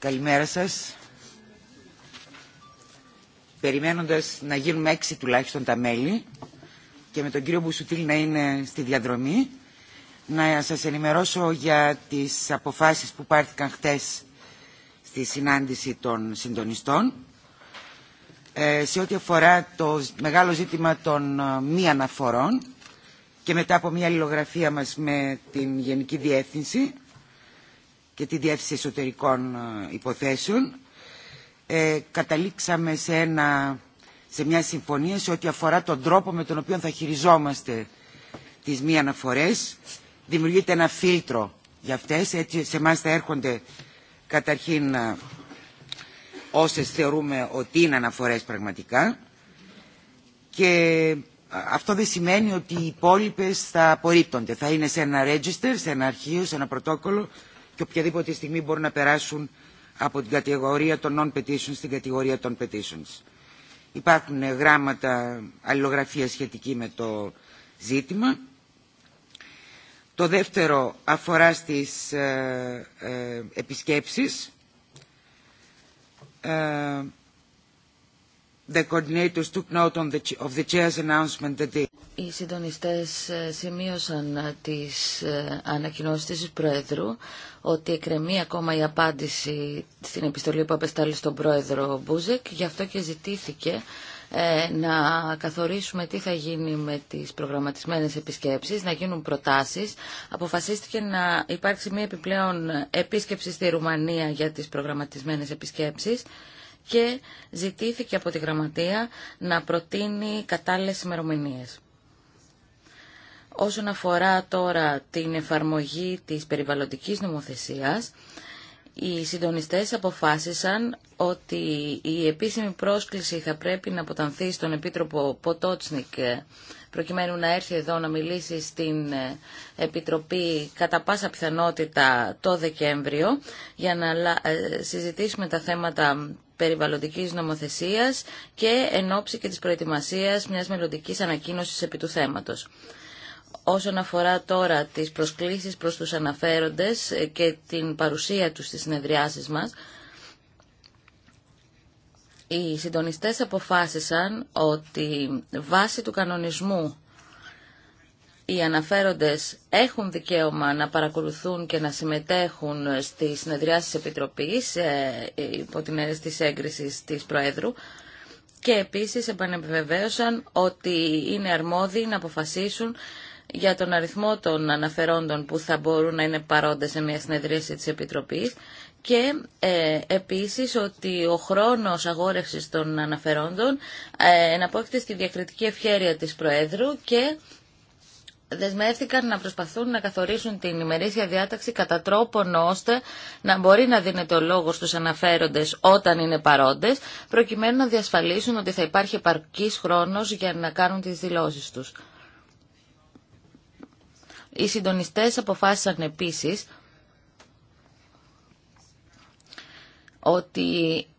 Καλημέρα σας. Περιμένοντας να γίνουμε έξι τουλάχιστον τα μέλη και με τον κύριο Μπουσουτήλ να είναι στη διαδρομή, να σας ενημερώσω για τις αποφάσεις που πάρθηκαν χτες στη συνάντηση των συντονιστών ε, σε ό,τι αφορά το μεγάλο ζήτημα των ε, μη αναφορών και μετά από μια αλληλογραφία μας με την Γενική Διεύθυνση και τη Διεύθυνση Εσωτερικών ε, Υποθέσεων. Ε, καταλήξαμε σε, ένα, σε μια συμφωνία σε ό,τι αφορά τον τρόπο με τον οποίο θα χειριζόμαστε τις μη αναφορές. Δημιουργείται ένα φίλτρο για αυτές. Έτσι σε εμά θα έρχονται καταρχήν ε, όσες θεωρούμε ότι είναι αναφορές πραγματικά. Και αυτό δεν σημαίνει ότι οι υπόλοιπε θα απορρίπτονται. Θα είναι σε ένα register, σε ένα αρχείο, σε ένα πρωτόκολλο και οποιαδήποτε στιγμή μπορούν να περάσουν από την κατηγορία των non-petitions στην κατηγορία των petitions. Υπάρχουν γράμματα αλληλογραφία σχετική με το ζήτημα. Το δεύτερο αφορά στις ε, ε επισκέψεις. Ε, the coordinators took note of the chair's announcement that they οι συντονιστές ε, σημείωσαν ε, τις ε, ανακοινώσεις της Πρόεδρου ότι εκκρεμεί ακόμα η απάντηση στην επιστολή που απεστάλλει στον Πρόεδρο Μπούζεκ. Γι' αυτό και ζητήθηκε να καθορίσουμε τι θα γίνει με τις προγραμματισμένες επισκέψεις, να γίνουν προτάσεις. Αποφασίστηκε να υπάρξει μια επιπλέον επίσκεψη στη Ρουμανία για τις προγραμματισμένες επισκέψεις και ζητήθηκε από τη Γραμματεία να προτείνει κατάλληλες ημερομηνίε. Όσον αφορά τώρα την εφαρμογή της περιβαλλοντικής νομοθεσίας, οι συντονιστές αποφάσισαν ότι η επίσημη πρόσκληση θα πρέπει να αποτανθεί στον Επίτροπο Ποτότσνικ ε, προκειμένου να έρθει εδώ να μιλήσει στην ε, Επιτροπή κατά πάσα πιθανότητα το Δεκέμβριο για να ε, συζητήσουμε τα θέματα περιβαλλοντικής νομοθεσίας και εν ώψη και της προετοιμασίας μιας μελλοντικής ανακοίνωσης επί του θέματος. Όσον αφορά τώρα τις προσκλήσεις προς τους αναφέροντες και την παρουσία τους στις συνεδριάσεις μας, οι συντονιστές αποφάσισαν ότι βάσει του κανονισμού οι αναφέροντες έχουν δικαίωμα να παρακολουθούν και να συμμετέχουν στις συνεδριάσεις της Επιτροπής ε, υπό την αίρεση της έγκρισης της Προέδρου και επίσης επανεπιβεβαίωσαν ότι είναι αρμόδιοι να αποφασίσουν για τον αριθμό των αναφερόντων που θα μπορούν να είναι παρόντες σε μια συνεδρίαση της Επιτροπής και ε, επίσης ότι ο χρόνος αγόρευσης των αναφερόντων ε, εναπόκειται στη διακριτική ευχέρεια της Προέδρου και δεσμεύτηκαν να προσπαθούν να καθορίσουν την ημερήσια διάταξη κατά τρόπον ώστε να μπορεί να δίνεται ο λόγος στους αναφέροντες όταν είναι παρόντες, προκειμένου να διασφαλίσουν ότι θα υπάρχει επαρκής χρόνος για να κάνουν τις δηλώσεις τους. Οι συντονιστές αποφάσισαν επίσης ότι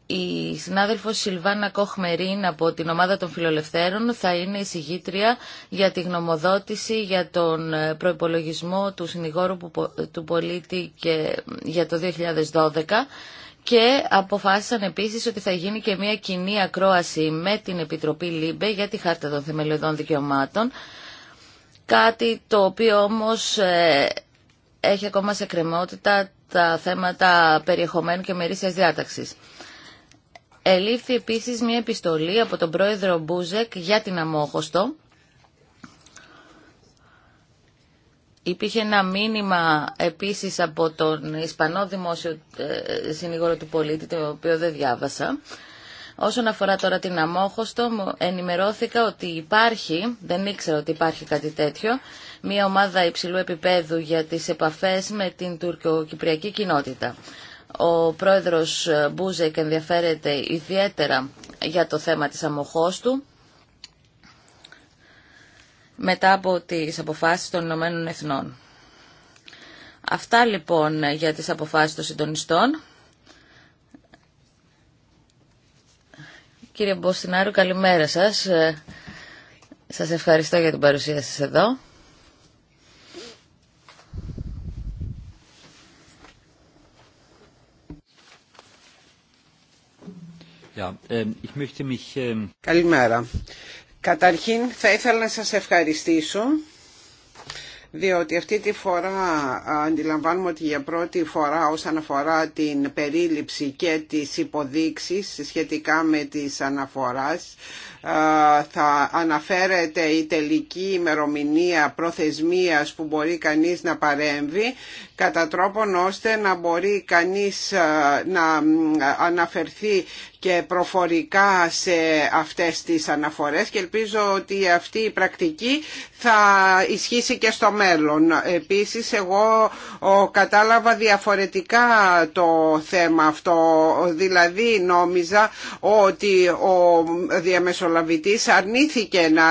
η συνάδελφος Σιλβάνα Κοχμερίν από την ομάδα των Φιλολευθέρων θα είναι η συγγήτρια για τη γνωμοδότηση για τον προϋπολογισμό του συνηγόρου του πολίτη και για το 2012 και αποφάσισαν επίσης ότι θα γίνει και μια κοινή ακρόαση με την Επιτροπή ΛΥΜΠΕ για τη Χάρτα των Θεμελιωδών Δικαιωμάτων Κάτι το οποίο όμως ε, έχει ακόμα σε κρεμότητα τα θέματα περιεχομένου και μερίσιας διάταξης. Ελήφθη επίσης μια επιστολή από τον πρόεδρο Μπούζεκ για την αμόχωστο. Υπήρχε ένα μήνυμα επίσης από τον Ισπανό Δημόσιο ε, Συνήγορο του Πολίτη, το οποίο δεν διάβασα. Όσον αφορά τώρα την αμόχωστο, μου ενημερώθηκα ότι υπάρχει, δεν ήξερα ότι υπάρχει κάτι τέτοιο, μια ομάδα υψηλού επίπεδου για τις επαφές με την τουρκοκυπριακή κοινότητα. Ο πρόεδρος Μπούζεκ ενδιαφέρεται ιδιαίτερα για το θέμα της αμοχώστου. Μετά από τις αποφάσεις των Ηνωμένων Εθνών. Αυτά λοιπόν για τις αποφάσεις των συντονιστών. Κύριε Μποστινάρου, καλημέρα σας. Ε, σας ευχαριστώ για την παρουσία σας εδώ. Ähm, ähm, καλημέρα. Καταρχήν θα ήθελα να σας ευχαριστήσω διότι αυτή τη φορά αντιλαμβάνουμε ότι για πρώτη φορά όσον αφορά την περίληψη και τις υποδείξεις σχετικά με τις αναφοράς θα αναφέρεται η τελική ημερομηνία προθεσμίας που μπορεί κανείς να παρέμβει κατά τρόπον ώστε να μπορεί κανείς να αναφερθεί και προφορικά σε αυτές τις αναφορές και ελπίζω ότι αυτή η πρακτική θα ισχύσει και στο μέλλον. Επίσης εγώ κατάλαβα διαφορετικά το θέμα αυτό, δηλαδή νόμιζα ότι ο διαμεσολαβητής μεσολαβητής αρνήθηκε να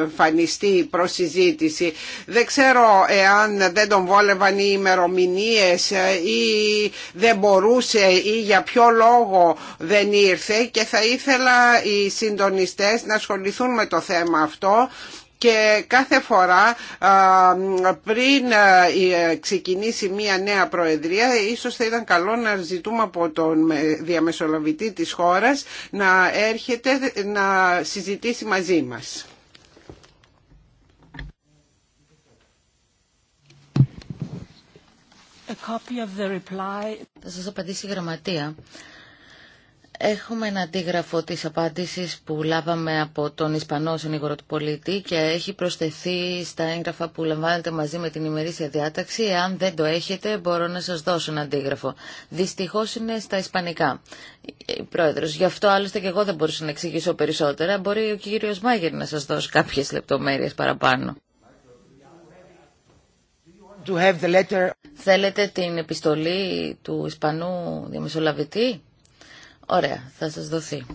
εμφανιστεί προς συζήτηση. Δεν ξέρω εάν δεν τον βόλευαν οι ημερομηνίε ή δεν μπορούσε ή για ποιο λόγο δεν ήρθε και θα ήθελα οι συντονιστές να ασχοληθούν με το θέμα αυτό και κάθε φορά πριν ε, ξεκινήσει μία νέα προεδρία ίσως θα ήταν καλό να ζητούμε από τον διαμεσολαβητή της χώρας να έρχεται να συζητήσει μαζί μας. Θα σας απαντήσει η γραμματεία. Έχουμε ένα αντίγραφο της απάντησης που λάβαμε από τον Ισπανό Συνήγορο του Πολίτη και έχει προσθεθεί στα έγγραφα που λαμβάνετε μαζί με την ημερήσια διάταξη. Εάν δεν το έχετε μπορώ να σας δώσω ένα αντίγραφο. Δυστυχώς είναι στα Ισπανικά. Ε, πρόεδρος, γι' αυτό άλλωστε και εγώ δεν μπορούσα να εξηγήσω περισσότερα. Μπορεί ο κύριος Μάγερ να σας δώσει κάποιες λεπτομέρειες παραπάνω. Θέλετε την επιστολή του Ισπανού διαμεσολαβητή? Ωραία, θα σα δοθεί.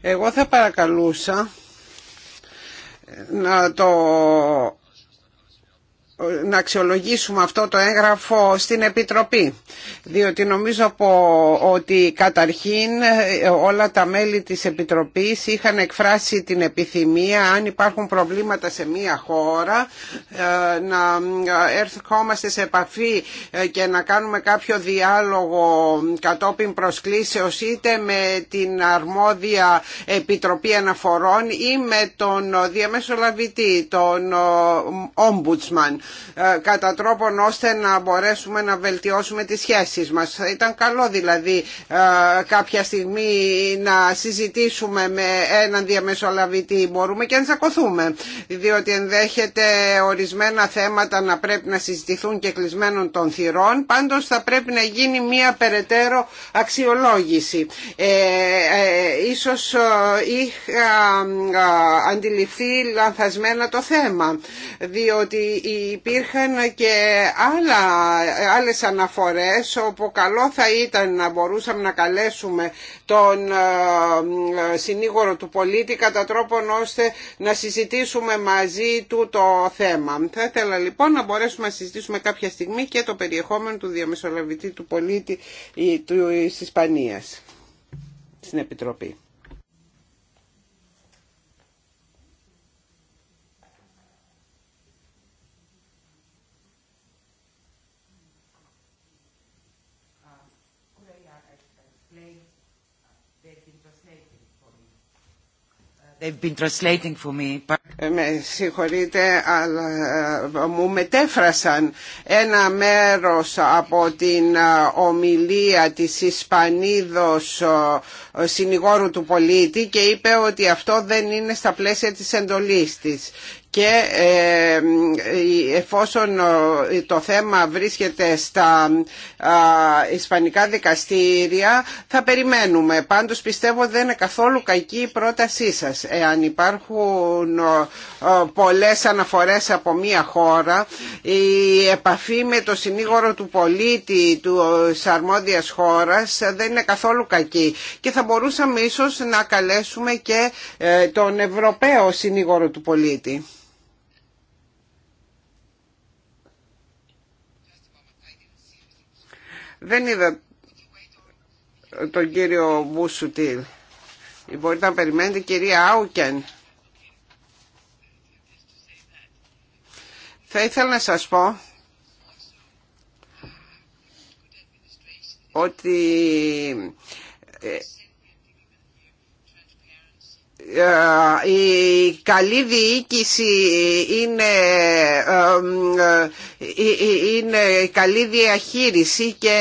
Εγώ θα παρακαλούσα να το να αξιολογήσουμε αυτό το έγγραφο στην Επιτροπή διότι νομίζω ότι καταρχήν όλα τα μέλη της Επιτροπής είχαν εκφράσει την επιθυμία αν υπάρχουν προβλήματα σε μία χώρα να έρθουμε σε επαφή και να κάνουμε κάποιο διάλογο κατόπιν προσκλήσεως είτε με την αρμόδια Επιτροπή Αναφορών ή με τον διαμέσολαβητή, τον Ombudsman ε, κατά τρόπον ώστε να μπορέσουμε να βελτιώσουμε τις σχέσεις μας. Ήταν καλό δηλαδή ε, κάποια στιγμή να συζητήσουμε με έναν διαμεσολαβητή μπορούμε και να τσακωθούμε διότι ενδέχεται ορισμένα θέματα να πρέπει να συζητηθούν και κλεισμένων των θυρών πάντως θα πρέπει να γίνει μια περαιτέρω αξιολόγηση. Ε, ε ίσως είχα αντιληφθεί λανθασμένα το θέμα διότι η υπήρχαν και άλλα, άλλες αναφορές όπου καλό θα ήταν να μπορούσαμε να καλέσουμε τον ε, ε, συνήγορο του πολίτη κατά τρόπον ώστε να συζητήσουμε μαζί του το θέμα. Θα ήθελα λοιπόν να μπορέσουμε να συζητήσουμε κάποια στιγμή και το περιεχόμενο του διαμεσολαβητή του πολίτη της Ισπανίας στην Επιτροπή. Ε, με συγχωρείτε, αλλά ε, μου μετέφρασαν ένα μέρος από την ε, ομιλία της Ισπανίδος συνηγόρου του πολίτη και είπε ότι αυτό δεν είναι στα πλαίσια της εντολής της και εφόσον το θέμα βρίσκεται στα ισπανικά δικαστήρια θα περιμένουμε. Πάντως πιστεύω δεν είναι καθόλου κακή η πρότασή σας. Εάν υπάρχουν πολλές αναφορές από μία χώρα, η επαφή με το συνήγορο του πολίτη του αρμόδιας χώρας δεν είναι καθόλου κακή και θα μπορούσαμε ίσως να καλέσουμε και ε, τον Ευρωπαίο συνήγορο του πολίτη. Δεν είδα τον κύριο Μπούσουτιλ. Μπορείτε να περιμένετε κυρία Άουκεν. Θα ήθελα να σας πω ότι ε, ε, η καλή διοίκηση είναι, ε, ε, είναι καλή διαχείριση και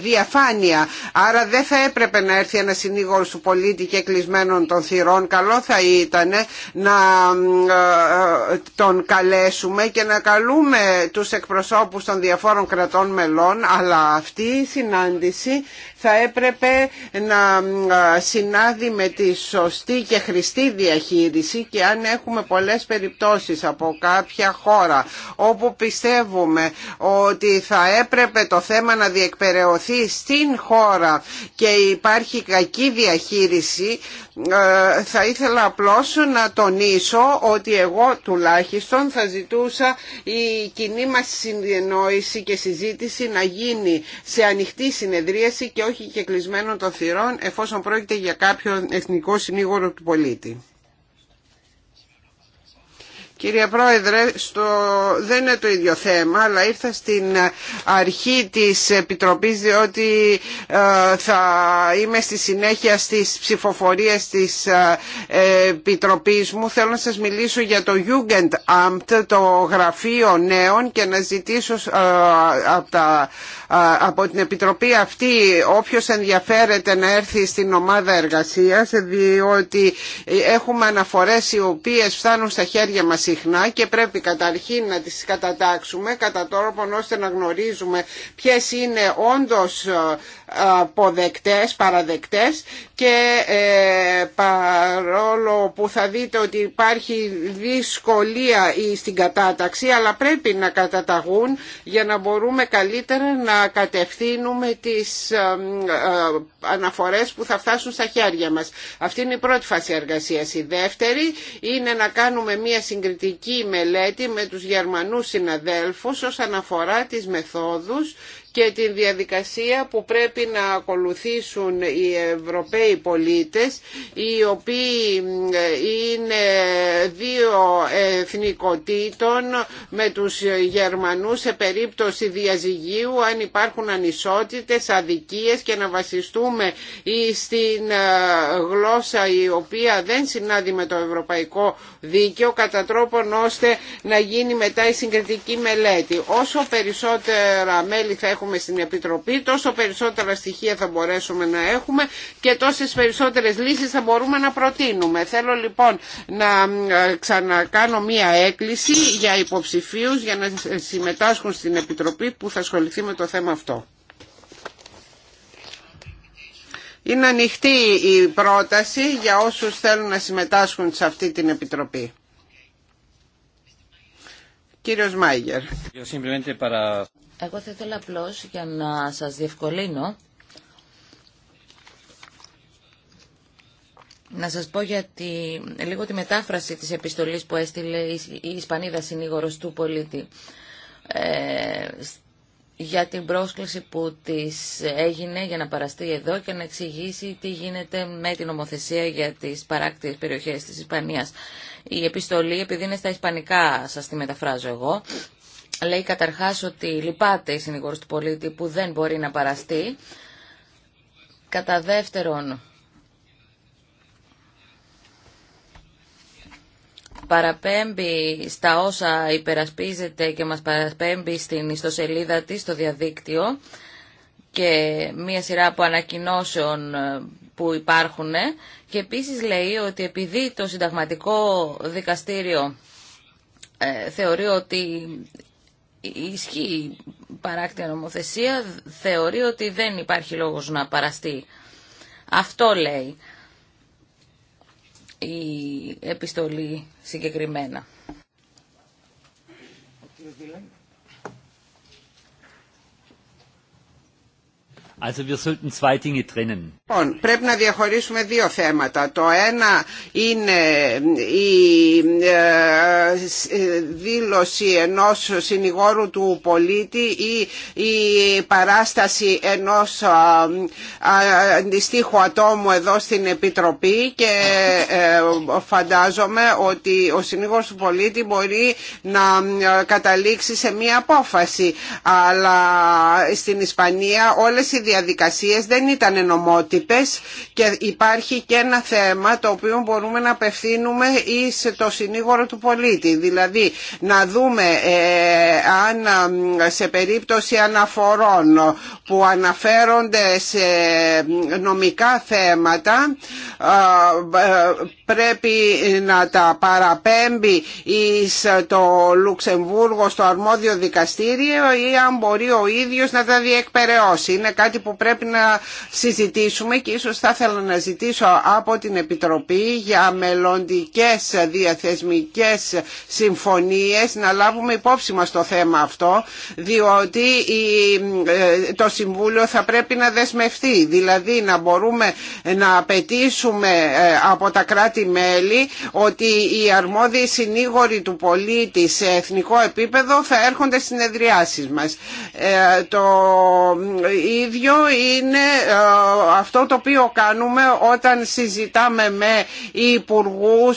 διαφάνεια. Άρα δεν θα έπρεπε να έρθει ένα συνήγορο του πολίτη και κλεισμένων των θυρών. Καλό θα ήταν να τον καλέσουμε και να καλούμε τους εκπροσώπους των διαφόρων κρατών μελών αλλά αυτή η συνάντηση θα έπρεπε να συνάδει με τη σωστή και χρηστή διαχείριση και αν έχουμε πολλές περιπτώσεις από κάποια χώρα όπου πιστεύουμε ότι θα έπρεπε το θέμα να διεκπαιρεωθεί στην χώρα και υπάρχει κακή διαχείριση θα ήθελα απλώς να τονίσω ότι εγώ τουλάχιστον θα ζητούσα η κοινή μας συνεννόηση και συζήτηση να γίνει σε ανοιχτή συνεδρίαση όχι και κλεισμένων των θυρών εφόσον πρόκειται για κάποιον εθνικό συνήγορο του πολίτη. Κύριε Πρόεδρε, στο... δεν είναι το ίδιο θέμα, αλλά ήρθα στην αρχή της Επιτροπής διότι ε, θα είμαι στη συνέχεια στις ψηφοφορίες της ε, Επιτροπής μου. Θέλω να σας μιλήσω για το Jugendamt, το Γραφείο Νέων και να ζητήσω ε, από τα από την Επιτροπή αυτή όποιος ενδιαφέρεται να έρθει στην ομάδα εργασίας διότι έχουμε αναφορές οι οποίες φτάνουν στα χέρια μας συχνά και πρέπει καταρχήν να τις κατατάξουμε κατά τρόπον ώστε να γνωρίζουμε ποιες είναι όντως αποδεκτές, παραδεκτές και ε, παρόλο που θα δείτε ότι υπάρχει δυσκολία στην κατάταξη αλλά πρέπει να καταταγούν για να μπορούμε καλύτερα να κατευθύνουμε τις ε, ε, αναφορές που θα φτάσουν στα χέρια μας. Αυτή είναι η πρώτη φάση εργασίας. Η δεύτερη είναι να κάνουμε μια συγκριτική μελέτη με τους Γερμανούς συναδέλφους όσον αφορά τις μεθόδους και την διαδικασία που πρέπει να ακολουθήσουν οι Ευρωπαίοι πολίτες οι οποίοι είναι δύο εθνικοτήτων με τους Γερμανούς σε περίπτωση διαζυγίου αν υπάρχουν ανισότητες, αδικίες και να βασιστούμε στην ε, γλώσσα η οποία δεν συνάδει με το ευρωπαϊκό δίκαιο κατά τρόπον ώστε να γίνει μετά η συγκριτική μελέτη. Όσο περισσότερα μέλη θα έχουν έχουμε στην Επιτροπή, τόσο περισσότερα στοιχεία θα μπορέσουμε να έχουμε και τόσες περισσότερες λύσεις θα μπορούμε να προτείνουμε. Θέλω λοιπόν να ε, ξανακάνω μία έκκληση για υποψηφίους για να συμμετάσχουν στην Επιτροπή που θα ασχοληθεί με το θέμα αυτό. Είναι ανοιχτή η πρόταση για όσους θέλουν να συμμετάσχουν σε αυτή την Επιτροπή. Κύριος Μάγερ. Εγώ θα ήθελα απλώ για να σας διευκολύνω να σας πω για τη, λίγο τη μετάφραση της επιστολής που έστειλε η Ισπανίδα συνήγορος του πολίτη. Ε, για την πρόσκληση που της έγινε για να παραστεί εδώ και να εξηγήσει τι γίνεται με την ομοθεσία για τις παράκτιες περιοχές της Ισπανίας. Η επιστολή, επειδή είναι στα ισπανικά, σα τη μεταφράζω εγώ, λέει καταρχά ότι λυπάται η συνήγορο του πολίτη που δεν μπορεί να παραστεί. Κατά δεύτερον, παραπέμπει στα όσα υπερασπίζεται και μας παραπέμπει στην ιστοσελίδα της στο διαδίκτυο και μία σειρά από ανακοινώσεων που υπάρχουν και επίσης λέει ότι επειδή το συνταγματικό δικαστήριο ε, θεωρεί ότι ισχύει παράκτια νομοθεσία, θεωρεί ότι δεν υπάρχει λόγος να παραστεί. Αυτό λέει η επιστολή συγκεκριμένα. Λοιπόν, πρέπει να διαχωρίσουμε δύο θέματα. Το ένα είναι η ε, δήλωση ενός συνηγόρου του πολίτη ή η παράσταση ενός ε, αντιστοίχου ατόμου εδώ στην Επιτροπή και ε, φαντάζομαι ότι ο συνήγορος του πολίτη μπορεί να καταλήξει σε μία απόφαση. Αλλά στην Ισπανία όλες οι διαδικασίες δεν ήταν νομότυπες και υπάρχει και ένα θέμα το οποίο μπορούμε να απευθύνουμε ή το συνήγορο του πολίτη. Δηλαδή να δούμε ε, αν σε περίπτωση αναφορών που αναφέρονται σε νομικά θέματα ε, πρέπει να τα παραπέμπει εις το Λουξεμβούργο στο αρμόδιο δικαστήριο ή αν μπορεί ο ίδιος να τα διεκπαιρεώσει. Είναι που πρέπει να συζητήσουμε και ίσως θα ήθελα να ζητήσω από την Επιτροπή για μελλοντικές διαθεσμικές συμφωνίες να λάβουμε υπόψη μας το θέμα αυτό διότι ε, το Συμβούλιο θα πρέπει να δεσμευτεί δηλαδή να μπορούμε να απαιτήσουμε ε, από τα κράτη-μέλη ότι οι αρμόδιοι συνήγοροι του πολίτη σε εθνικό επίπεδο θα έρχονται συνεδριάσεις μας. Ε, το ίδιο είναι ε, αυτό το οποίο κάνουμε όταν συζητάμε με υπουργού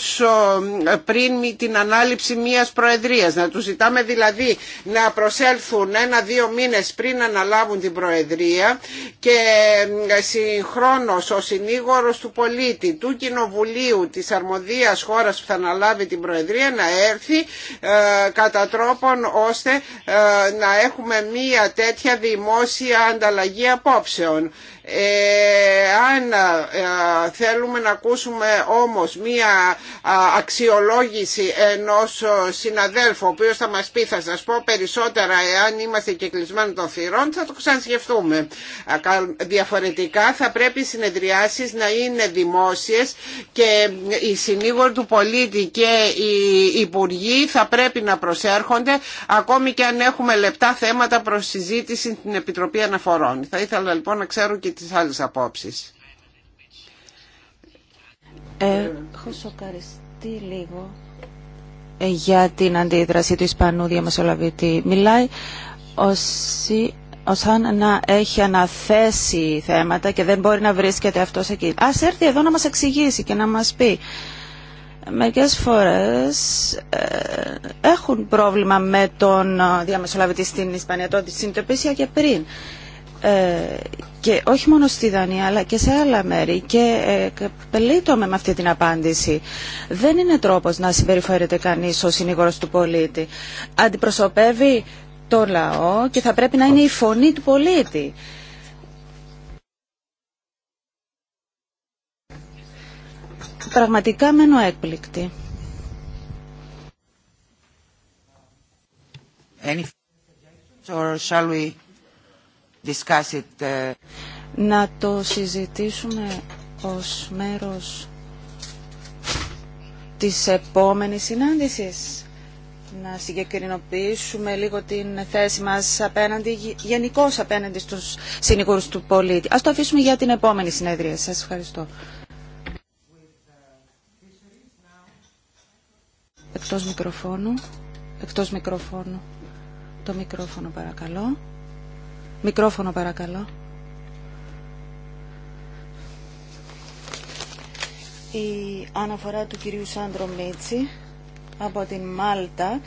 ε, πριν την ανάληψη μιας προεδρίας. Να τους ζητάμε δηλαδή να προσέλθουν ένα-δύο μήνες πριν αναλάβουν την προεδρία και ε, συγχρόνως ο συνήγορος του πολίτη, του κοινοβουλίου, της αρμοδίας χώρας που θα αναλάβει την προεδρία να έρθει κατά τρόπον ώστε να έχουμε μία τέτοια δημόσια ανταλλαγή απόψεων ε, αν ε, θέλουμε να ακούσουμε όμως μία αξιολόγηση ενός ε, συναδέλφου ο οποίος θα μας πει θα σας πω περισσότερα εάν είμαστε κεκλεισμένοι των θυρών θα το ξανασκεφτούμε διαφορετικά θα πρέπει οι συνεδριάσεις να είναι δημόσιες και οι συνήγοροι του πολίτη και οι υπουργοί θα πρέπει να προσέρχονται ακόμη και αν έχουμε λεπτά θέματα προς συζήτηση στην Επιτροπή Αναφορών θα ήθελα λοιπόν να ξέρω και τις άλλες απόψεις. Έχω σοκαριστεί λίγο ε, για την αντίδραση του Ισπανού διαμεσολαβητή. Μιλάει ως Σαν να έχει αναθέσει θέματα και δεν μπορεί να βρίσκεται αυτός εκεί. Ας έρθει εδώ να μας εξηγήσει και να μας πει. Μερικές φορές ε, έχουν πρόβλημα με τον ε, διαμεσολαβητή στην Ισπανία, τότε συνειδητοποίησα και πριν. Ε, και όχι μόνο στη Δανία αλλά και σε άλλα μέρη και ε, πελείτομε με αυτή την απάντηση. Δεν είναι τρόπος να συμπεριφέρεται κανείς ο συνήγορος του πολίτη. Αντιπροσωπεύει τον λαό και θα πρέπει να είναι η φωνή του πολίτη. Πραγματικά μένω έκπληκτη. Uh, Να το συζητήσουμε ως μέρος της επόμενης συνάντησης. Να συγκεκρινοποιήσουμε λίγο την θέση μας απέναντι, γενικώ απέναντι στους συνηγούρους του πολίτη. Ας το αφήσουμε για την επόμενη συνέδρια. Σας ευχαριστώ. Εκτός μικροφώνου. Εκτός μικροφώνου. Το μικρόφωνο παρακαλώ. Μικρόφωνο παρακαλώ. Η αναφορά του κυρίου Σάντρο Μίτσι από την Μάλτα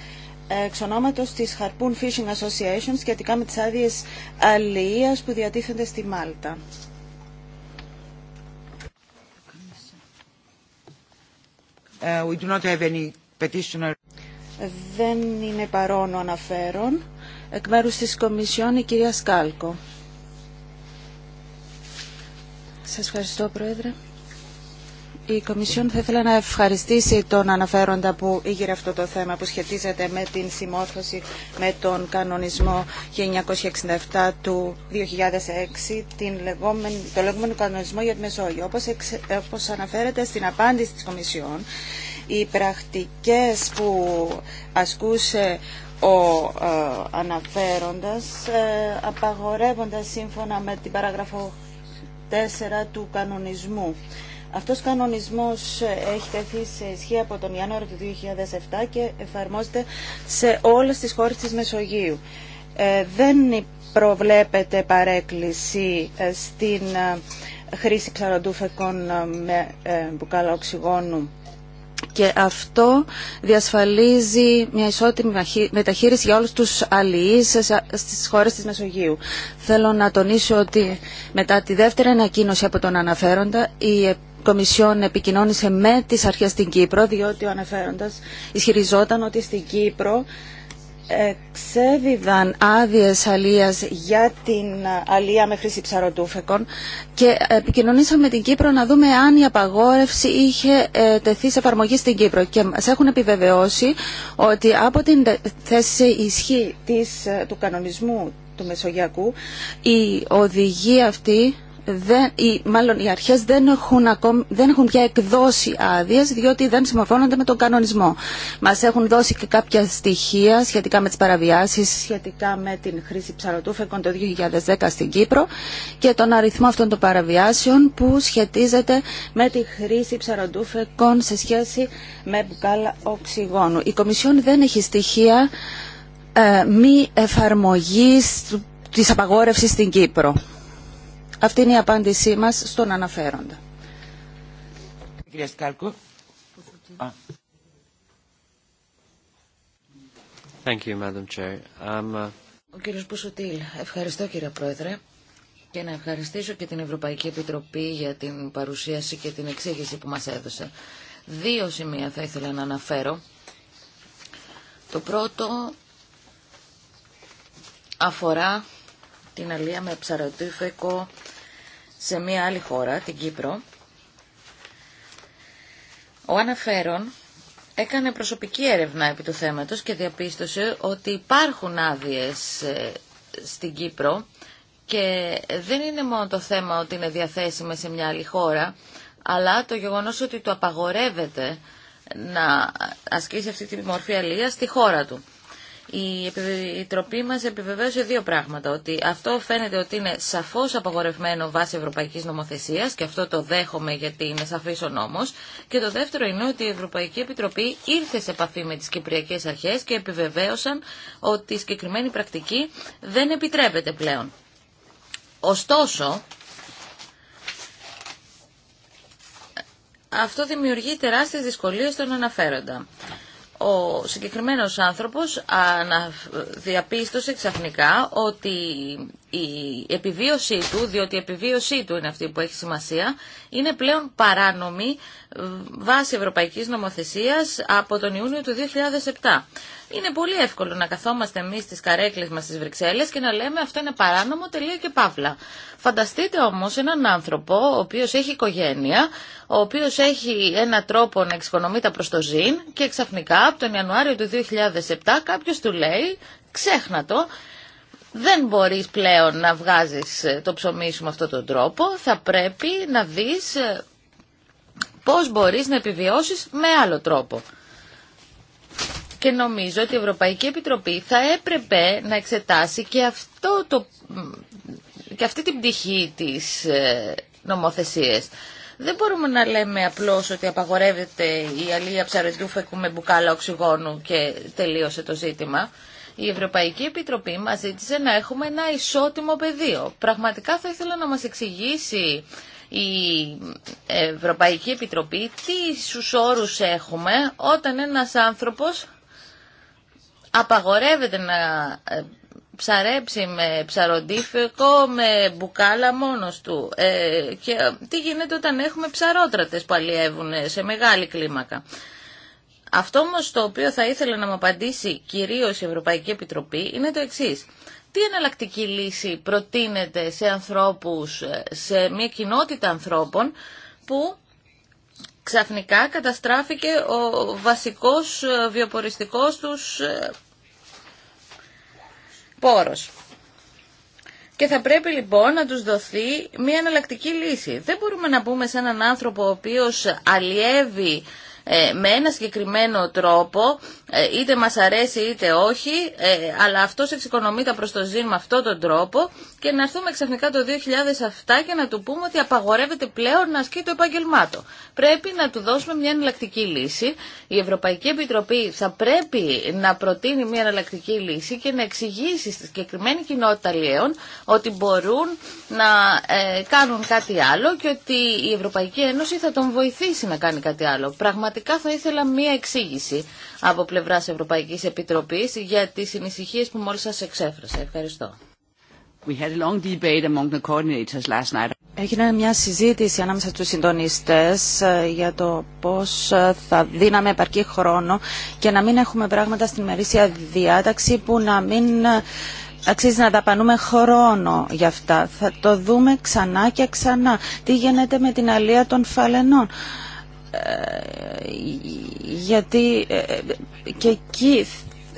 εξ ονόματος της Harpoon Fishing Association σχετικά με τις άδειες αλληλείας που διατίθενται στη Μάλτα. Ε, we do not have any petitioner. Δεν είναι παρόν ο αναφέρον. Εκ μέρους της Κομισιόν η κυρία Σκάλκο. Σας ευχαριστώ Πρόεδρε. Η Κομισιόν θα ήθελα να ευχαριστήσει τον αναφέροντα που ήγηρε αυτό το θέμα που σχετίζεται με την συμμόρφωση με τον κανονισμό 1967 του 2006, την λεγόμενη, το λεγόμενο κανονισμό για τη Μεσόγειο. Όπως, αναφέρεται στην απάντηση της Κομισιόν, οι πρακτικές που ασκούσε ο ε, αναφέροντας ε, απαγορεύοντας σύμφωνα με την παράγραφο 4 του κανονισμού. Αυτός ο κανονισμός ε, έχει τεθεί σε ισχύ από τον Ιανουάριο του 2007 και εφαρμόζεται σε όλες τις χώρες της Μεσογείου. Ε, δεν προβλέπεται παρέκκληση στην χρήση ψαροντούφεκων με μπουκάλα οξυγόνου και αυτό διασφαλίζει μια ισότιμη μεταχείριση για όλους τους αλληλείς στις χώρες της Μεσογείου. Θέλω να τονίσω ότι μετά τη δεύτερη ανακοίνωση από τον αναφέροντα η ε- Κομισιόν επικοινώνησε με τις αρχές στην Κύπρο διότι ο αναφέροντας ισχυριζόταν ότι στην Κύπρο ξέδιδαν άδειε αλίας για την αλία με χρήση ψαροτούφεκων και επικοινωνήσαμε με την Κύπρο να δούμε αν η απαγόρευση είχε ε, τεθεί σε εφαρμογή στην Κύπρο και μα έχουν επιβεβαιώσει ότι από την θέση ισχύ της, ε, του κανονισμού του Μεσογειακού η οδηγία αυτή δεν, μάλλον οι αρχές δεν έχουν, ακόμη, δεν έχουν πια εκδώσει άδειε διότι δεν συμμορφώνονται με τον κανονισμό. Μας έχουν δώσει και κάποια στοιχεία σχετικά με τις παραβιάσεις, σχετικά με την χρήση ψαροτούφεκων το 2010 στην Κύπρο και τον αριθμό αυτών των παραβιάσεων που σχετίζεται με τη χρήση ψαροτούφεκων σε σχέση με μπουκάλα οξυγόνου. Η Κομισιόν δεν έχει στοιχεία ε, μη εφαρμογής της απαγόρευσης στην Κύπρο. Αυτή είναι η απάντησή μας στον αναφέροντα. Thank you, Madam Chair. Uh, Ο κύριος ευχαριστώ κύριε Πρόεδρε. Και να ευχαριστήσω και την Ευρωπαϊκή Επιτροπή για την παρουσίαση και την εξήγηση που μας έδωσε. Δύο σημεία θα ήθελα να αναφέρω. Το πρώτο αφορά την αλία με ψαρωτήφεκο σε μία άλλη χώρα, την Κύπρο. Ο αναφέρον έκανε προσωπική έρευνα επί του θέματος και διαπίστωσε ότι υπάρχουν άδειες ε, στην Κύπρο και δεν είναι μόνο το θέμα ότι είναι διαθέσιμε σε μια άλλη χώρα, αλλά το γεγονός ότι του απαγορεύεται να ασκήσει αυτή τη μορφή αλίας στη χώρα του. Η Επιτροπή μας επιβεβαίωσε δύο πράγματα. Ότι αυτό φαίνεται ότι είναι σαφώς απαγορευμένο βάσει ευρωπαϊκής νομοθεσίας και αυτό το δέχομαι γιατί είναι σαφή ο νόμο. Και το δεύτερο είναι ότι η Ευρωπαϊκή Επιτροπή ήρθε σε επαφή με τις Κυπριακές Αρχές και επιβεβαίωσαν ότι η συγκεκριμένη πρακτική δεν επιτρέπεται πλέον. Ωστόσο, αυτό δημιουργεί τεράστιες δυσκολίες στον αναφέροντα ο συγκεκριμένος άνθρωπος διαπίστωσε ξαφνικά ότι η επιβίωσή του, διότι η επιβίωσή του είναι αυτή που έχει σημασία, είναι πλέον παράνομη ε, βάσει ευρωπαϊκής νομοθεσίας από τον Ιούνιο του 2007. Είναι πολύ εύκολο να καθόμαστε εμείς στις καρέκλες μας στις Βρυξέλλες και να λέμε αυτό είναι παράνομο, τελεία και παύλα. Φανταστείτε όμως έναν άνθρωπο ο οποίος έχει οικογένεια, ο οποίος έχει ένα τρόπο να εξοικονομεί τα προστοζήν και ξαφνικά από τον Ιανουάριο του 2007 κάποιος του λέει ξέχνατο, δεν μπορείς πλέον να βγάζεις ε, το ψωμί σου με αυτόν τον τρόπο, θα πρέπει να δεις ε, πώς μπορείς να επιβιώσεις με άλλο τρόπο. Και νομίζω ότι η Ευρωπαϊκή Επιτροπή θα έπρεπε να εξετάσει και, αυτό το, και αυτή την πτυχή της ε, νομοθεσίας. Δεν μπορούμε να λέμε απλώς ότι απαγορεύεται η αλία ψαρετούφεκου με μπουκάλα οξυγόνου και τελείωσε το ζήτημα. Η Ευρωπαϊκή Επιτροπή μας ζήτησε να έχουμε ένα ισότιμο πεδίο. Πραγματικά θα ήθελα να μας εξηγήσει η Ευρωπαϊκή Επιτροπή τι στους όρους έχουμε όταν ένας άνθρωπος απαγορεύεται να ε, ψαρέψει με ψαροντίφεκο, με μπουκάλα μόνος του. Ε, και τι γίνεται όταν έχουμε ψαρότρατες που αλλιεύουν σε μεγάλη κλίμακα. Αυτό όμω το οποίο θα ήθελα να μου απαντήσει κυρίως η Ευρωπαϊκή Επιτροπή είναι το εξής. Τι εναλλακτική λύση προτείνεται σε ανθρώπους, ε, σε μια κοινότητα ανθρώπων που ξαφνικά καταστράφηκε ο βασικός ε, βιοποριστικός τους ε, πόρος. Και θα πρέπει λοιπόν να τους δοθεί μια εναλλακτική λύση. Δεν μπορούμε να πούμε σε έναν άνθρωπο ο οποίος αλλιεύει ε, με ένα συγκεκριμένο τρόπο, ε, είτε μας αρέσει είτε όχι, ε, αλλά αυτός εξοικονομεί τα προστοζήν με αυτόν τον τρόπο και να έρθουμε ξαφνικά το 2007 και να του πούμε ότι απαγορεύεται πλέον να ασκεί το επαγγελμάτο. Πρέπει να του δώσουμε μια εναλλακτική λύση. Η Ευρωπαϊκή Επιτροπή θα πρέπει να προτείνει μια εναλλακτική λύση και να εξηγήσει στη συγκεκριμένη κοινότητα λιέων ότι μπορούν να ε, κάνουν κάτι άλλο και ότι η Ευρωπαϊκή Ένωση θα τον βοηθήσει να κάνει κάτι άλλο. Πραγματικά θα ήθελα μια εξήγηση από πλευράς Ευρωπαϊκής Επιτροπής για τι ανησυχίες που μόλι σα εξέφρασα. Ευχαριστώ. We had Έγινε μια συζήτηση ανάμεσα στους συντονιστές ε, για το πώς ε, θα δίναμε επαρκή χρόνο και να μην έχουμε πράγματα στην μερίσια διάταξη που να μην ε, αξίζει να ταπανούμε χρόνο για αυτά. Θα το δούμε ξανά και ξανά. Τι γίνεται με την αλία των φαλενών. γιατί και εκεί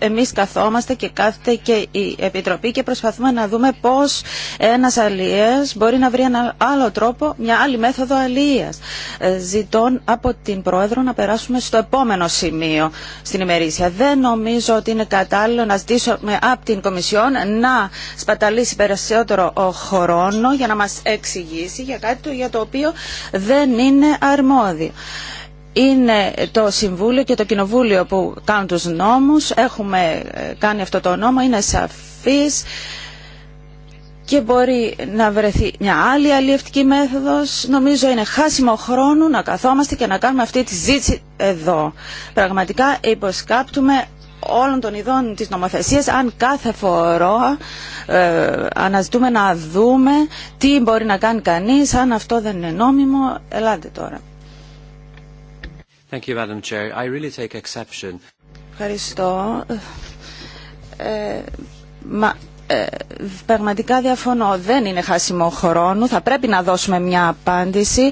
εμείς καθόμαστε και κάθεται και η Επιτροπή και προσπαθούμε να δούμε πώς ένας αλλιές μπορεί να βρει ένα άλλο τρόπο, μια άλλη μέθοδο αλλιείας. Ε, ζητών από την Πρόεδρο να περάσουμε στο επόμενο σημείο στην ημερήσια. Δεν νομίζω ότι είναι κατάλληλο να ζητήσουμε από την Κομισιόν να σπαταλήσει περισσότερο χρόνο για να μας εξηγήσει για κάτι για το οποίο δεν είναι αρμόδιο είναι το Συμβούλιο και το Κοινοβούλιο που κάνουν τους νόμους. Έχουμε ε, κάνει αυτό το νόμο, είναι σαφής και μπορεί να βρεθεί μια άλλη αλλιευτική μέθοδος. Νομίζω είναι χάσιμο χρόνο να καθόμαστε και να κάνουμε αυτή τη ζήτηση εδώ. Πραγματικά υποσκάπτουμε όλων των ειδών της νομοθεσίας αν κάθε φορά ε, αναζητούμε να δούμε τι μπορεί να κάνει κανείς αν αυτό δεν είναι νόμιμο. Ελάτε τώρα. Ευχαριστώ. πραγματικά διαφωνώ. Δεν είναι χάσιμο χρόνο. Θα πρέπει να δώσουμε μια απάντηση.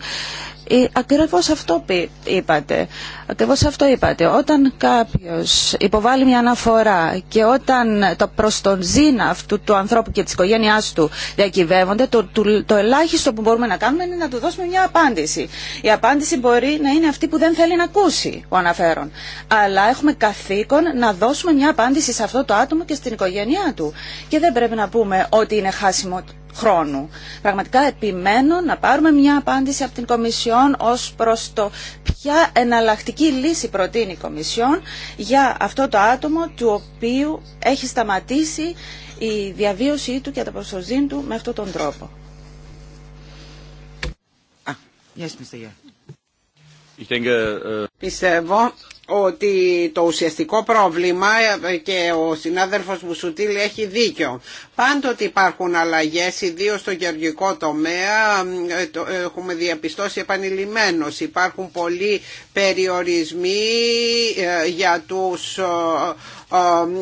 Ε, ακριβώς αυτό είπατε. Ακριβώς αυτό είπατε. Όταν κάποιος υποβάλλει μια αναφορά και όταν το προς τον ζήνα αυτού του ανθρώπου και της οικογένειάς του διακυβεύονται, το, το ελάχιστο που μπορούμε να κάνουμε είναι να του δώσουμε μια απάντηση. Η απάντηση μπορεί να είναι αυτή που δεν θέλει να ακούσει ο αναφέρον. Αλλά έχουμε καθήκον να δώσουμε μια απάντηση σε αυτό το άτομο και στην οικογένειά του. Και δεν πρέπει να πούμε ότι είναι χάσιμο χρόνου. Πραγματικά επιμένω να πάρουμε μια απάντηση από την Κομισιόν ως προς το ποια εναλλακτική λύση προτείνει η Κομισιόν για αυτό το άτομο του οποίου έχει σταματήσει η διαβίωσή του και τα προσωρινή του με αυτόν τον τρόπο. Α, ah, yes, Äh, Πιστεύω ότι το ουσιαστικό πρόβλημα ε, και ο συνάδελφος Μουσουτήλ έχει δίκιο. Πάντοτε υπάρχουν αλλαγές, ιδίω στο γεωργικό τομέα, ε, το ε, έχουμε διαπιστώσει επανειλημμένως. Υπάρχουν πολλοί περιορισμοί για τους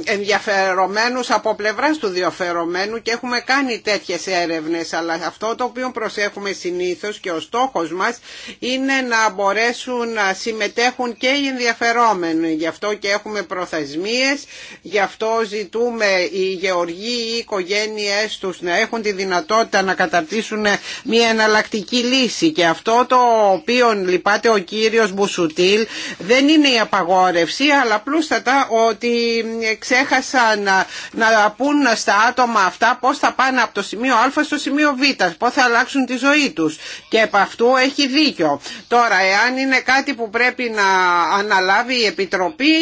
ενδιαφερομένους από πλευράς του διαφερομένου και έχουμε κάνει τέτοιες έρευνες αλλά αυτό το οποίο προσέχουμε συνήθως και ο στόχος μας είναι να μπορέσουν να συμμετέχουν και οι ενδιαφερόμενοι γι' αυτό και έχουμε προθεσμίες γι' αυτό ζητούμε οι γεωργοί ή οι οικογένειές τους να έχουν τη δυνατότητα να καταρτήσουν μια εναλλακτική λύση και αυτό το οποίο λυπάται ο κύριος Μπουσουτήλ δεν είναι η απαγόρευση αλλά πλούστατα ότι ξέχασαν να, να πούν στα άτομα αυτά πώς θα πάνε από το σημείο α στο σημείο β, πώς θα αλλάξουν τη ζωή τους. Και από αυτού έχει δίκιο. Τώρα, εάν είναι κάτι που πρέπει να αναλάβει η Επιτροπή,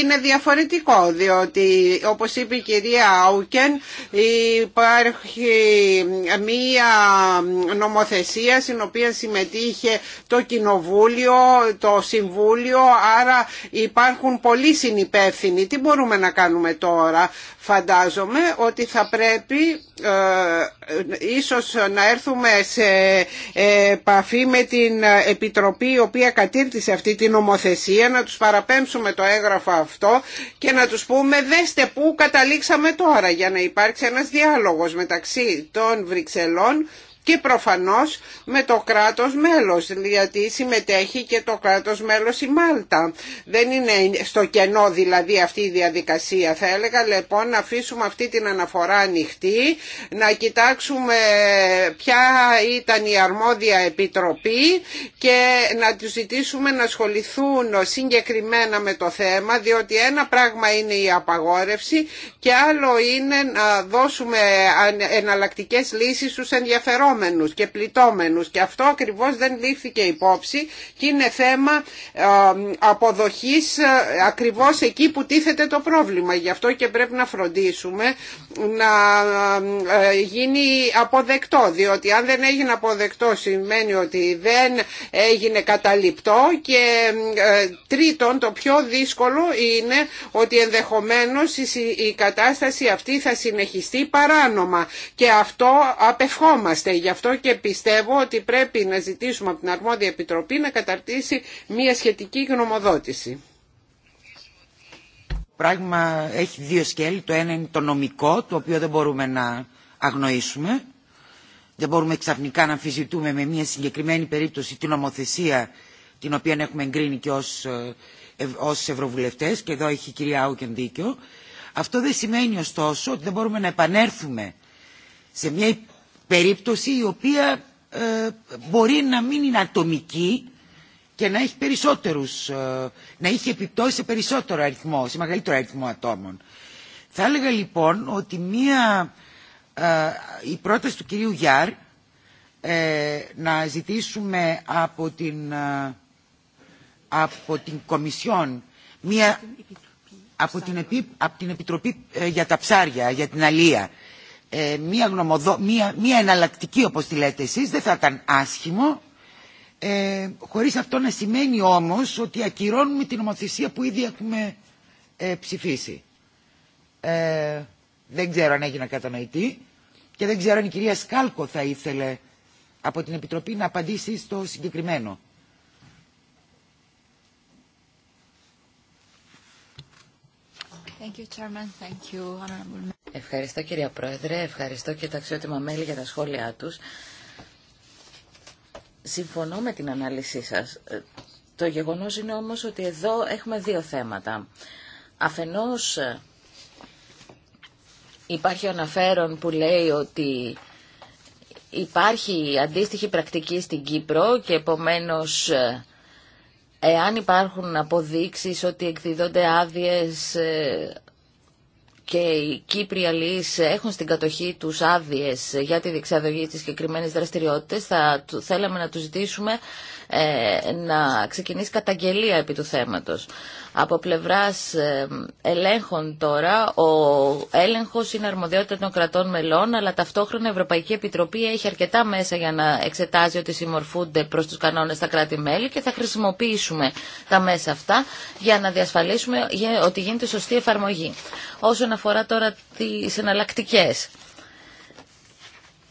είναι διαφορετικό, διότι όπως είπε η κυρία Άουκεν, υπάρχει μία νομοθεσία στην οποία συμμετείχε το Κοινοβούλιο, το Συμβούλιο, άρα υπάρχουν πολλοί συνυπεύθυνοι. Τι μπορούμε να κάνουμε τώρα. Φαντάζομαι ότι θα πρέπει ε, ίσως να έρθουμε σε επαφή με την Επιτροπή η οποία κατήρτισε αυτή την νομοθεσία να τους παραπέμψουμε το έγγραφο αυτό και να τους πούμε δέστε πού καταλήξαμε τώρα για να υπάρξει ένας διάλογος μεταξύ των Βρυξελών και προφανώς με το κράτος μέλος, γιατί συμμετέχει και το κράτος μέλος η Μάλτα. Δεν είναι στο κενό δηλαδή αυτή η διαδικασία. Θα έλεγα λοιπόν να αφήσουμε αυτή την αναφορά ανοιχτή, να κοιτάξουμε ποια ήταν η αρμόδια επιτροπή και να τους ζητήσουμε να ασχοληθούν συγκεκριμένα με το θέμα, διότι ένα πράγμα είναι η απαγόρευση και άλλο είναι να δώσουμε εναλλακτικές λύσεις στους ενδιαφερόμενους και πληττόμενους και αυτό ακριβώς δεν λήφθηκε υπόψη και είναι θέμα ε, αποδοχής ε, ακριβώς εκεί που τίθεται το πρόβλημα. Γι' αυτό και πρέπει να φροντίσουμε να ε, γίνει αποδεκτό, διότι αν δεν έγινε αποδεκτό σημαίνει ότι δεν έγινε καταληπτό και τρίτον το πιο δύσκολο είναι ότι ενδεχομένως η κατάσταση αυτή θα συνεχιστεί παράνομα και αυτό απευχόμαστε γι' αυτό και πιστεύω ότι πρέπει να ζητήσουμε από την Αρμόδια Επιτροπή να καταρτήσει μια σχετική γνωμοδότηση. Πράγμα έχει δύο σκέλη. Το ένα είναι το νομικό, το οποίο δεν μπορούμε να αγνοήσουμε. Δεν μπορούμε ξαφνικά να αμφισβητούμε με μια συγκεκριμένη περίπτωση την νομοθεσία την οποία έχουμε εγκρίνει και ως, ε, ως ευρωβουλευτές και εδώ έχει η κυρία Άουκεν δίκιο. Αυτό δεν σημαίνει ωστόσο ότι δεν μπορούμε να επανέρθουμε σε μια περίπτωση η οποία ε, μπορεί να μην είναι ατομική και να έχει περισσότερους, ε, να έχει επιπτώσει σε περισσότερο αριθμό, σε μεγαλύτερο αριθμό ατόμων. Θα έλεγα λοιπόν ότι μία, ε, η πρόταση του κυρίου Γιάρ να ζητήσουμε από την, από την Κομισιόν μία, από την, Επιτροπή για τα ψάρια, για την αλία ε, μία, μία, μία εναλλακτική όπως τη λέτε εσείς δεν θα ήταν άσχημο ε, χωρίς αυτό να σημαίνει όμως ότι ακυρώνουμε την νομοθεσία που ήδη έχουμε ε, ψηφίσει. Ε, δεν ξέρω αν έγινε κατανοητή και δεν ξέρω αν η κυρία Σκάλκο θα ήθελε από την Επιτροπή να απαντήσει στο συγκεκριμένο. Ευχαριστώ κυρία Πρόεδρε, ευχαριστώ και τα αξιότιμα μέλη για τα σχόλιά τους. Συμφωνώ με την ανάλυση σας. Ε, το γεγονός είναι όμως ότι εδώ έχουμε δύο θέματα. Αφενός ε, υπάρχει ο αναφέρον που λέει ότι υπάρχει αντίστοιχη πρακτική στην Κύπρο και επομένως ε, Εάν υπάρχουν αποδείξεις ότι εκδίδονται άδειες ε, και οι Κύπροι αλληλείς έχουν στην κατοχή τους άδειες για τη διεξαδογή της συγκεκριμένη δραστηριότητες, θα θέλαμε να τους ζητήσουμε ε, να ξεκινήσει καταγγελία επί του θέματος. Από πλευράς ε, ελέγχων τώρα, ο έλεγχος είναι αρμοδιότητα των κρατών μελών, αλλά ταυτόχρονα η Ευρωπαϊκή Επιτροπή έχει αρκετά μέσα για να εξετάζει ότι συμμορφούνται προς τους κανόνες τα κράτη-μέλη και θα χρησιμοποιήσουμε τα μέσα αυτά για να διασφαλίσουμε ότι γίνεται σωστή εφαρμογή. Όσον αφορά τώρα τις εναλλακτικέ.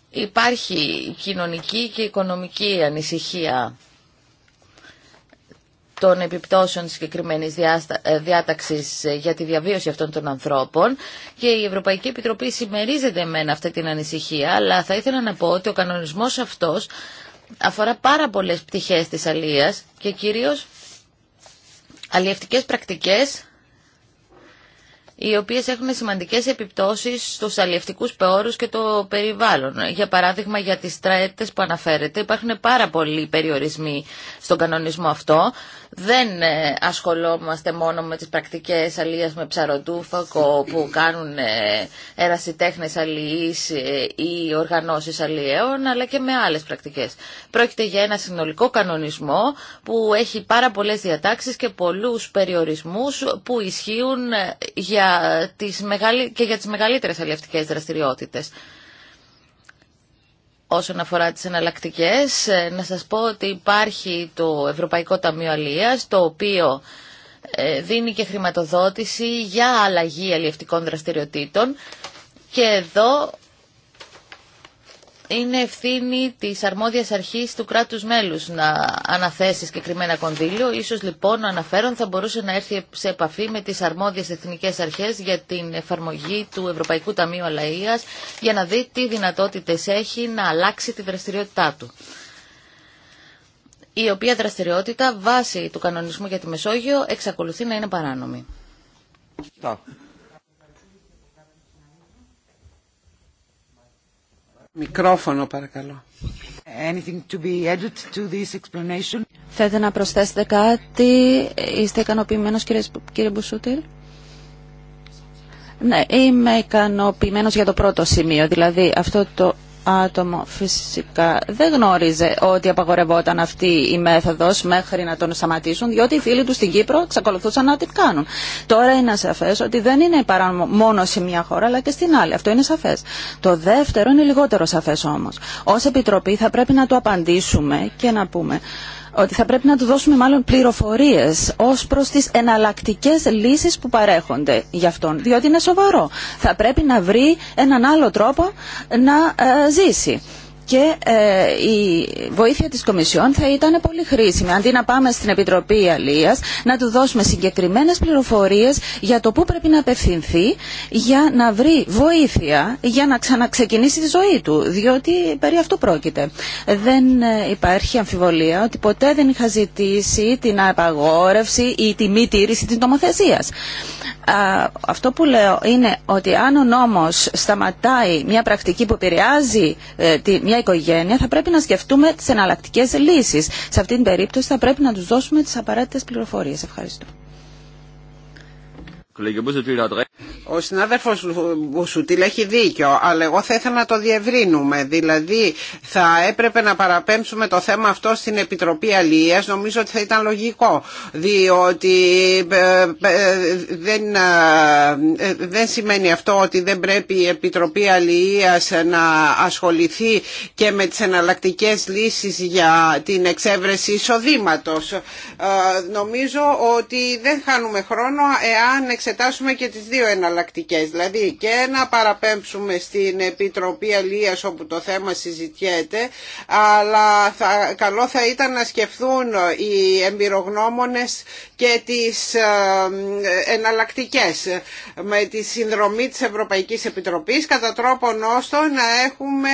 Υπάρχει κοινωνική και οικονομική ανησυχία των επιπτώσεων συγκεκριμένη ε, διάταξης ε, για τη διαβίωση αυτών των ανθρώπων και η Ευρωπαϊκή Επιτροπή συμμερίζεται με αυτή την ανησυχία, αλλά θα ήθελα να πω ότι ο κανονισμός αυτός αφορά πάρα πολλές πτυχές της αλίας και κυρίως αλλιευτικές πρακτικές οι οποίες έχουν σημαντικές επιπτώσεις στους αλλιευτικούς πεόρους και το περιβάλλον. Για παράδειγμα, για τις τραέτες που αναφέρετε, υπάρχουν πάρα πολλοί περιορισμοί στον κανονισμό αυτό. Δεν ε, ασχολόμαστε μόνο με τις πρακτικές αλλία με ψαροτούφακο που κάνουν ε, ερασιτέχνες αλλιείς ε, ή οργανώσεις αλλιέων, αλλά και με άλλες πρακτικές. Πρόκειται για ένα συνολικό κανονισμό που έχει πάρα πολλές διατάξεις και πολλούς περιορισμούς που ισχύουν για για τις και για τις μεγαλύτερες αλληλευτικές δραστηριότητες. Όσον αφορά τις εναλλακτικέ, ε, να σας πω ότι υπάρχει το Ευρωπαϊκό Ταμείο Αλίας, το οποίο ε, δίνει και χρηματοδότηση για αλλαγή αλληλευτικών δραστηριοτήτων και εδώ είναι ευθύνη τη αρμόδια αρχή του κράτους μέλους να αναθέσει συγκεκριμένα κονδύλιο. Ίσως λοιπόν ο αναφέρον θα μπορούσε να έρθει σε επαφή με τις αρμόδιες εθνικέ αρχές για την εφαρμογή του Ευρωπαϊκού Ταμείου Αλαία για να δει τι δυνατότητες έχει να αλλάξει τη δραστηριότητά του η οποία δραστηριότητα βάσει του κανονισμού για τη Μεσόγειο εξακολουθεί να είναι παράνομη. Μικρόφωνο παρακαλώ. Anything to be added to this explanation? Θέλετε να προσθέσετε κάτι, είστε ικανοποιημένος κύριε, κύριε Μπουσούτηρ. Ναι, είμαι ικανοποιημένο για το πρώτο σημείο, δηλαδή αυτό το άτομο φυσικά δεν γνώριζε ότι απαγορευόταν αυτή η μέθοδος μέχρι να τον σταματήσουν, διότι οι φίλοι του στην Κύπρο εξακολουθούσαν να την κάνουν. Τώρα είναι σαφές ότι δεν είναι παράνομο μόνο σε μια χώρα, αλλά και στην άλλη. Αυτό είναι σαφές. Το δεύτερο είναι λιγότερο σαφές όμως. Ως Επιτροπή θα πρέπει να το απαντήσουμε και να πούμε ότι θα πρέπει να του δώσουμε μάλλον πληροφορίες ως προς τις εναλλακτικές λύσεις που παρέχονται για αυτόν, διότι είναι σοβαρό. Θα πρέπει να βρει έναν άλλο τρόπο να ε, ζήσει και ε, η βοήθεια της Κομισιόν θα ήταν πολύ χρήσιμη. Αντί να πάμε στην Επιτροπή Αλίας, να του δώσουμε συγκεκριμένες πληροφορίες για το πού πρέπει να απευθυνθεί για να βρει βοήθεια για να ξαναξεκινήσει τη ζωή του, διότι περί αυτού πρόκειται. Δεν ε, υπάρχει αμφιβολία ότι ποτέ δεν είχα ζητήσει την απαγόρευση ή τη μη τήρηση της νομοθεσίας. Αυτό που λέω είναι ότι αν ο νόμος σταματάει μια πρακτική που επηρεάζει ε, τη μια οικογένεια, θα πρέπει να σκεφτούμε τι εναλλακτικέ λύσει. Σε αυτή την περίπτωση θα πρέπει να τους δώσουμε τις απαραίτητες πληροφορίες. Ευχαριστώ. Ο συνάδελφος Μπουσουτήλ έχει δίκιο, αλλά εγώ θα ήθελα να το διευρύνουμε. Δηλαδή θα έπρεπε να παραπέμψουμε το θέμα αυτό στην Επιτροπή Αλληλείας. Νομίζω ότι θα ήταν λογικό, διότι ε, ε, δεν, ε, δεν σημαίνει αυτό ότι δεν πρέπει η Επιτροπή Αλληλείας να ασχοληθεί και με τις εναλλακτικέ λύσεις για την εξέβρεση εισοδήματος. Νομίζω ότι δεν χάνουμε χρόνο εάν εξετάσουμε και τις δύο εναλλακτικές εναλλακτικέ. Δηλαδή και να παραπέμψουμε στην Επιτροπή Αλίας όπου το θέμα συζητιέται, αλλά θα, καλό θα ήταν να σκεφτούν οι εμπειρογνώμονες και τις ε, εναλλακτικέ με τη συνδρομή της Ευρωπαϊκής Επιτροπής κατά τρόπο ώστε να έχουμε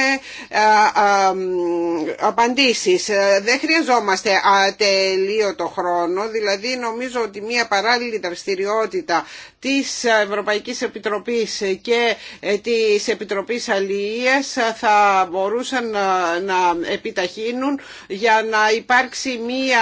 ε, ε, απαντήσεις. Δεν χρειαζόμαστε ατελείωτο χρόνο, δηλαδή νομίζω ότι μια παράλληλη δραστηριότητα της Ευρωπαϊκής Ευρωπαϊκής Επιτροπής και ε, της Επιτροπής Αλληλείας θα μπορούσαν ε, να επιταχύνουν για να υπάρξει μία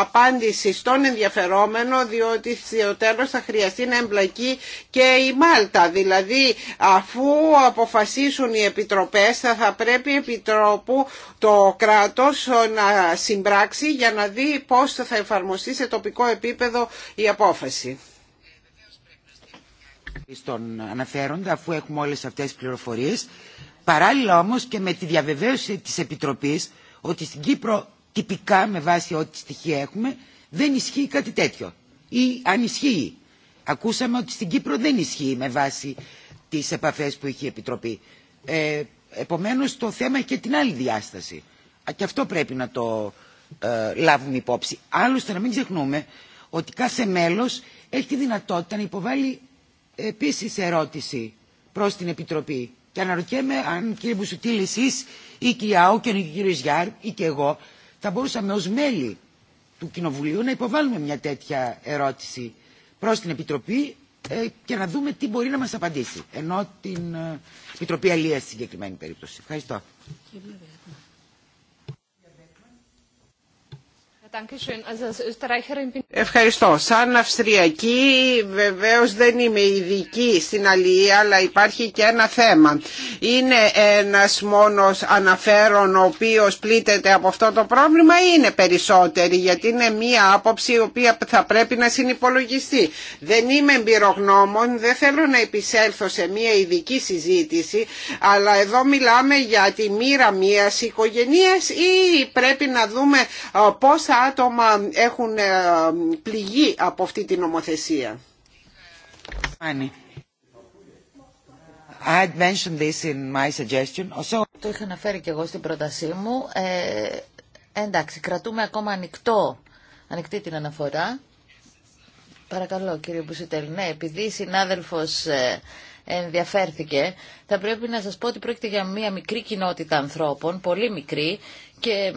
απάντηση στον ενδιαφερόμενο διότι στο τέλος θα χρειαστεί να εμπλακεί και η Μάλτα. Δηλαδή αφού αποφασίσουν οι επιτροπές θα, θα πρέπει επιτροπού το κράτος ε, να συμπράξει για να δει πώς θα εφαρμοστεί σε τοπικό επίπεδο η απόφαση στον αναφέροντα αφού έχουμε όλες αυτές τις πληροφορίες παράλληλα όμως και με τη διαβεβαίωση της Επιτροπής ότι στην Κύπρο τυπικά με βάση ό,τι στοιχεία έχουμε δεν ισχύει κάτι τέτοιο ή αν ισχύει. Ακούσαμε ότι στην Κύπρο δεν ισχύει με βάση τις επαφές που είχε η Επιτροπή. Ε, επομένως το θέμα έχει και την άλλη διάσταση. Και αυτό πρέπει να το ε, λάβουμε υπόψη. Άλλωστε να μην ξεχνούμε ότι κάθε μέλος έχει τη δυνατότητα να υποβάλει επίσης ερώτηση προς την Επιτροπή. Και αναρωτιέμαι αν κύριε Μπουσουτήλη, εσείς ή κύριε και ή κύριος Γιάρ ή και εγώ θα μπορούσαμε ως μέλη του Κοινοβουλίου να υποβάλουμε μια τέτοια ερώτηση προς την Επιτροπή ε, και να δούμε τι μπορεί να μας απαντήσει. Ενώ την ε, Επιτροπή Αλίας στην συγκεκριμένη περίπτωση. Ευχαριστώ. Ευχαριστώ. Σαν Αυστριακή βεβαίως δεν είμαι ειδική στην αλληλεία αλλά υπάρχει και ένα θέμα. Είναι ένας μόνος αναφέρον ο οποίος πλήττεται από αυτό το πρόβλημα ή είναι περισσότεροι γιατί είναι μία άποψη η οποία θα πρέπει να συνυπολογιστεί. Δεν είμαι εμπειρογνώμων, δεν θέλω να επισέλθω σε μία ειδική συζήτηση αλλά εδώ μιλάμε για τη μοίρα μίας οικογενείας ή πρέπει να δούμε ε, πώς θα άτομα έχουν ε, πληγεί από αυτή την νομοθεσία. this in my suggestion. Το είχα αναφέρει και εγώ στην πρότασή μου. Ε, εντάξει, κρατούμε ακόμα ανοιχτό, ανοιχτή την αναφορά. Παρακαλώ κύριε Μπουσιτέλ, ναι, επειδή η συνάδελφος ε, ενδιαφέρθηκε, θα πρέπει να σας πω ότι πρόκειται για μια μικρή κοινότητα ανθρώπων, πολύ μικρή, και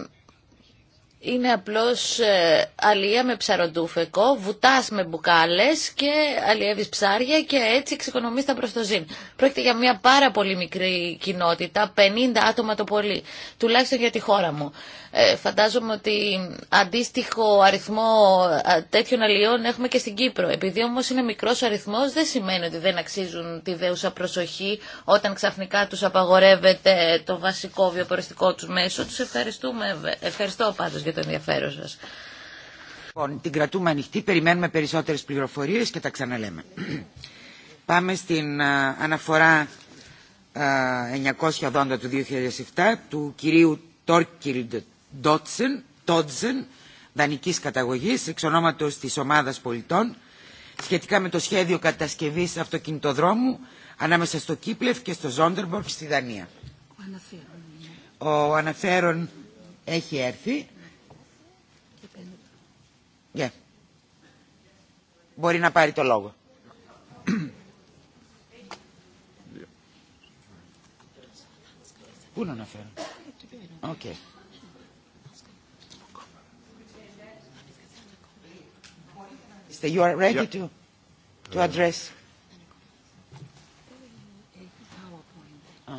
είναι απλώς ε, αλία με ψαροντούφεκο, βουτάς με μπουκάλες και αλιεύεις ψάρια και έτσι εξοικονομείς τα προστοζήν. Πρόκειται για μια πάρα πολύ μικρή κοινότητα, 50 άτομα το πολύ, τουλάχιστον για τη χώρα μου. Ε, φαντάζομαι ότι αντίστοιχο αριθμό ε, τέτοιων αλλιών έχουμε και στην Κύπρο. Επειδή όμως είναι μικρός αριθμό αριθμός δεν σημαίνει ότι δεν αξίζουν τη δέουσα προσοχή όταν ξαφνικά τους απαγορεύεται το βασικό βιοποριστικό τους μέσο. Τους ευχαριστούμε. Ευχαριστώ πάντως για το ενδιαφέρον σας. Λοιπόν, την κρατούμε ανοιχτή, περιμένουμε περισσότερες πληροφορίες και τα ξαναλέμε. Πάμε στην ε, αναφορά 980 του 2007 του κυρίου Τόρκιλντ Ντότζεν, δανεικής καταγωγής, εξ ονόματος της ομάδας πολιτών, σχετικά με το σχέδιο κατασκευής αυτοκινητοδρόμου ανάμεσα στο Κίπλεφ και στο Ζόντερμπορκ στη Δανία. Ο αναφέρον έχει έρθει. Μπορεί να πάρει το λόγο. Πού να αναφέρω. Okay. Minister. You are ready to to address.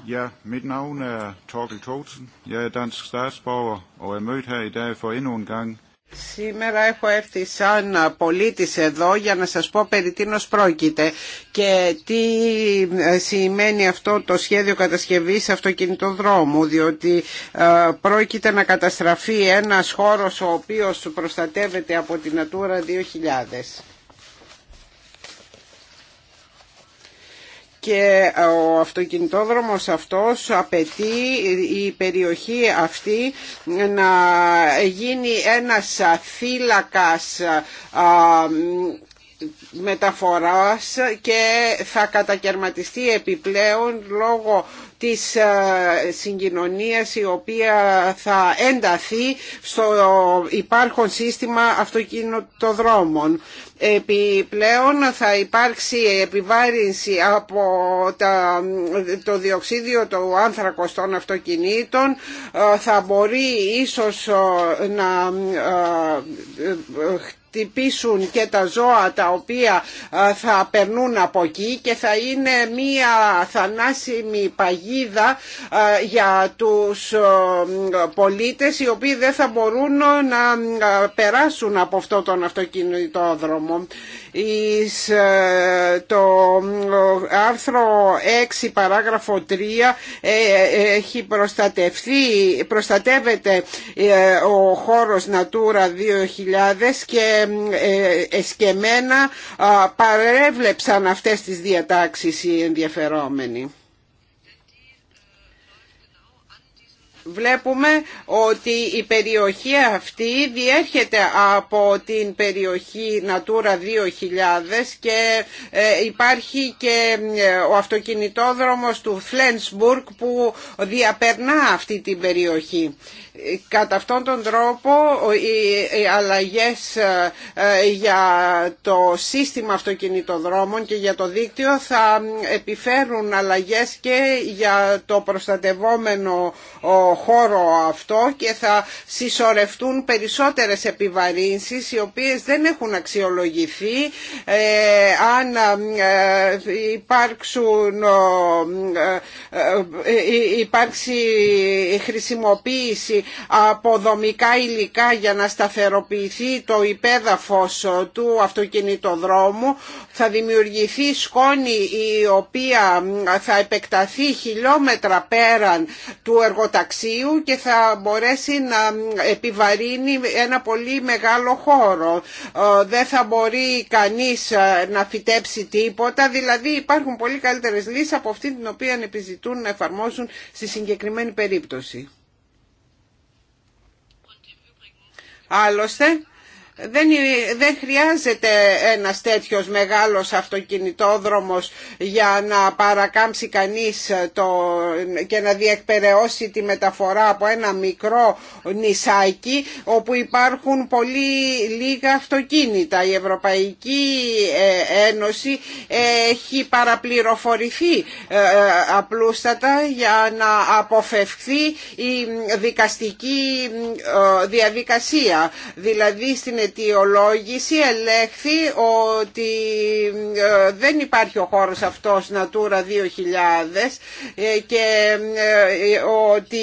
Ja, mit navn er Torkel Thorsen. Jeg er dansk statsborger og er mødt her i dag for endnu en gang Σήμερα έχω έρθει σαν πολίτης εδώ για να σας πω περί τίνος πρόκειται και τι σημαίνει αυτό το σχέδιο κατασκευής αυτοκινητοδρόμου διότι ε, πρόκειται να καταστραφεί ένας χώρος ο οποίος προστατεύεται από την Natura 2000. και ο αυτοκινητόδρομος αυτός απαιτεί η περιοχή αυτή να γίνει ένας θύλακας μεταφοράς και θα κατακαιρματιστεί επιπλέον λόγω της ε, συγκοινωνίας η οποία θα ενταθεί στο υπάρχον σύστημα αυτοκινητοδρόμων. Επιπλέον θα υπάρξει επιβάρυνση από το διοξίδιο του άνθρακο των αυτοκινήτων. Ε, θα μπορεί ίσως ε, να χτυπήσουν και τα ζώα τα οποία θα περνούν από εκεί και θα είναι μία θανάσιμη παγίδα για τους πολίτες οι οποίοι δεν θα μπορούν να περάσουν από αυτό τον αυτοκινητόδρομο εις ε, το ε, άρθρο 6 παράγραφο 3 ε, έχει προστατευθεί προστατεύεται ο χώρος Natura 2000 και εσκεμένα παρέβλεψαν αυτές τις διατάξεις οι ενδιαφερόμενοι. Βλέπουμε ότι η περιοχή αυτή διέρχεται από την περιοχή Natura 2000 και ε, υπάρχει και ε, ο αυτοκινητόδρομος του Φλένσμπουργκ που διαπερνά αυτή την περιοχή. Κατά αυτόν τον τρόπο οι αλλαγές ε, ε, για το σύστημα αυτοκινητοδρόμων και για το δίκτυο θα επιφέρουν αλλαγές και για το προστατευόμενο χώρο αυτό και θα συσσωρευτούν περισσότερες επιβαρύνσεις οι οποίες δεν έχουν αξιολογηθεί ε, αν υπάρξουν, υπάρξει χρησιμοποίηση αποδομικά υλικά για να σταθεροποιηθεί το υπέδαφος του αυτοκινητοδρόμου. Θα δημιουργηθεί σκόνη η οποία θα επεκταθεί χιλιόμετρα πέραν του εργοταξίου και θα μπορέσει να επιβαρύνει ένα πολύ μεγάλο χώρο. Ε, δεν θα μπορεί κανείς ε, να φυτέψει τίποτα, δηλαδή υπάρχουν πολύ καλύτερες λύσεις από αυτή την οποία επιζητούν να εφαρμόσουν στη συγκεκριμένη περίπτωση. Άλλωστε δεν, χρειάζεται ένας τέτοιος μεγάλος αυτοκινητόδρομος για να παρακάμψει κανείς το, και να διεκπαιρεώσει τη μεταφορά από ένα μικρό νησάκι όπου υπάρχουν πολύ λίγα αυτοκίνητα. Η Ευρωπαϊκή ε, Ένωση έχει παραπληροφορηθεί ε, απλούστατα για να αποφευχθεί η δικαστική ε, διαδικασία. Δηλαδή στην αιτιολόγηση ελέγχθη ότι ε, δεν υπάρχει ο χώρος αυτός Natura 2000 ε, και ε, ότι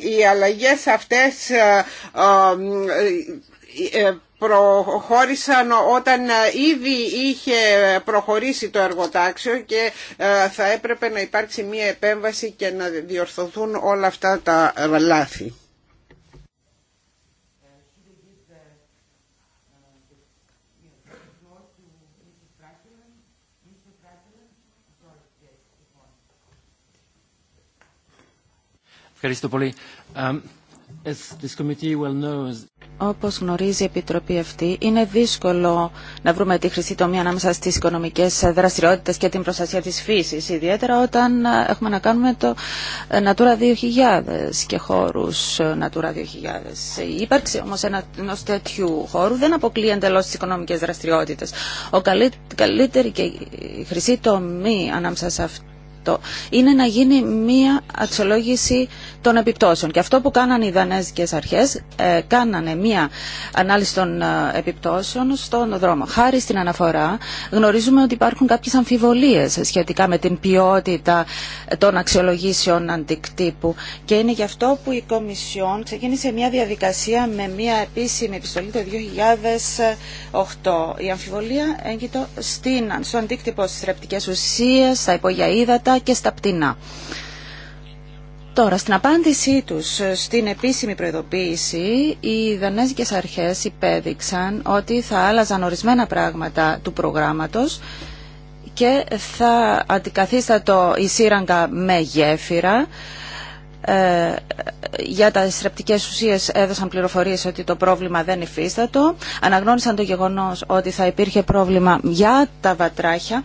οι αλλαγές αυτές προχώρησαν όταν ήδη είχε προχωρήσει το εργοτάξιο και θα έπρεπε να υπάρξει μία επέμβαση και να διορθωθούν όλα αυτά τα λάθη. Ευχαριστώ πολύ. Όπως γνωρίζει η Επιτροπή αυτή, είναι δύσκολο να βρούμε τη χρυσή τομή ανάμεσα στις οικονομικές δραστηριότητες και την προστασία της φύσης, ιδιαίτερα όταν ε, έχουμε να κάνουμε το ε, Natura 2000 και χώρους ε, Natura 2000. Η ύπαρξη όμως ενός τέτοιου χώρου δεν αποκλεί εντελώ τι οικονομικές δραστηριότητες. Ο καλύτερη και η χρυσή τομή ανάμεσα σε αυτή είναι να γίνει μία αξιολόγηση των επιπτώσεων. Και αυτό που κάνανε οι Δανέζικες αρχές, ε, κάνανε μία ανάλυση των ε, επιπτώσεων στον δρόμο. Χάρη στην αναφορά γνωρίζουμε ότι υπάρχουν κάποιες αμφιβολίες σχετικά με την ποιότητα των αξιολογήσεων αντικτύπου και είναι γι' αυτό που η Κομισιόν ξεκίνησε μία διαδικασία με μία επίσημη επιστολή το 2008. Η αμφιβολία έγινε στην, αντίκτυπο στις θρεπτικές ουσίες, στα υπόγεια και στα πτηνά. Τώρα, στην απάντησή τους ε, στην επίσημη προειδοποίηση, οι δανέζικες αρχές υπέδειξαν ότι θα άλλαζαν ορισμένα πράγματα του προγράμματος και θα αντικαθίστατο η σύραγγα με γέφυρα. Ε, για τα στρεπτικές ουσίες έδωσαν πληροφορίες ότι το πρόβλημα δεν υφίστατο. Αναγνώρισαν το γεγονός ότι θα υπήρχε πρόβλημα για τα βατράχια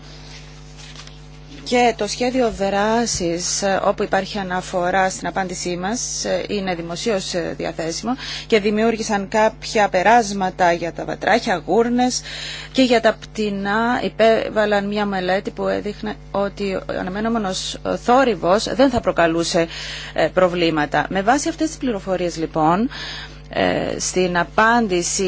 και το σχέδιο δράσης ε, όπου υπάρχει αναφορά στην απάντησή μας ε, είναι δημοσίως ε, διαθέσιμο και δημιούργησαν κάποια περάσματα για τα βατράχια, γούρνες και για τα πτηνά υπέβαλαν μια μελέτη που έδειχνε ότι ο αναμενόμενος θόρυβος δεν θα προκαλούσε προβλήματα. Με βάση αυτές τις πληροφορίες λοιπόν ε, στην απάντηση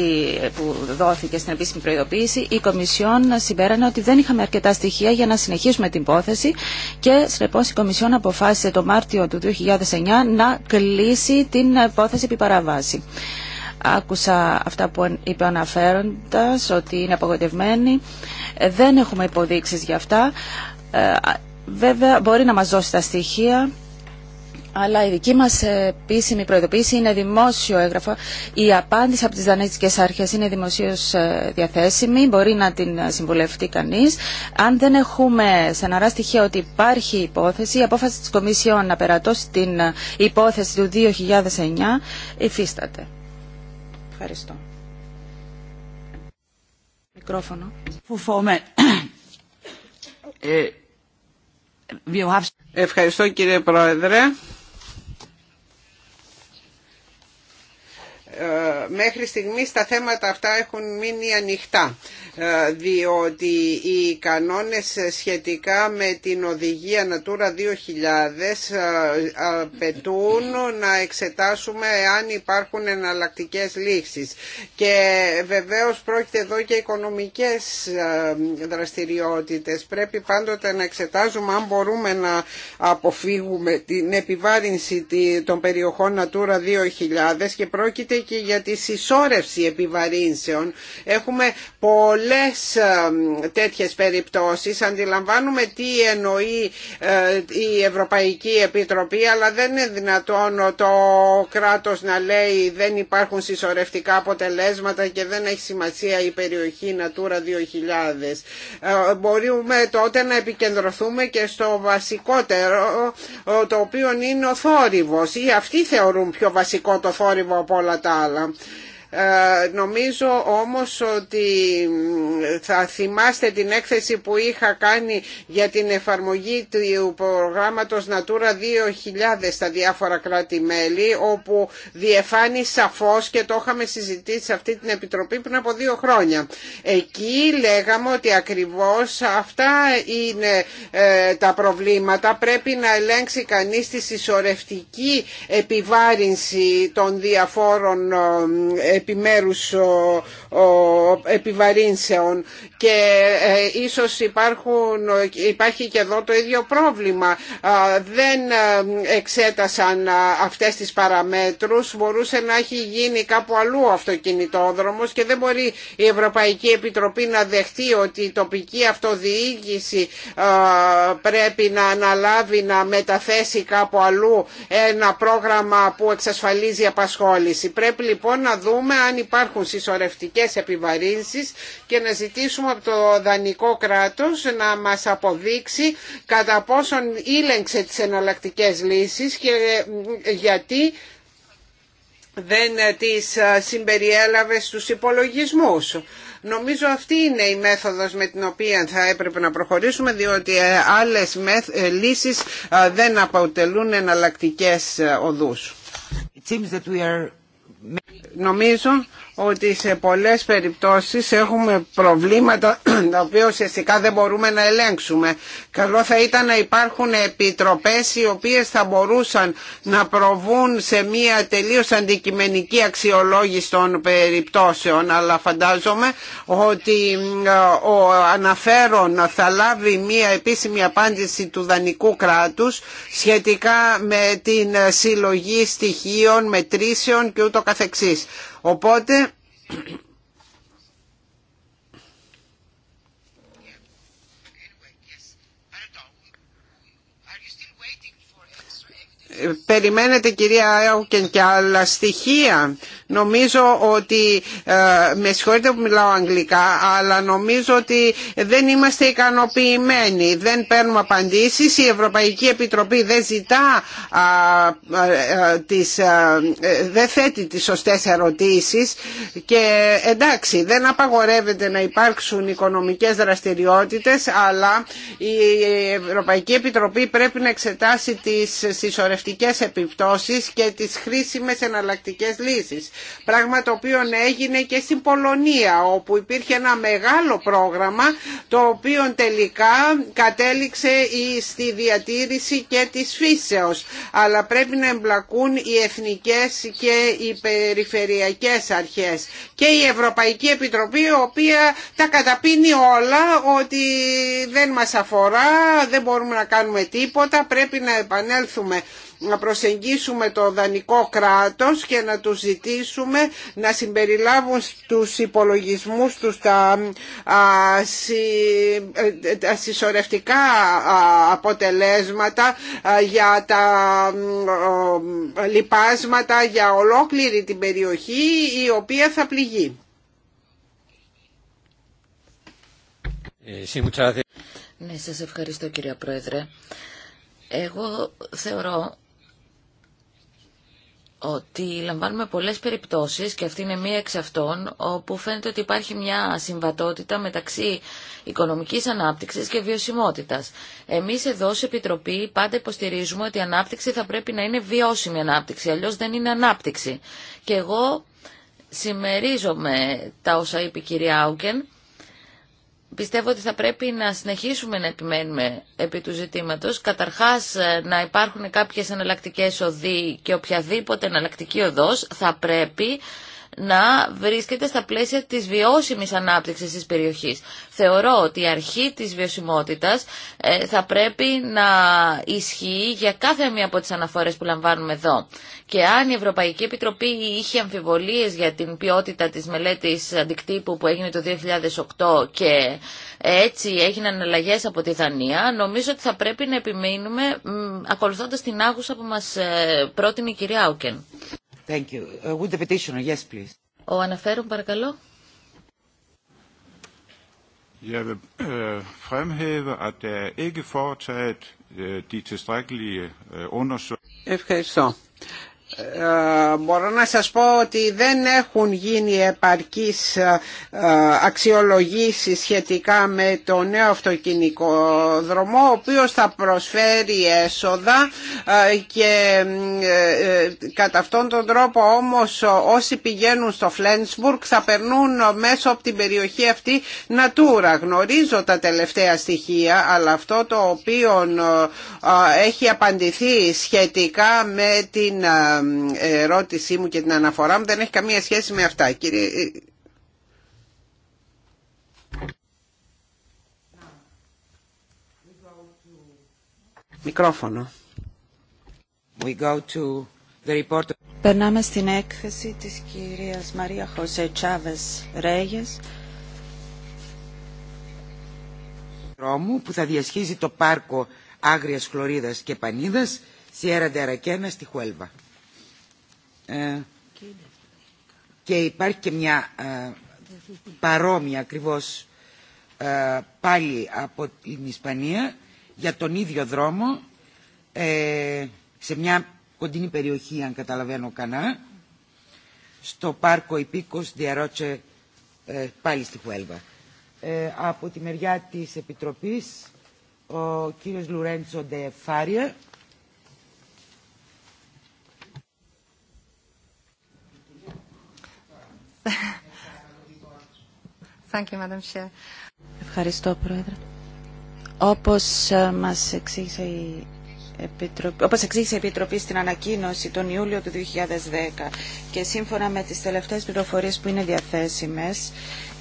που δόθηκε στην επίσημη προειδοποίηση η Κομισιόν συμπέρανε ότι δεν είχαμε αρκετά στοιχεία για να συνεχίσουμε την υπόθεση και συνεπώς η Κομισιόν αποφάσισε το Μάρτιο του 2009 να κλείσει την υπόθεση επί παραβάση. Άκουσα αυτά που είπε αναφέροντας ότι είναι απογοητευμένοι. Ε, δεν έχουμε υποδείξεις για αυτά. Ε, βέβαια μπορεί να μας δώσει τα στοιχεία αλλά η δική μας ε, επίσημη προειδοποίηση είναι δημόσιο έγγραφο. Η απάντηση από τις Δανέζικες Άρχες είναι δημοσίως ε, διαθέσιμη, μπορεί να την ε, συμβουλευτεί κανείς. Αν δεν έχουμε στεναρά στοιχεία ότι υπάρχει υπόθεση, η απόφαση της Κομισιόν να περατώσει την υπόθεση του 2009 υφίσταται. Ευχαριστώ. Μικρόφωνο. Ευχαριστώ κύριε Πρόεδρε. Ε, μέχρι στιγμής τα θέματα αυτά έχουν μείνει ανοιχτά ε, διότι οι κανόνες σχετικά με την οδηγία Natura 2000 ε, απαιτούν να εξετάσουμε αν υπάρχουν εναλλακτικές λύσεις και βεβαίως πρόκειται εδώ και οικονομικές δραστηριότητες πρέπει πάντοτε να εξετάζουμε αν μπορούμε να αποφύγουμε την επιβάρυνση των περιοχών Natura 2000 και πρόκειται και για τη συσσόρευση επιβαρύνσεων. Έχουμε πολλές ε, τέτοιες περιπτώσεις. Αντιλαμβάνουμε τι εννοεί ε, η Ευρωπαϊκή Επιτροπή, αλλά δεν είναι δυνατόν το κράτος να λέει δεν υπάρχουν συσσωρευτικά αποτελέσματα και δεν έχει σημασία η περιοχή Natura 2000. Ε, μπορούμε τότε να επικεντρωθούμε και στο βασικότερο, το οποίο είναι ο θόρυβος. Ή αυτοί θεωρούν πιο βασικό το θόρυβο από όλα τα άλλα ε, νομίζω όμως ότι θα θυμάστε την έκθεση που είχα κάνει για την εφαρμογή του προγράμματος Natura 2000 στα διάφορα κράτη-μέλη όπου διεφάνει σαφώς και το είχαμε συζητήσει σε αυτή την Επιτροπή πριν από δύο χρόνια. Εκεί λέγαμε ότι ακριβώς αυτά είναι ε, τα προβλήματα. Πρέπει να ελέγξει κανείς τη συσσωρευτική επιβάρυνση των διαφόρων ε, επιμέρους επιβαρύνσεων και ε, ίσως υπάρχουν, υπάρχει και εδώ το ίδιο πρόβλημα. Δεν ε, εξέτασαν αυτές τις παραμέτρους, μπορούσε να έχει γίνει κάπου αλλού αυτοκινητόδρομος και δεν μπορεί η Ευρωπαϊκή Επιτροπή να δεχτεί ότι η τοπική αυτοδιοίκηση πρέπει να αναλάβει να μεταθέσει κάπου αλλού ένα πρόγραμμα που εξασφαλίζει απασχόληση. Πρέπει λοιπόν να δούμε αν υπάρχουν συσσωρευτικές επιβαρύνσεις και να ζητήσουμε από το δανεικό κράτος να μας αποδείξει κατά πόσον ήλεγξε τις εναλλακτικέ λύσεις και γιατί δεν τις ε, συμπεριέλαβε στους υπολογισμούς. Νομίζω αυτή είναι η μέθοδος με την οποία θα έπρεπε να προχωρήσουμε διότι ε, άλλες ε, λύσεις δεν αποτελούν εναλλακτικές οδούς. Νομίζω ότι σε πολλές περιπτώσεις έχουμε προβλήματα τα οποία ουσιαστικά δεν μπορούμε να ελέγξουμε. Καλό θα ήταν να υπάρχουν επιτροπές οι οποίες θα μπορούσαν να προβούν σε μια τελείως αντικειμενική αξιολόγηση των περιπτώσεων αλλά φαντάζομαι ότι ε, ο αναφέρον θα λάβει μια επίσημη απάντηση του δανεικού κράτους σχετικά με την συλλογή στοιχείων, μετρήσεων και ούτω καθεξής. Οπότε Περιμένετε κυρία Έουκεν και άλλα στοιχεία Νομίζω ότι, ε, με συγχωρείτε που μιλάω αγγλικά, αλλά νομίζω ότι δεν είμαστε ικανοποιημένοι, δεν παίρνουμε απαντήσεις. Η Ευρωπαϊκή Επιτροπή δεν ζητά, ε, ε, τις, δεν θέτει τις σωστές ερωτήσεις και εντάξει δεν απαγορεύεται να υπάρξουν οικονομικές δραστηριότητες αλλά η Ευρωπαϊκή Επιτροπή πρέπει να εξετάσει τις συσσωρευτικές επιπτώσεις και τις χρήσιμες εναλλακτικές λύσεις. Πράγμα το οποίο έγινε και στην Πολωνία όπου υπήρχε ένα μεγάλο πρόγραμμα το οποίο τελικά κατέληξε στη διατήρηση και της φύσεως. Αλλά πρέπει να εμπλακούν οι εθνικές και οι περιφερειακές αρχές και η Ευρωπαϊκή Επιτροπή η οποία τα καταπίνει όλα ότι δεν μας αφορά, δεν μπορούμε να κάνουμε τίποτα, πρέπει να επανέλθουμε να προσεγγίσουμε το δανεικό κράτος και να τους ζητήσουμε να συμπεριλάβουν στους υπολογισμούς τους τα, ε, τα συσσωρευτικά αποτελέσματα για τα λοιπάσματα για ολόκληρη την περιοχή η οποία θα πληγεί. Ε, ναι, σας ευχαριστώ κύριε Πρόεδρε. Εγώ θεωρώ ότι λαμβάνουμε πολλές περιπτώσεις και αυτή είναι μία εξ αυτών όπου φαίνεται ότι υπάρχει μια συμβατότητα μεταξύ οικονομικής ανάπτυξης και βιωσιμότητας. Εμείς εδώ σε Επιτροπή πάντα υποστηρίζουμε ότι η ανάπτυξη θα πρέπει να είναι βιώσιμη ανάπτυξη, αλλιώς δεν είναι ανάπτυξη. Και εγώ συμμερίζομαι τα όσα είπε η κυρία Άουκεν πιστεύω ότι θα πρέπει να συνεχίσουμε να επιμένουμε επί του ζητήματος. Καταρχάς ε, να υπάρχουν κάποιες εναλλακτικέ οδοί και οποιαδήποτε εναλλακτική οδός θα πρέπει να βρίσκεται στα πλαίσια της βιώσιμης ανάπτυξης της περιοχής. Θεωρώ ότι η αρχή της βιωσιμότητας ε, θα πρέπει να ισχύει για κάθε μία από τις αναφορές που λαμβάνουμε εδώ. Και αν η Ευρωπαϊκή Επιτροπή είχε αμφιβολίες για την ποιότητα της μελέτης αντικτύπου που έγινε το 2008 και έτσι έγιναν αλλαγέ από τη Δανία, νομίζω ότι θα πρέπει να επιμείνουμε ακολουθώντας την άγουσα που μας ε, πρότεινε η κυρία Άουκεν. Thank you. Would the petitioner, yes, please. Ο αναφέρον, παρακαλώ. Jeg vil øh, fremhæve, at der ikke foretaget øh, de tilstrækkelige øh, undersøgelser. Ευχαριστώ. Ε, μπορώ να σας πω ότι δεν έχουν γίνει επαρκείς ε, αξιολογήσεις σχετικά με το νέο αυτοκινικό δρομό ο οποίος θα προσφέρει έσοδα ε, και κατά αυτόν τον τρόπο όμως όσοι πηγαίνουν στο Φλένσμπουργκ θα περνούν μέσω από την περιοχή αυτή Νατούρα. Γνωρίζω τα τελευταία στοιχεία αλλά αυτό το οποίο έχει απαντηθεί σχετικά με την ερώτησή μου και την αναφορά μου δεν έχει καμία σχέση με αυτά. Κύριε... Ε, μικρόφωνο. We go to the report... Περνάμε στην έκθεση της κυρίας Μαρία Χωσέ Τσάβες Ρέγες που θα διασχίζει το πάρκο Άγριας Χλωρίδας και Πανίδας Σιέρα Ντερακένα στη Χουέλβα. Ε, και υπάρχει και μια ε, παρόμοια ακριβώς ε, πάλι από την Ισπανία για τον ίδιο δρόμο σε μια κοντινή περιοχή αν καταλαβαίνω κανά στο πάρκο Υπήκος Διαρότσε πάλι στη Χουέλβα. Από τη μεριά της Επιτροπής ο κύριος Λουρέντσο Φάρια. Ευχαριστώ, Πρόεδρε. Όπως ε, μας εξήγησε η Επιτροπή, όπως εξήγησε η Επιτροπή στην ανακοίνωση τον Ιούλιο του 2010 και σύμφωνα με τις τελευταίες πληροφορίες που είναι διαθέσιμες,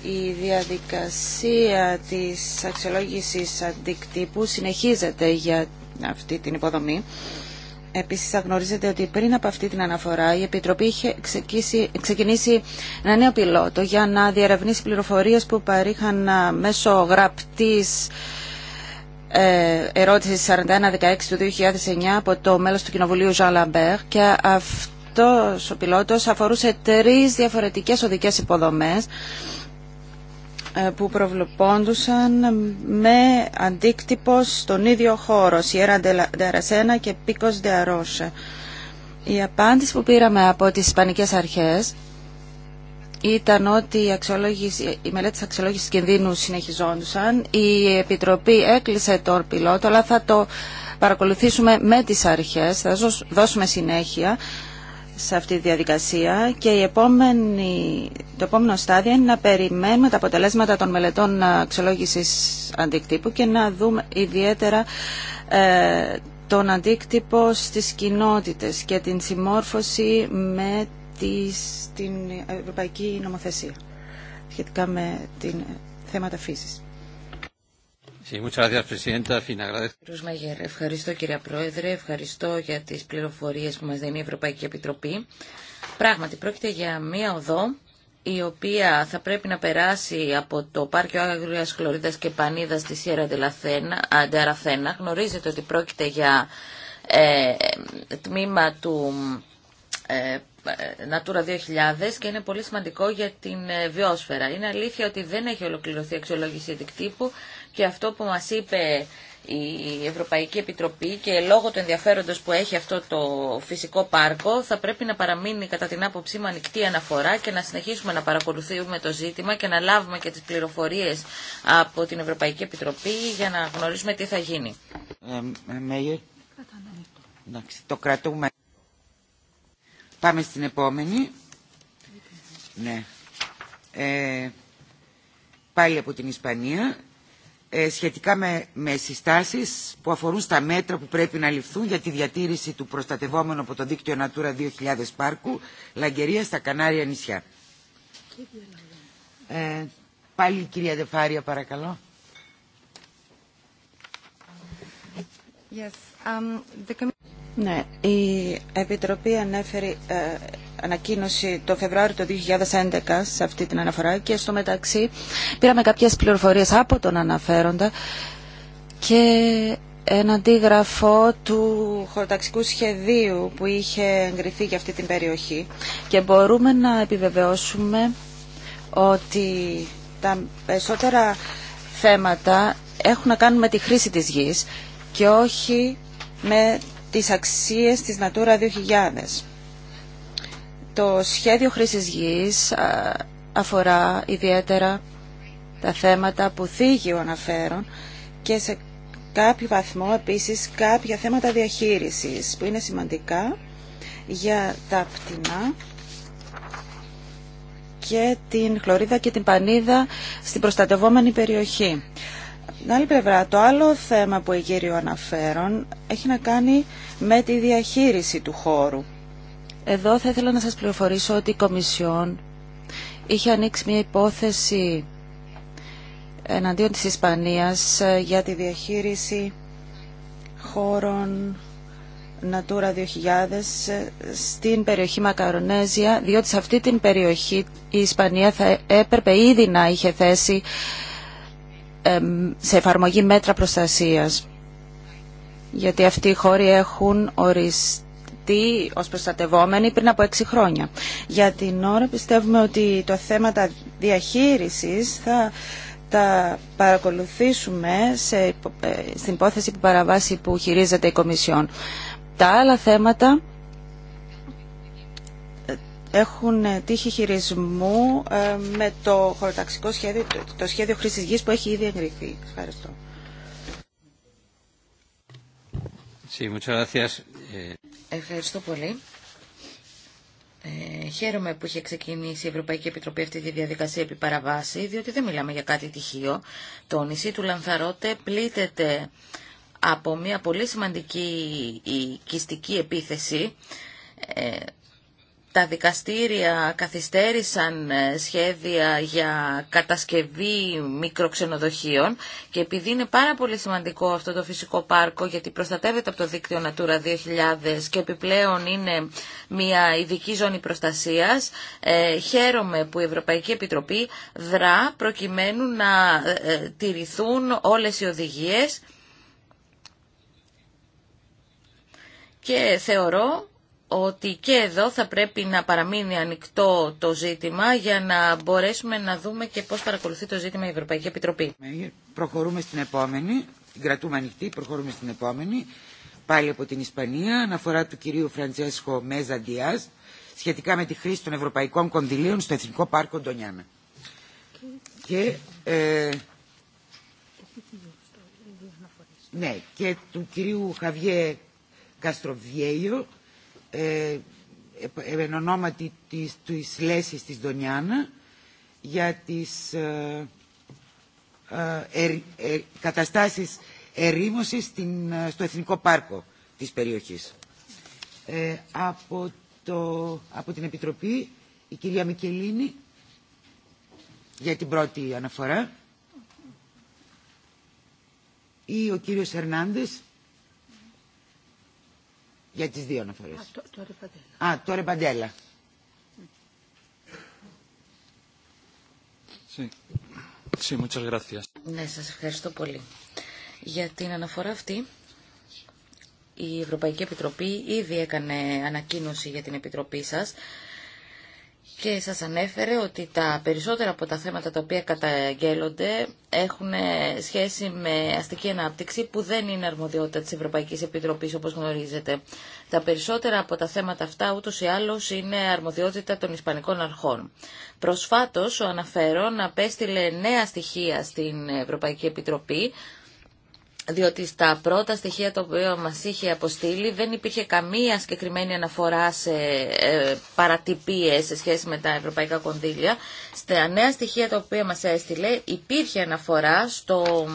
η διαδικασία της αξιολόγησης αντικτύπου συνεχίζεται για αυτή την υποδομή Επίσης γνωρίζετε ότι πριν από αυτή την αναφορά η Επιτροπή είχε ξεκινήσει ένα νέο πιλότο για να διερευνήσει πληροφορίες που παρήχαν μέσω γραπτής ε, ερώτηση 4116 του 2009 από το μέλος του Κοινοβουλίου Jean Lambert και αυτός ο πιλότο αφορούσε τρει διαφορετικές οδικές υποδομές ε, που προβλεπόντουσαν με αντίκτυπο στον ίδιο χώρο, Σιέρα Ντερασένα και Πίκος τη κενδίνου συνεχίζονταν. Η απάντηση που πήραμε από τις Ισπανικές Αρχές ήταν ότι οι μελέτη αξιολόγησης κινδύνου συνεχιζόντουσαν. Η Επιτροπή έκλεισε το πιλότο, αλλά θα το παρακολουθήσουμε με τις αρχές, θα δώσουμε συνέχεια σε αυτή τη διαδικασία και η επόμενη, το επόμενο στάδιο είναι να περιμένουμε τα αποτελέσματα των μελετών ε, αξιολόγησης αντικτύπου και να δούμε ιδιαίτερα ε, τον αντίκτυπο στις κοινότητες και την συμμόρφωση με τις, την ευρωπαϊκή νομοθεσία σχετικά με την θέματα φύσης. Ευχαριστώ κύριε Πρόεδρε, ευχαριστώ για τις πληροφορίες που μας δίνει η Ευρωπαϊκή Επιτροπή. Πράγματι, πρόκειται για μία οδό η οποία θα πρέπει να περάσει από το Πάρκιο Άγριας Χλωρίδας και Πανίδας στη Σιέρα Αντεραθένα. Γνωρίζετε ότι πρόκειται για ε, τμήμα του ε, Natura 2000 και είναι πολύ σημαντικό για την ε, βιόσφαιρα. Είναι αλήθεια ότι δεν έχει ολοκληρωθεί η αξιολόγηση δικτύπου, και αυτό που μας είπε η Ευρωπαϊκή Επιτροπή και λόγω του ενδιαφέροντος που έχει αυτό το φυσικό πάρκο θα πρέπει να παραμείνει κατά την άποψή μου ανοιχτή αναφορά και να συνεχίσουμε να παρακολουθούμε το ζήτημα και να λάβουμε και τις πληροφορίες από την Ευρωπαϊκή Επιτροπή για να γνωρίσουμε τι θα γίνει. Ε, το κρατούμε. Πάμε στην επόμενη. Ναι. Ε, πάλι από την Ισπανία. Ε, σχετικά με, συστάσεις που αφορούν στα μέτρα που πρέπει να ληφθούν για τη διατήρηση του προστατευόμενου από το δίκτυο Natura 2000 πάρκου Λαγκερία στα Κανάρια νησιά. Ε, πάλι η κυρία Δεφάρια παρακαλώ. Yes. Um, the... Ναι, η Επιτροπή ανέφερε ε, ανακοίνωση το Φεβράριο του 2011 σε αυτή την αναφορά και στο μεταξύ πήραμε κάποιες πληροφορίες από τον αναφέροντα και ένα αντίγραφο του χωροταξικού σχεδίου που είχε εγκριθεί για αυτή την περιοχή και μπορούμε να επιβεβαιώσουμε ότι τα περισσότερα θέματα έχουν να κάνουν με τη χρήση της γης και όχι με τις αξίες της Natura 2000. Το σχέδιο χρήσης γης αφορά ιδιαίτερα τα θέματα που θίγει ο αναφέρον και σε κάποιο βαθμό επίσης κάποια θέματα διαχείρισης που είναι σημαντικά για τα πτηνά και την χλωρίδα και την πανίδα στην προστατευόμενη περιοχή. Την άλλη πλευρά, το άλλο θέμα που εγείριο αναφέρον έχει να κάνει με τη διαχείριση του χώρου. Εδώ θα ήθελα να σας πληροφορήσω ότι η Κομισιόν είχε ανοίξει μια υπόθεση εναντίον της Ισπανίας ε, για τη διαχείριση χώρων Natura 2000 ε, στην περιοχή Μακαρονέζια, διότι σε αυτή την περιοχή η Ισπανία θα έπρεπε ήδη να είχε θέσει σε εφαρμογή μέτρα προστασίας. Γιατί αυτοί οι χώροι έχουν οριστεί ως προστατευόμενοι πριν από έξι χρόνια. Για την ώρα πιστεύουμε ότι το θέματα τα διαχείρισης θα τα παρακολουθήσουμε σε, ε, στην υπόθεση που παραβάσει που χειρίζεται η Κομισιόν. Τα άλλα θέματα έχουν ε, τύχη χειρισμού ε, με το χωροταξικό σχέδιο, το σχέδιο χρήσης γης που έχει ήδη εγκριθεί. Ευχαριστώ. Ε, Ευχαριστώ πολύ. χαίρομαι που είχε ξεκινήσει η Ευρωπαϊκή Επιτροπή αυτή τη διαδικασία επί παραβάση, διότι δεν μιλάμε για κάτι τυχείο. Το νησί του Λανθαρότε πλήττεται από μια πολύ σημαντική οικιστική επίθεση, τα δικαστήρια καθυστέρησαν ε, σχέδια για κατασκευή μικροξενοδοχείων και επειδή είναι πάρα πολύ σημαντικό αυτό το φυσικό πάρκο γιατί προστατεύεται από το δίκτυο Natura 2000 και επιπλέον είναι μια ειδική ζώνη προστασίας, ε, χαίρομαι που η Ευρωπαϊκή Επιτροπή δρά προκειμένου να ε, τηρηθούν όλες οι οδηγίες και θεωρώ ότι και εδώ θα πρέπει να παραμείνει ανοιχτό το ζήτημα για να μπορέσουμε να δούμε και πώς παρακολουθεί το ζήτημα η Ευρωπαϊκή Επιτροπή. Προχωρούμε στην επόμενη, την κρατούμε ανοιχτή, προχωρούμε στην επόμενη, πάλι από την Ισπανία, αναφορά του κυρίου Φραντσέσχο Μέζα Ντιάς, σχετικά με τη χρήση των ευρωπαϊκών κονδυλίων στο Εθνικό Πάρκο Ντονιάνα. Και, ε, ναι, και του κυρίου Χαβιέ Καστροβιέιο, ε, ε, εν ονόματι της, της Λέσης της Δονιάνα για τις ε, ε, ε καταστάσεις ερήμωσης στο Εθνικό Πάρκο της περιοχής. από, το, από την Επιτροπή η κυρία Μικελίνη για την πρώτη αναφορά ή ο κύριος Ερνάντες για τις δύο αναφορές. Α, το, το Α, το gracias. Ναι, σας ευχαριστώ πολύ. Για την αναφορά αυτή, η Ευρωπαϊκή Επιτροπή ήδη έκανε ανακοίνωση για την Επιτροπή σας και σας ανέφερε ότι τα περισσότερα από τα θέματα τα οποία καταγγέλλονται έχουν σχέση με αστική ανάπτυξη που δεν είναι αρμοδιότητα της Ευρωπαϊκής Επιτροπής όπως γνωρίζετε. Τα περισσότερα από τα θέματα αυτά ούτως ή άλλως είναι αρμοδιότητα των Ισπανικών αρχών. Προσφάτως ο αναφέρον απέστειλε νέα στοιχεία στην Ευρωπαϊκή Επιτροπή διότι στα πρώτα στοιχεία τα οποία μας είχε αποστείλει δεν υπήρχε καμία συγκεκριμένη αναφορά σε ε, παρατυπίες σε σχέση με τα ευρωπαϊκά κονδύλια. Στα νέα στοιχεία τα οποία μας έστειλε υπήρχε αναφορά στο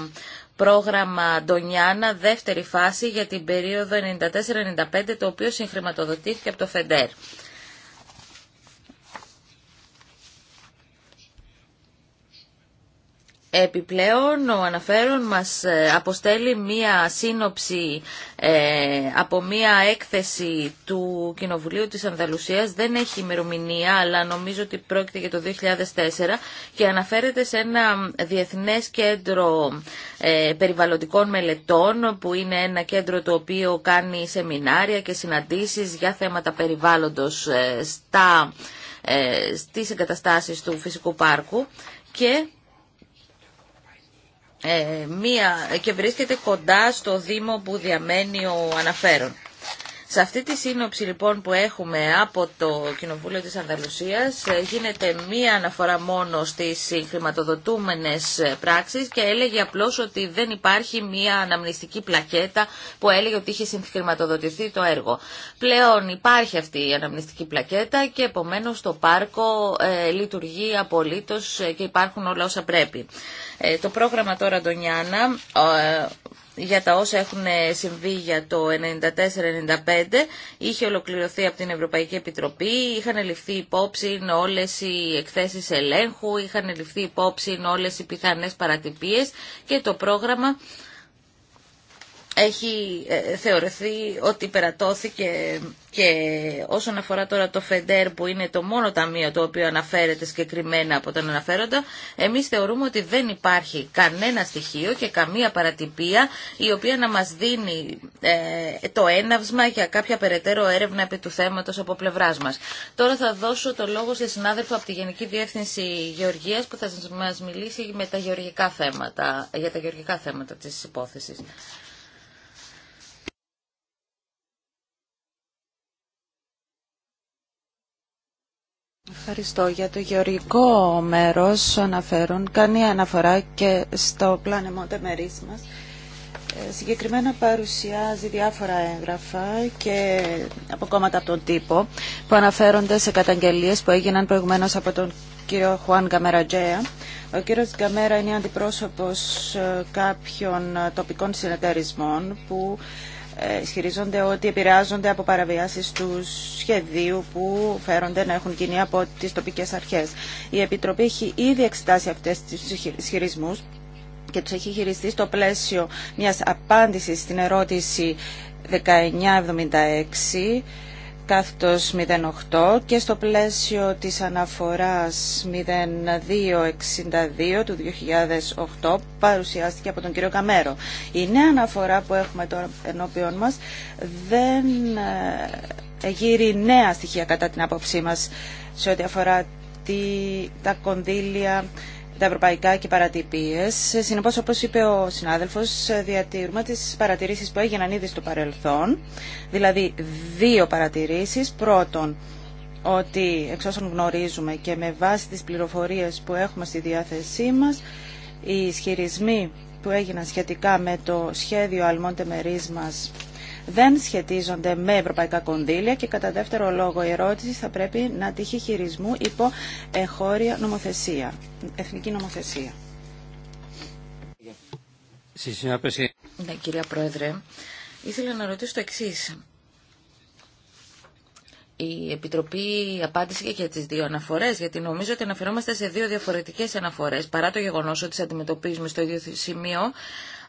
πρόγραμμα Ντονιάνα δεύτερη φάση για την περίοδο 94-95 το οποίο συγχρηματοδοτήθηκε από το ΦΕΝΤΕΡ. Επιπλέον, ο αναφέρον μας ε, αποστέλει μία σύνοψη ε, από μία έκθεση του Κοινοβουλίου της Ανδαλουσίας. Δεν έχει ημερομηνία, αλλά νομίζω ότι πρόκειται για το 2004 και αναφέρεται σε ένα διεθνές κέντρο ε, περιβαλλοντικών μελετών που είναι ένα κέντρο το οποίο κάνει σεμινάρια και συναντήσεις για θέματα περιβάλλοντος στα, στις εγκαταστάσεις του φυσικού πάρκου και ε, μία, και βρίσκεται κοντά στο Δήμο που διαμένει ο αναφέρον. Σε αυτή τη σύνοψη λοιπόν που έχουμε από το Κοινοβούλιο της Ανδαλουσίας ε, γίνεται μία αναφορά μόνο στις χρηματοδοτούμενες ε, πράξεις και έλεγε απλώς ότι δεν υπάρχει μία αναμνηστική πλακέτα που έλεγε ότι είχε συγχρηματοδοτηθεί το έργο. Πλέον υπάρχει αυτή η αναμνηστική πλακέτα και επομένως το πάρκο λειτουργεί απολύτως και υπάρχουν όλα όσα πρέπει. Ε, το πρόγραμμα τώρα Ντονιάνα ε, για τα όσα έχουν συμβεί για το 94-95 είχε ολοκληρωθεί από την Ευρωπαϊκή Επιτροπή, είχαν ληφθεί υπόψη όλες οι εκθέσεις ελέγχου, είχαν ληφθεί υπόψη όλες οι πιθανές παρατυπίες και το πρόγραμμα έχει ε, θεωρηθεί ότι περατώθηκε και όσον αφορά τώρα το ΦΕΝΤΕΡ που είναι το μόνο ταμείο το οποίο αναφέρεται συγκεκριμένα από τον αναφέροντα, εμείς θεωρούμε ότι δεν υπάρχει κανένα στοιχείο και καμία παρατυπία η οποία να μας δίνει ε, το έναυσμα για κάποια περαιτέρω έρευνα επί του θέματος από πλευρά μας. Τώρα θα δώσω το λόγο σε συνάδελφο από τη Γενική Διεύθυνση Γεωργίας που θα μας μιλήσει με τα γεωργικά θέματα, για τα γεωργικά θέματα της υπόθεσης. Ευχαριστώ. Για το γεωργικό μέρος αναφέρουν, κάνει αναφορά και στο πλάνεμο τεμερίς μας. Ε, συγκεκριμένα παρουσιάζει διάφορα έγγραφα και από κόμματα από τον τύπο που αναφέρονται σε καταγγελίες που έγιναν προηγουμένως από τον κύριο Χουάν Γκαμερατζέα. Ο κύριος Γκαμέρα είναι αντιπρόσωπος ε, κάποιων τοπικών συνεταιρισμών που ε, ισχυρίζονται ότι επηρεάζονται από παραβιάσεις του σχεδίου που φέρονται να έχουν κοινή από τις τοπικές αρχές. Η Επιτροπή έχει ήδη εξετάσει αυτές τις ισχυρισμού και του έχει χειριστεί στο πλαίσιο μιας απάντηση στην ερώτηση 1976 κάθετος 08 και στο πλαίσιο της αναφοράς 0262 του 2008 παρουσιάστηκε από τον κύριο Καμέρο. Η νέα αναφορά που έχουμε τώρα ενώπιον μας δεν ε, γύρει νέα στοιχεία κατά την άποψή μας σε ό,τι αφορά τα κονδύλια τα ευρωπαϊκά και παρατυπίε. Συνεπώ όπως είπε ο συνάδελφος, διατηρούμε τι παρατηρήσεις που έγιναν ήδη στο παρελθόν, δηλαδή δύο παρατηρήσεις. Πρώτον, ότι εξ όσων γνωρίζουμε και με βάση τις πληροφορίες που έχουμε στη διάθεσή μας, οι ισχυρισμοί που έγιναν σχετικά με το σχέδιο Αλμόντε Μερίς δεν σχετίζονται με ευρωπαϊκά κονδύλια και κατά δεύτερο λόγο η ερώτηση θα πρέπει να τύχει χειρισμού υπό εγχώρια νομοθεσία, εθνική νομοθεσία. Ναι, κυρία Πρόεδρε, ήθελα να ρωτήσω το εξής. Η Επιτροπή απάντησε και για τι δύο αναφορέ, γιατί νομίζω ότι αναφερόμαστε σε δύο διαφορετικέ αναφορέ, παρά το γεγονό ότι τι αντιμετωπίζουμε στο ίδιο σημείο,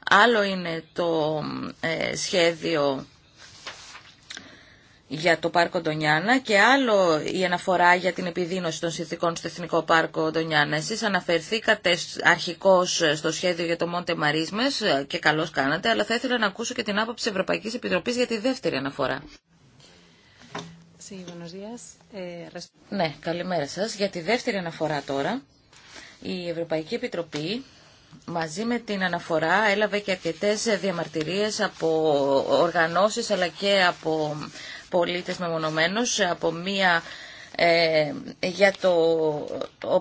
Άλλο είναι το ε, σχέδιο για το Πάρκο Ντονιάνα και άλλο η αναφορά για την επιδείνωση των συνθηκών στο Εθνικό Πάρκο Ντονιάνα. Εσείς αναφερθήκατε αρχικώς στο σχέδιο για το Μόντε Μαρίσμες και καλώς κάνατε, αλλά θα ήθελα να ακούσω και την άποψη Ευρωπαϊκής Επιτροπής για τη δεύτερη αναφορά. Ε, ναι, καλημέρα σας. Για τη δεύτερη αναφορά τώρα, η Ευρωπαϊκή Επιτροπή μαζί με την αναφορά έλαβε και αρκετές διαμαρτυρίες από οργανώσεις αλλά και από πολίτες μεμονωμένους, από μία ε, για το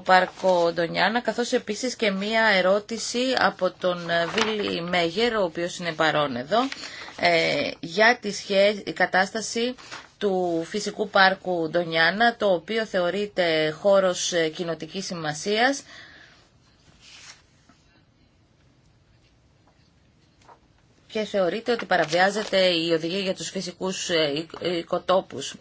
Πάρκο Ντονιάνα, καθώς επίσης και μία ερώτηση από τον Βίλι Μέγερ, ο οποίος είναι παρόν εδώ, ε, για τη σχέ, κατάσταση του φυσικού πάρκου Ντονιάνα, το οποίο θεωρείται χώρος ε, κοινοτικής σημασίας, και θεωρείται ότι παραβιάζεται η οδηγία για τους φυσικούς ε, ε, οικοτόπους.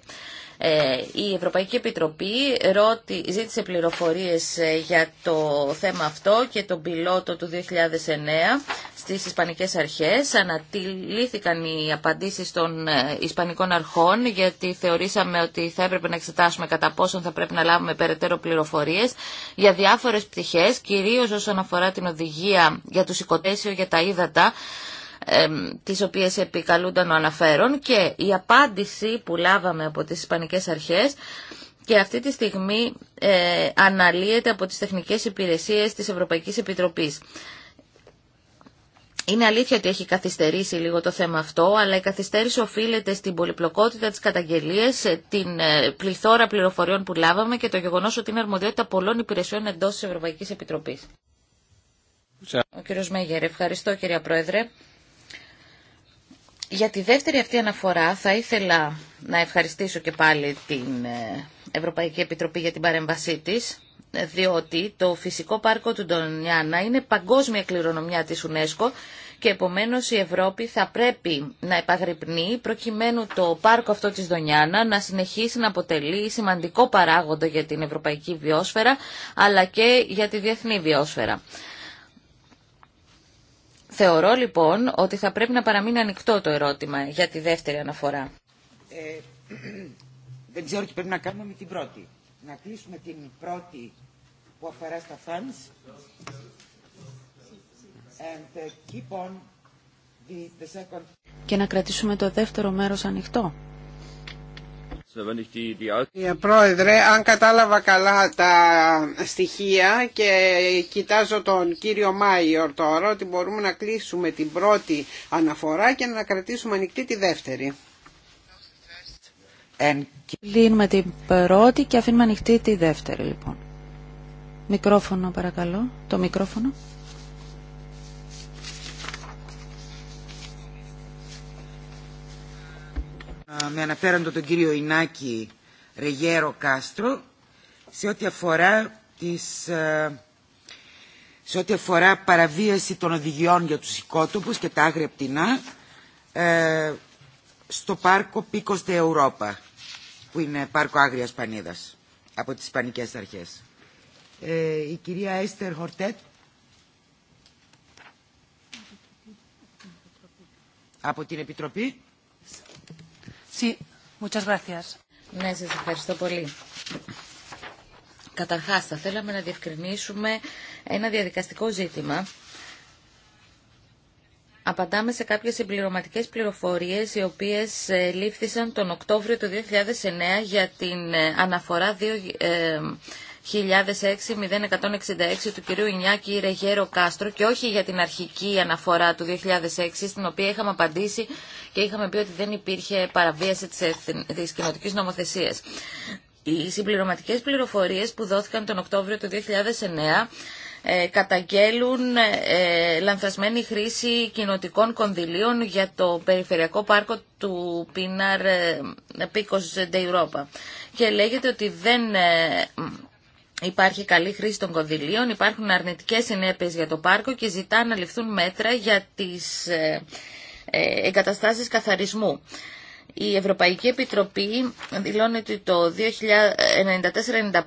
Ε, η Ευρωπαϊκή Επιτροπή ρώτη, ζήτησε πληροφορίες για το θέμα αυτό και τον πιλότο του 2009 στις Ισπανικές Αρχές. Ανατηλήθηκαν οι απαντήσεις των Ισπανικών Αρχών γιατί θεωρήσαμε ότι θα έπρεπε να εξετάσουμε κατά πόσον θα πρέπει να λάβουμε περαιτέρω πληροφορίες για διάφορες πτυχές, κυρίως όσον αφορά την οδηγία για τους οικοτέσιο για τα ύδατα τις οποίες επικαλούνταν ο αναφέρον και η απάντηση που λάβαμε από τις Ισπανικές Αρχές και αυτή τη στιγμή ε, αναλύεται από τις τεχνικές υπηρεσίες της Ευρωπαϊκής Επιτροπής. Είναι αλήθεια ότι έχει καθυστερήσει λίγο το θέμα αυτό, αλλά η καθυστέρηση οφείλεται στην πολυπλοκότητα της καταγγελίας, την ε, πληθώρα πληροφοριών που λάβαμε και το γεγονός ότι είναι αρμοδιότητα πολλών υπηρεσιών εντός της Ευρωπαϊκής Επιτροπής. Ο κύριος Μέγερ, ευχαριστώ κύρια Πρόεδρε. Για τη δεύτερη αυτή αναφορά θα ήθελα να ευχαριστήσω και πάλι την ε, Ευρωπαϊκή Επιτροπή για την παρέμβασή της ε, διότι το φυσικό πάρκο του Ντονιάννα είναι παγκόσμια κληρονομιά της UNESCO και επομένως η Ευρώπη θα πρέπει να επαγρυπνεί προκειμένου το πάρκο αυτό της Δονιάνα να συνεχίσει να αποτελεί σημαντικό παράγοντα για την ευρωπαϊκή βιόσφαιρα αλλά και για τη διεθνή βιόσφαιρα. Θεωρώ λοιπόν ότι θα πρέπει να παραμείνει ανοιχτό το ερώτημα για τη δεύτερη αναφορά. Ε, δεν ξέρω τι πρέπει να κάνουμε με την πρώτη. Να κλείσουμε την πρώτη που αφορά στα funds uh, keep on the second. Και να κρατήσουμε το δεύτερο μέρος ανοιχτό. Πρόεδρε, αν κατάλαβα καλά τα στοιχεία και κοιτάζω τον κύριο Μάιορ τώρα ότι μπορούμε να κλείσουμε την πρώτη αναφορά και να κρατήσουμε ανοιχτή τη δεύτερη. Κλείνουμε την πρώτη και αφήνουμε ανοιχτή τη δεύτερη λοιπόν. Μικρόφωνο παρακαλώ, το μικρόφωνο. με αναφέροντο τον κύριο Ινάκη Ρεγέρο Κάστρο σε ό,τι αφορά τις, ε, σε ό,τι αφορά παραβίαση των οδηγιών για τους οικότοπους και τα άγρια πτηνά ε, στο πάρκο Πίκος de που είναι πάρκο Άγριας Πανίδας, από τις Ισπανικές Αρχές. Ε, η κυρία Έστερ Χορτέτ, από την Επιτροπή. Sí, muchas gracias. Ναι, σας ευχαριστώ πολύ. Καταρχάς, θα θέλαμε να διευκρινίσουμε ένα διαδικαστικό ζήτημα. Απαντάμε σε κάποιες συμπληρωματικέ πληροφορίες οι οποίες ε, λήφθησαν τον Οκτώβριο του 2009 για την ε, αναφορά δύο ε, 2006-0166 του κυρίου Ινιάκη Ρεγέρο Κάστρο και όχι για την αρχική αναφορά του 2006 στην οποία είχαμε απαντήσει και είχαμε πει ότι δεν υπήρχε παραβίαση της κοινοτικής νομοθεσίας. Οι συμπληρωματικές πληροφορίες που δόθηκαν τον Οκτώβριο του 2009 ε, καταγγέλουν ε, λανθασμένη χρήση κοινοτικών κονδυλίων για το Περιφερειακό Πάρκο του Πίναρ ε, Πίκος Ευρώπα. Και λέγεται ότι δεν Υπάρχει καλή χρήση των κονδυλίων, υπάρχουν αρνητικές συνέπειες για το πάρκο και ζητά να ληφθούν μέτρα για τις ε, ε, εγκαταστάσεις καθαρισμού. Η Ευρωπαϊκή Επιτροπή δηλώνει ότι το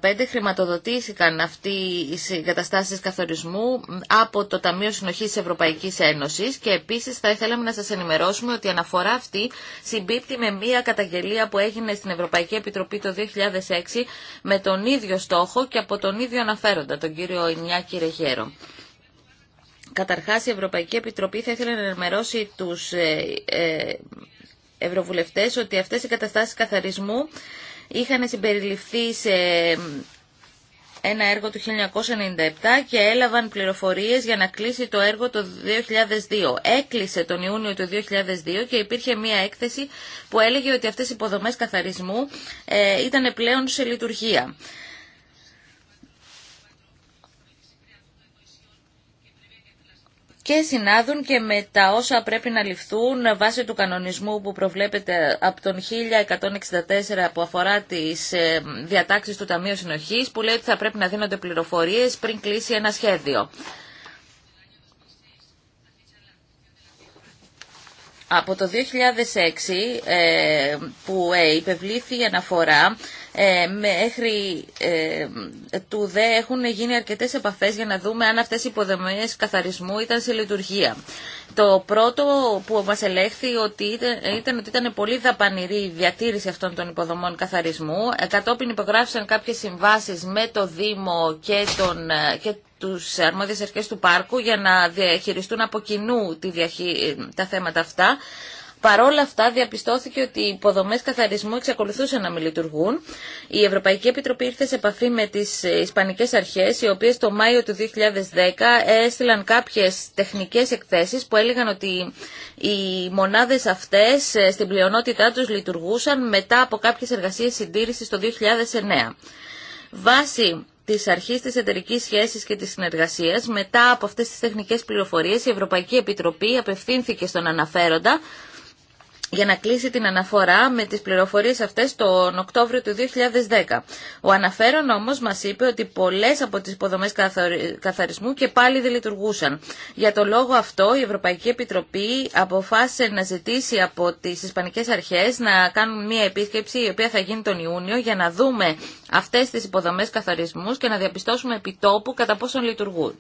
1994-1995 χρηματοδοτήθηκαν αυτοί οι καταστάσει καθορισμού από το Ταμείο Συνοχής Ευρωπαϊκής Ένωση. και επίσης θα ήθελαμε να σας ενημερώσουμε ότι η αναφορά αυτή συμπίπτει με μία καταγγελία που έγινε στην Ευρωπαϊκή Επιτροπή το 2006 με τον ίδιο στόχο και από τον ίδιο αναφέροντα, τον κύριο Ινιάκη Ρεγέρο. Καταρχά η Ευρωπαϊκή Επιτροπή θα ήθελε να ενημερώσει του. ε, ε ευρωβουλευτές ότι αυτές οι καταστάσεις καθαρισμού είχαν συμπεριληφθεί σε ένα έργο του 1997 και έλαβαν πληροφορίες για να κλείσει το έργο το 2002. Έκλεισε τον Ιούνιο του 2002 και υπήρχε μία έκθεση που έλεγε ότι αυτές οι υποδομές καθαρισμού ε, ήταν πλέον σε λειτουργία. και συνάδουν και με τα όσα πρέπει να ληφθούν βάσει του κανονισμού που προβλέπεται από τον 1164 που αφορά τις ε, διατάξεις του Ταμείου Συνοχής που λέει ότι θα πρέπει να δίνονται πληροφορίες πριν κλείσει ένα σχέδιο. Από το 2006 ε, που ε, υπευλήθη η αναφορά ε, μέχρι ε, του ΔΕ έχουν γίνει αρκετές επαφές για να δούμε αν αυτές οι υποδομές καθαρισμού ήταν σε λειτουργία. Το πρώτο που μας ελέγχθη ότι ήταν, ήταν ότι ήταν πολύ δαπανηρή η διατήρηση αυτών των υποδομών καθαρισμού. Ε, κατόπιν υπογράφησαν κάποιες συμβάσεις με το Δήμο και, τον, ε, και τους αρμόδιες αρχές του πάρκου για να διαχειριστούν από κοινού διαχει... τα θέματα αυτά. Παρόλα αυτά διαπιστώθηκε ότι οι υποδομές καθαρισμού εξακολουθούσαν να μην λειτουργούν. Η Ευρωπαϊκή Επιτροπή ήρθε σε επαφή με τι ε, Ισπανικέ αρχέ, οι οποίε το Μάιο του 2010 έστειλαν κάποιε τεχνικέ εκθέσει που έλεγαν ότι οι μονάδε αυτέ ε, στην πλειονότητά του λειτουργούσαν μετά από κάποιε εργασίε συντήρησης το 2009. Βάσει τη αρχή τη εταιρική σχέση και τη συνεργασία, μετά από αυτέ τι τεχνικέ πληροφορίε, η Ευρωπαϊκή Επιτροπή απευθύνθηκε στον αναφέροντα για να κλείσει την αναφορά με τις πληροφορίες αυτές τον Οκτώβριο του 2010. Ο αναφέρον όμως μας είπε ότι πολλές από τις υποδομές καθαρισμού και πάλι δεν λειτουργούσαν. Για το λόγο αυτό η Ευρωπαϊκή Επιτροπή αποφάσισε να ζητήσει από τις Ισπανικές Αρχές να κάνουν μια επίσκεψη η οποία θα γίνει τον Ιούνιο για να δούμε αυτές τις υποδομές καθαρισμού και να διαπιστώσουμε επιτόπου κατά πόσον λειτουργούν.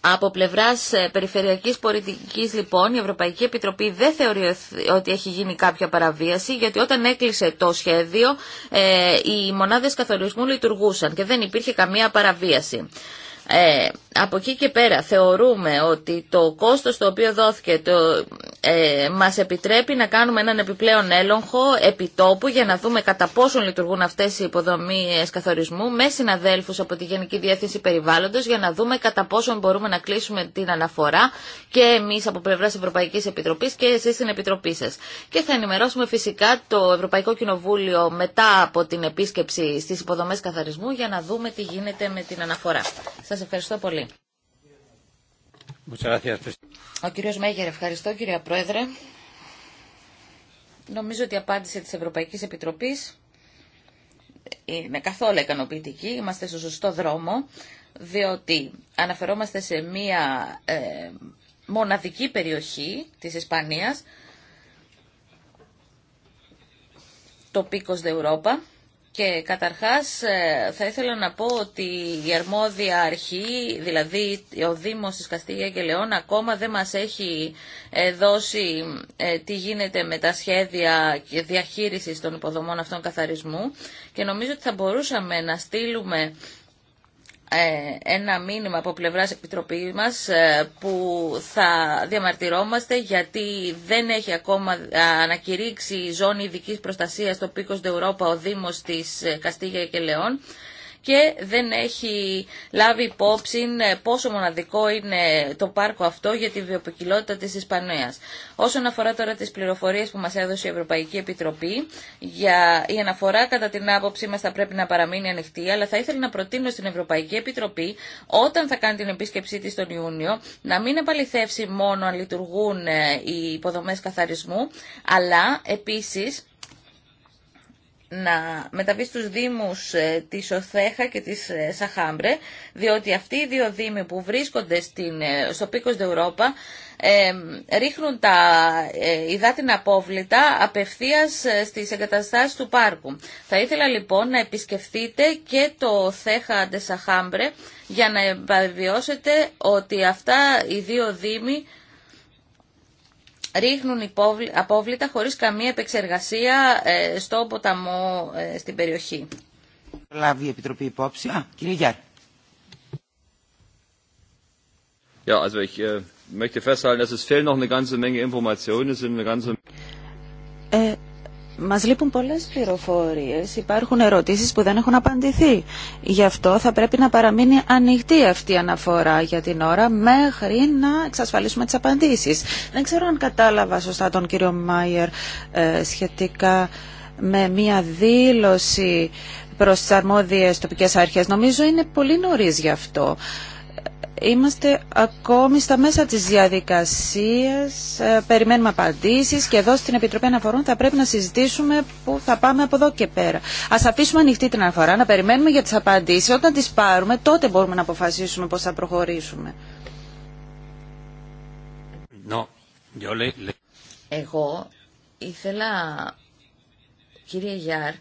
Από πλευρά ε, περιφερειακή πολιτική, λοιπόν, η Ευρωπαϊκή Επιτροπή δεν θεωρεί ότι έχει γίνει κάποια παραβίαση, γιατί όταν έκλεισε το σχέδιο, ε, οι μονάδε καθορισμού λειτουργούσαν και δεν υπήρχε καμία παραβίαση. Ε, από εκεί και πέρα θεωρούμε ότι το κόστος το οποίο δόθηκε το, ε, μας επιτρέπει να κάνουμε έναν επιπλέον έλεγχο επιτόπου για να δούμε κατά πόσον λειτουργούν αυτές οι υποδομίες καθορισμού με συναδέλφους από τη Γενική Διεύθυνση Περιβάλλοντος για να δούμε κατά πόσον μπορούμε να κλείσουμε την αναφορά και εμείς από πλευράς Ευρωπαϊκής Επιτροπής και εσείς στην Επιτροπή σας. Και θα ενημερώσουμε φυσικά το Ευρωπαϊκό Κοινοβούλιο μετά από την επίσκεψη στις υποδομές καθαρισμού για να δούμε τι γίνεται με την αναφορά. Σας ευχαριστώ πολύ. Ο κύριος Μέγερ, ευχαριστώ κύριε Πρόεδρε. Νομίζω ότι η απάντηση της Ευρωπαϊκής Επιτροπής είναι καθόλου ικανοποιητική. Είμαστε στο σωστό δρόμο, διότι αναφερόμαστε σε μία ε, μοναδική περιοχή της Ισπανίας, το Πίκος Ευρώπα. Και καταρχάς ε, θα ήθελα να πω ότι η αρμόδια αρχή, δηλαδή ο Δήμος της Καστίγια και Λεών ακόμα δεν μας έχει ε, δώσει ε, τι γίνεται με τα σχέδια και διαχείρισης των υποδομών αυτών καθαρισμού και νομίζω ότι θα μπορούσαμε να στείλουμε ε, ένα μήνυμα από πλευράς Επιτροπής μας ε, που θα διαμαρτυρόμαστε γιατί δεν έχει ακόμα ε, ανακηρύξει η ζώνη ειδικής προστασίας στο πίκος Ευρώπα ο Δήμος της Καστίγια και Λεόν και δεν έχει λάβει υπόψη ε, πόσο μοναδικό είναι το πάρκο αυτό για τη βιοποικιλότητα της Ισπανίας. Όσον αφορά τώρα τις πληροφορίες που μας έδωσε η Ευρωπαϊκή Επιτροπή, για η αναφορά κατά την άποψή μας θα πρέπει να παραμείνει ανοιχτή, αλλά θα ήθελα να προτείνω στην Ευρωπαϊκή Επιτροπή όταν θα κάνει την επίσκεψή της τον Ιούνιο να μην επαληθεύσει μόνο αν λειτουργούν ε, οι υποδομές καθαρισμού, αλλά επίσης να μεταβεί στους Δήμους ε, της Οθέχα και της ε, Σαχάμπρε, διότι αυτοί οι δύο Δήμοι που βρίσκονται στην, ε, στο πίκος Ευρώπα ε, ρίχνουν τα ε, υδάτινα απόβλητα απευθείας στις εγκαταστάσεις του πάρκου. Θα ήθελα λοιπόν να επισκεφτείτε και το Θέχα Σαχάμπρε για να επιβεβαιώσετε ότι αυτά οι δύο Δήμοι ρίχνουν απόβλητα χωρίς καμία επεξεργασία ε, στο ποταμό ε, στην περιοχή. Λάβει Επιτροπή Μα λείπουν πολλέ πληροφορίε. υπάρχουν ερωτήσεις που δεν έχουν απαντηθεί. Γι' αυτό θα πρέπει να παραμείνει ανοιχτή αυτή η αναφορά για την ώρα μέχρι να εξασφαλίσουμε τις απαντήσεις. Δεν ξέρω αν κατάλαβα σωστά τον κύριο Μάιερ ε, σχετικά με μία δήλωση προς τι αρμόδιες τοπικές αρχές. Νομίζω είναι πολύ νωρί γι' αυτό. Είμαστε ακόμη στα μέσα της διαδικασίας, ε, περιμένουμε απαντήσεις και εδώ στην Επιτροπή Αναφορών θα πρέπει να συζητήσουμε που θα πάμε από εδώ και πέρα. Ας αφήσουμε ανοιχτή την αναφορά, να περιμένουμε για τις απαντήσεις. Όταν τις πάρουμε τότε μπορούμε να αποφασίσουμε πώς θα προχωρήσουμε. Εγώ ήθελα, κύριε Γιάρ,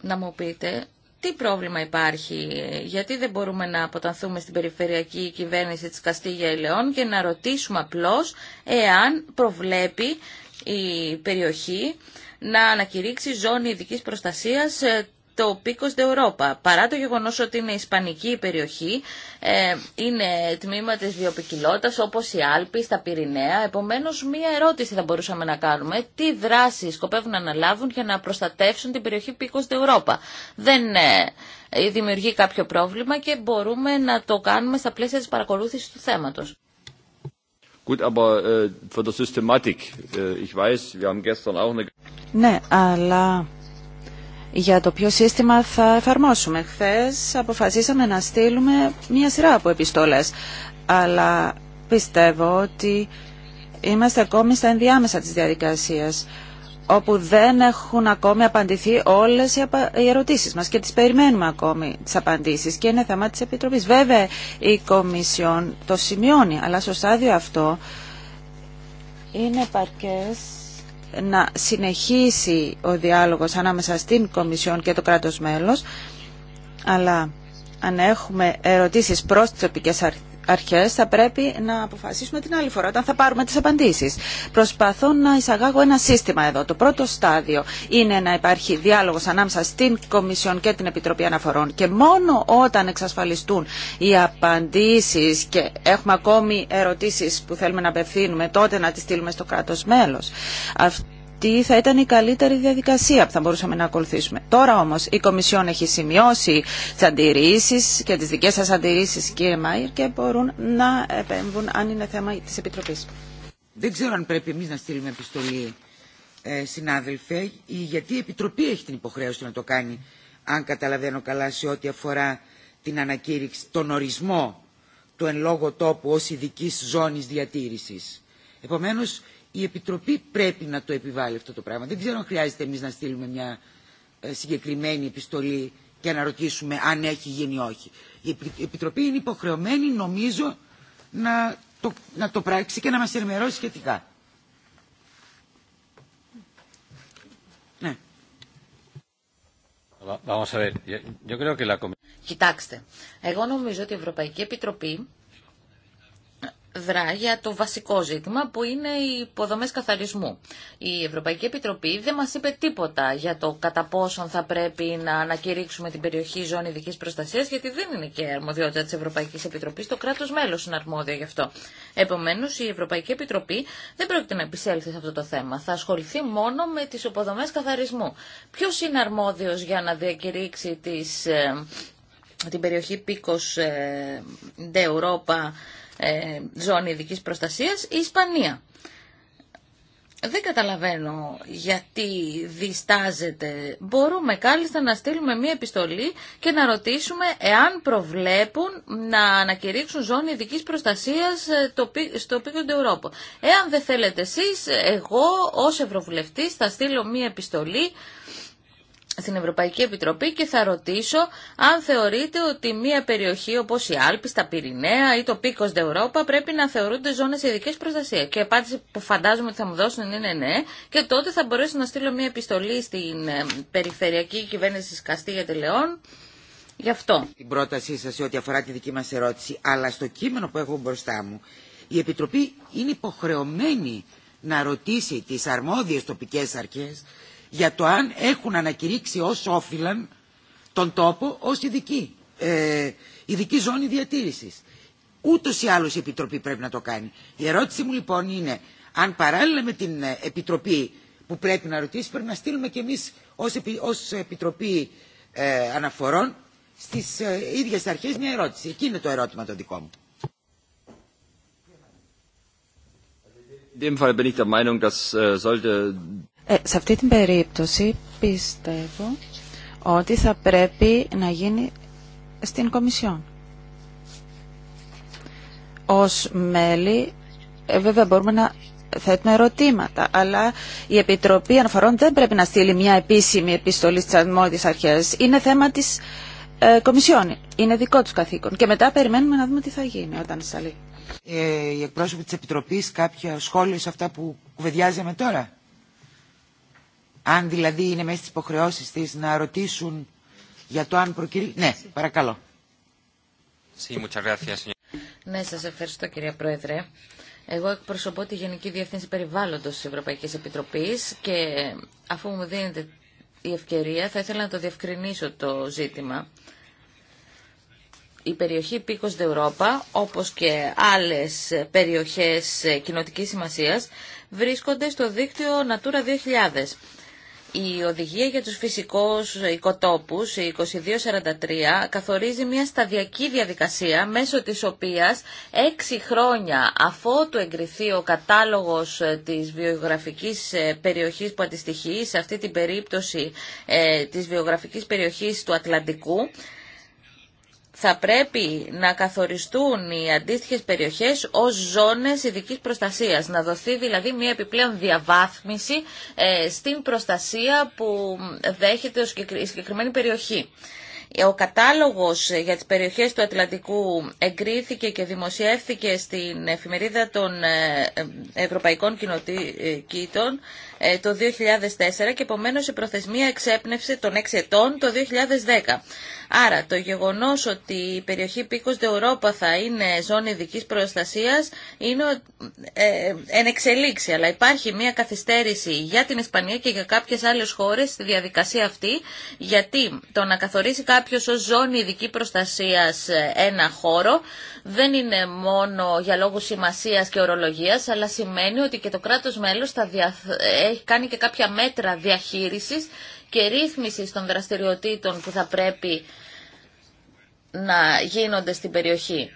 να μου πείτε τι πρόβλημα υπάρχει, γιατί δεν μπορούμε να αποτανθούμε στην περιφερειακή κυβέρνηση της Καστίγια Ελαιών και να ρωτήσουμε απλώς εάν προβλέπει η περιοχή να ανακηρύξει ζώνη ειδικής προστασίας ε, το Πίκος de Europa. Παρά το γεγονός ότι είναι ισπανική η περιοχή, ε, είναι τμήμα της βιοπικιλότητας όπως η Άλπη, στα Πυρηναία. Επομένως, μία ερώτηση θα μπορούσαμε να κάνουμε. Τι δράσεις σκοπεύουν να αναλάβουν για να προστατεύσουν την περιοχή Πίκος de Europa. Δεν ε, ε, δημιουργεί κάποιο πρόβλημα και μπορούμε να το κάνουμε στα πλαίσια της παρακολούθησης του θέματος. Ναι, αλλά για το ποιο σύστημα θα εφαρμόσουμε. Χθε αποφασίσαμε να στείλουμε μία σειρά από επιστολές, αλλά πιστεύω ότι είμαστε ακόμη στα ενδιάμεσα της διαδικασίας, όπου δεν έχουν ακόμη απαντηθεί όλες οι ερωτήσεις μας και τις περιμένουμε ακόμη τις απαντήσεις και είναι θέμα της Επιτροπής. Βέβαια η Κομισιόν το σημειώνει, αλλά στο στάδιο αυτό είναι παρκές να συνεχίσει ο διάλογος ανάμεσα στην Κομισιόν και το κράτος μέλος, αλλά αν έχουμε ερωτήσεις προς τις τοπικές αρχέ θα πρέπει να αποφασίσουμε την άλλη φορά όταν θα πάρουμε τις απαντήσεις. Προσπαθώ να εισαγάγω ένα σύστημα εδώ. Το πρώτο στάδιο είναι να υπάρχει διάλογος ανάμεσα στην Κομισιόν και την Επιτροπή Αναφορών και μόνο όταν εξασφαλιστούν οι απαντήσει, και έχουμε ακόμη ερωτήσεις που θέλουμε να απευθύνουμε τότε να τι στείλουμε στο κράτο μέλο τι θα ήταν η καλύτερη διαδικασία που θα μπορούσαμε να ακολουθήσουμε. Τώρα όμω η Κομισιόν έχει σημειώσει τι αντιρρήσει και τι δικέ σας αντιρρήσει, κύριε Μαΐρ, και μπορούν να επέμβουν αν είναι θέμα της Επιτροπής. Δεν ξέρω αν πρέπει εμεί να στείλουμε επιστολή ε, συνάδελφε ή γιατί Επιτροπή έχει την υποχρέωση να το κάνει αν καταλαβαίνω καλά σε ό,τι αφορά την ανακήρυξη, τον ορισμό του εν λόγω τόπου ως ειδική ζώνης διατήρησης. Επομένως η Επιτροπή πρέπει να το επιβάλλει αυτό το πράγμα. Δεν ξέρω αν χρειάζεται εμείς να στείλουμε μια συγκεκριμένη επιστολή και να ρωτήσουμε αν έχει γίνει ή όχι. Η Επιτροπή είναι υποχρεωμένη, νομίζω, να το, να το πράξει και να μας ενημερώσει σχετικά. Κοιτάξτε, εγώ νομίζω ότι η Ευρωπαϊκή Επιτροπή δρά για το βασικό ζήτημα που είναι οι υποδομέ καθαρισμού. Η Ευρωπαϊκή Επιτροπή δεν μα είπε τίποτα για το κατά πόσον θα πρέπει να ανακηρύξουμε την περιοχή ζώνη ειδική προστασία, γιατί δεν είναι και αρμοδιότητα τη Ευρωπαϊκή Επιτροπή. το κράτο μέλο είναι αρμόδιο γι' αυτό. Επομένω, η Ευρωπαϊκή Επιτροπή δεν πρόκειται να επισέλθει σε αυτό το θέμα. Θα ασχοληθεί μόνο με τι υποδομέ καθαρισμού. Ποιο είναι αρμόδιο για να διακηρύξει τις, ε, την περιοχή Πίκος ε, Ντε Ευρώπα ε, ζώνη ειδική προστασίας, η Ισπανία. Δεν καταλαβαίνω γιατί διστάζεται. Μπορούμε κάλλιστα να στείλουμε μία επιστολή και να ρωτήσουμε εάν προβλέπουν να ανακηρύξουν ζώνη ειδική προστασία ε, στο πίκο του Ευρώπου. Εάν δεν θέλετε εσεί εγώ ω ευρωβουλευτή, θα στείλω μία επιστολή στην Ευρωπαϊκή Επιτροπή και θα ρωτήσω αν θεωρείτε ότι μια περιοχή όπως η Άλπη, τα πυρηνέα ή το Πίκος Ευρώπα πρέπει να θεωρούνται ζώνες ειδικής προστασίας. Και η απάντηση που φαντάζομαι ότι θα μου δώσουν είναι ναι και τότε θα μπορέσω να στείλω μια επιστολή στην ε, Περιφερειακή Κυβέρνηση της Καστίγια Τελεών γι' αυτό. Την πρότασή σας σε ό,τι αφορά τη δική μας ερώτηση, αλλά στο κείμενο που έχω μπροστά μου, η Επιτροπή είναι υποχρεωμένη να ρωτήσει τις αρμόδιες τοπικές αρχές για το αν έχουν ανακηρύξει ως όφυλαν τον τόπο ως ειδική, ε, ειδική ζώνη διατήρησης. Ούτως ή άλλως η Επιτροπή πρέπει να το κάνει. Η ερώτηση μου λοιπόν είναι αν παράλληλα με την ε, Επιτροπή που πρέπει να ρωτήσει πρέπει να στείλουμε και εμείς ως, ως Επιτροπή ε, Αναφορών στις ε, ίδιες αρχές μια ερώτηση. Εκεί είναι το ερώτημα το δικό μου. Ε, σε αυτή την περίπτωση πιστεύω ότι θα πρέπει να γίνει στην Κομισιόν. Ως μέλη ε, βέβαια μπορούμε να θέτουμε ερωτήματα, αλλά η Επιτροπή Αναφορών δεν πρέπει να στείλει μια επίσημη επιστολή στις αρμόδιες αρχές. Είναι θέμα της ε, Κομισιόν, είναι δικό τους καθήκον. Και μετά περιμένουμε να δούμε τι θα γίνει όταν εισαλεί. Ε, οι εκπρόσωποι της Επιτροπής κάποια σχόλια σε αυτά που κουβεντιάζαμε τώρα. Αν δηλαδή είναι μέσα στις υποχρεώσεις της να ρωτήσουν για το αν προκυρεί... Ναι, παρακαλώ. Ναι, σας ευχαριστώ κυρία Πρόεδρε. Εγώ εκπροσωπώ τη Γενική Διευθύνση Περιβάλλοντος της Ευρωπαϊκής Επιτροπής και αφού μου δίνεται η ευκαιρία θα ήθελα να το διευκρινίσω το ζήτημα. Η περιοχή Πίκος Δευρώπα, όπως και άλλες περιοχές κοινοτικής σημασίας, βρίσκονται στο δίκτυο Natura 2000. Η οδηγία για τους φυσικούς οικοτόπους, η 2243, καθορίζει μια σταδιακή διαδικασία μέσω της οποίας έξι χρόνια αφότου εγκριθεί ο κατάλογος της βιογραφικής ε, περιοχής που αντιστοιχεί σε αυτή την περίπτωση ε, της βιογραφικής περιοχής του Ατλαντικού, θα πρέπει να καθοριστούν οι αντίστοιχες περιοχές ως ζώνες ειδικής προστασίας. Να δοθεί δηλαδή μια επιπλέον διαβάθμιση ε, στην προστασία που δέχεται η συγκεκριμένη περιοχή. Ο κατάλογος για τις περιοχές του Ατλαντικού εγκρίθηκε και δημοσιεύθηκε στην εφημερίδα των ε, ε, Ευρωπαϊκών Κοινοτήτων το 2004 και επομένως η προθεσμία εξέπνευσε των 6 ετών το 2010. Άρα το γεγονός ότι η περιοχή Πίκος Δεωρόπα θα είναι ζώνη ειδικής προστασίας είναι ε, εν εξελίξη, αλλά υπάρχει μια καθυστέρηση για την Ισπανία και για κάποιες άλλες χώρες στη διαδικασία αυτή, γιατί το να καθορίσει κάποιος ως ζώνη ειδική προστασίας ένα χώρο δεν είναι μόνο για λόγους σημασίας και ορολογίας, αλλά σημαίνει ότι και το κράτος μέλος θα έχει κάνει και κάποια μέτρα διαχείρισης και ρύθμιση των δραστηριοτήτων που θα πρέπει να γίνονται στην περιοχή.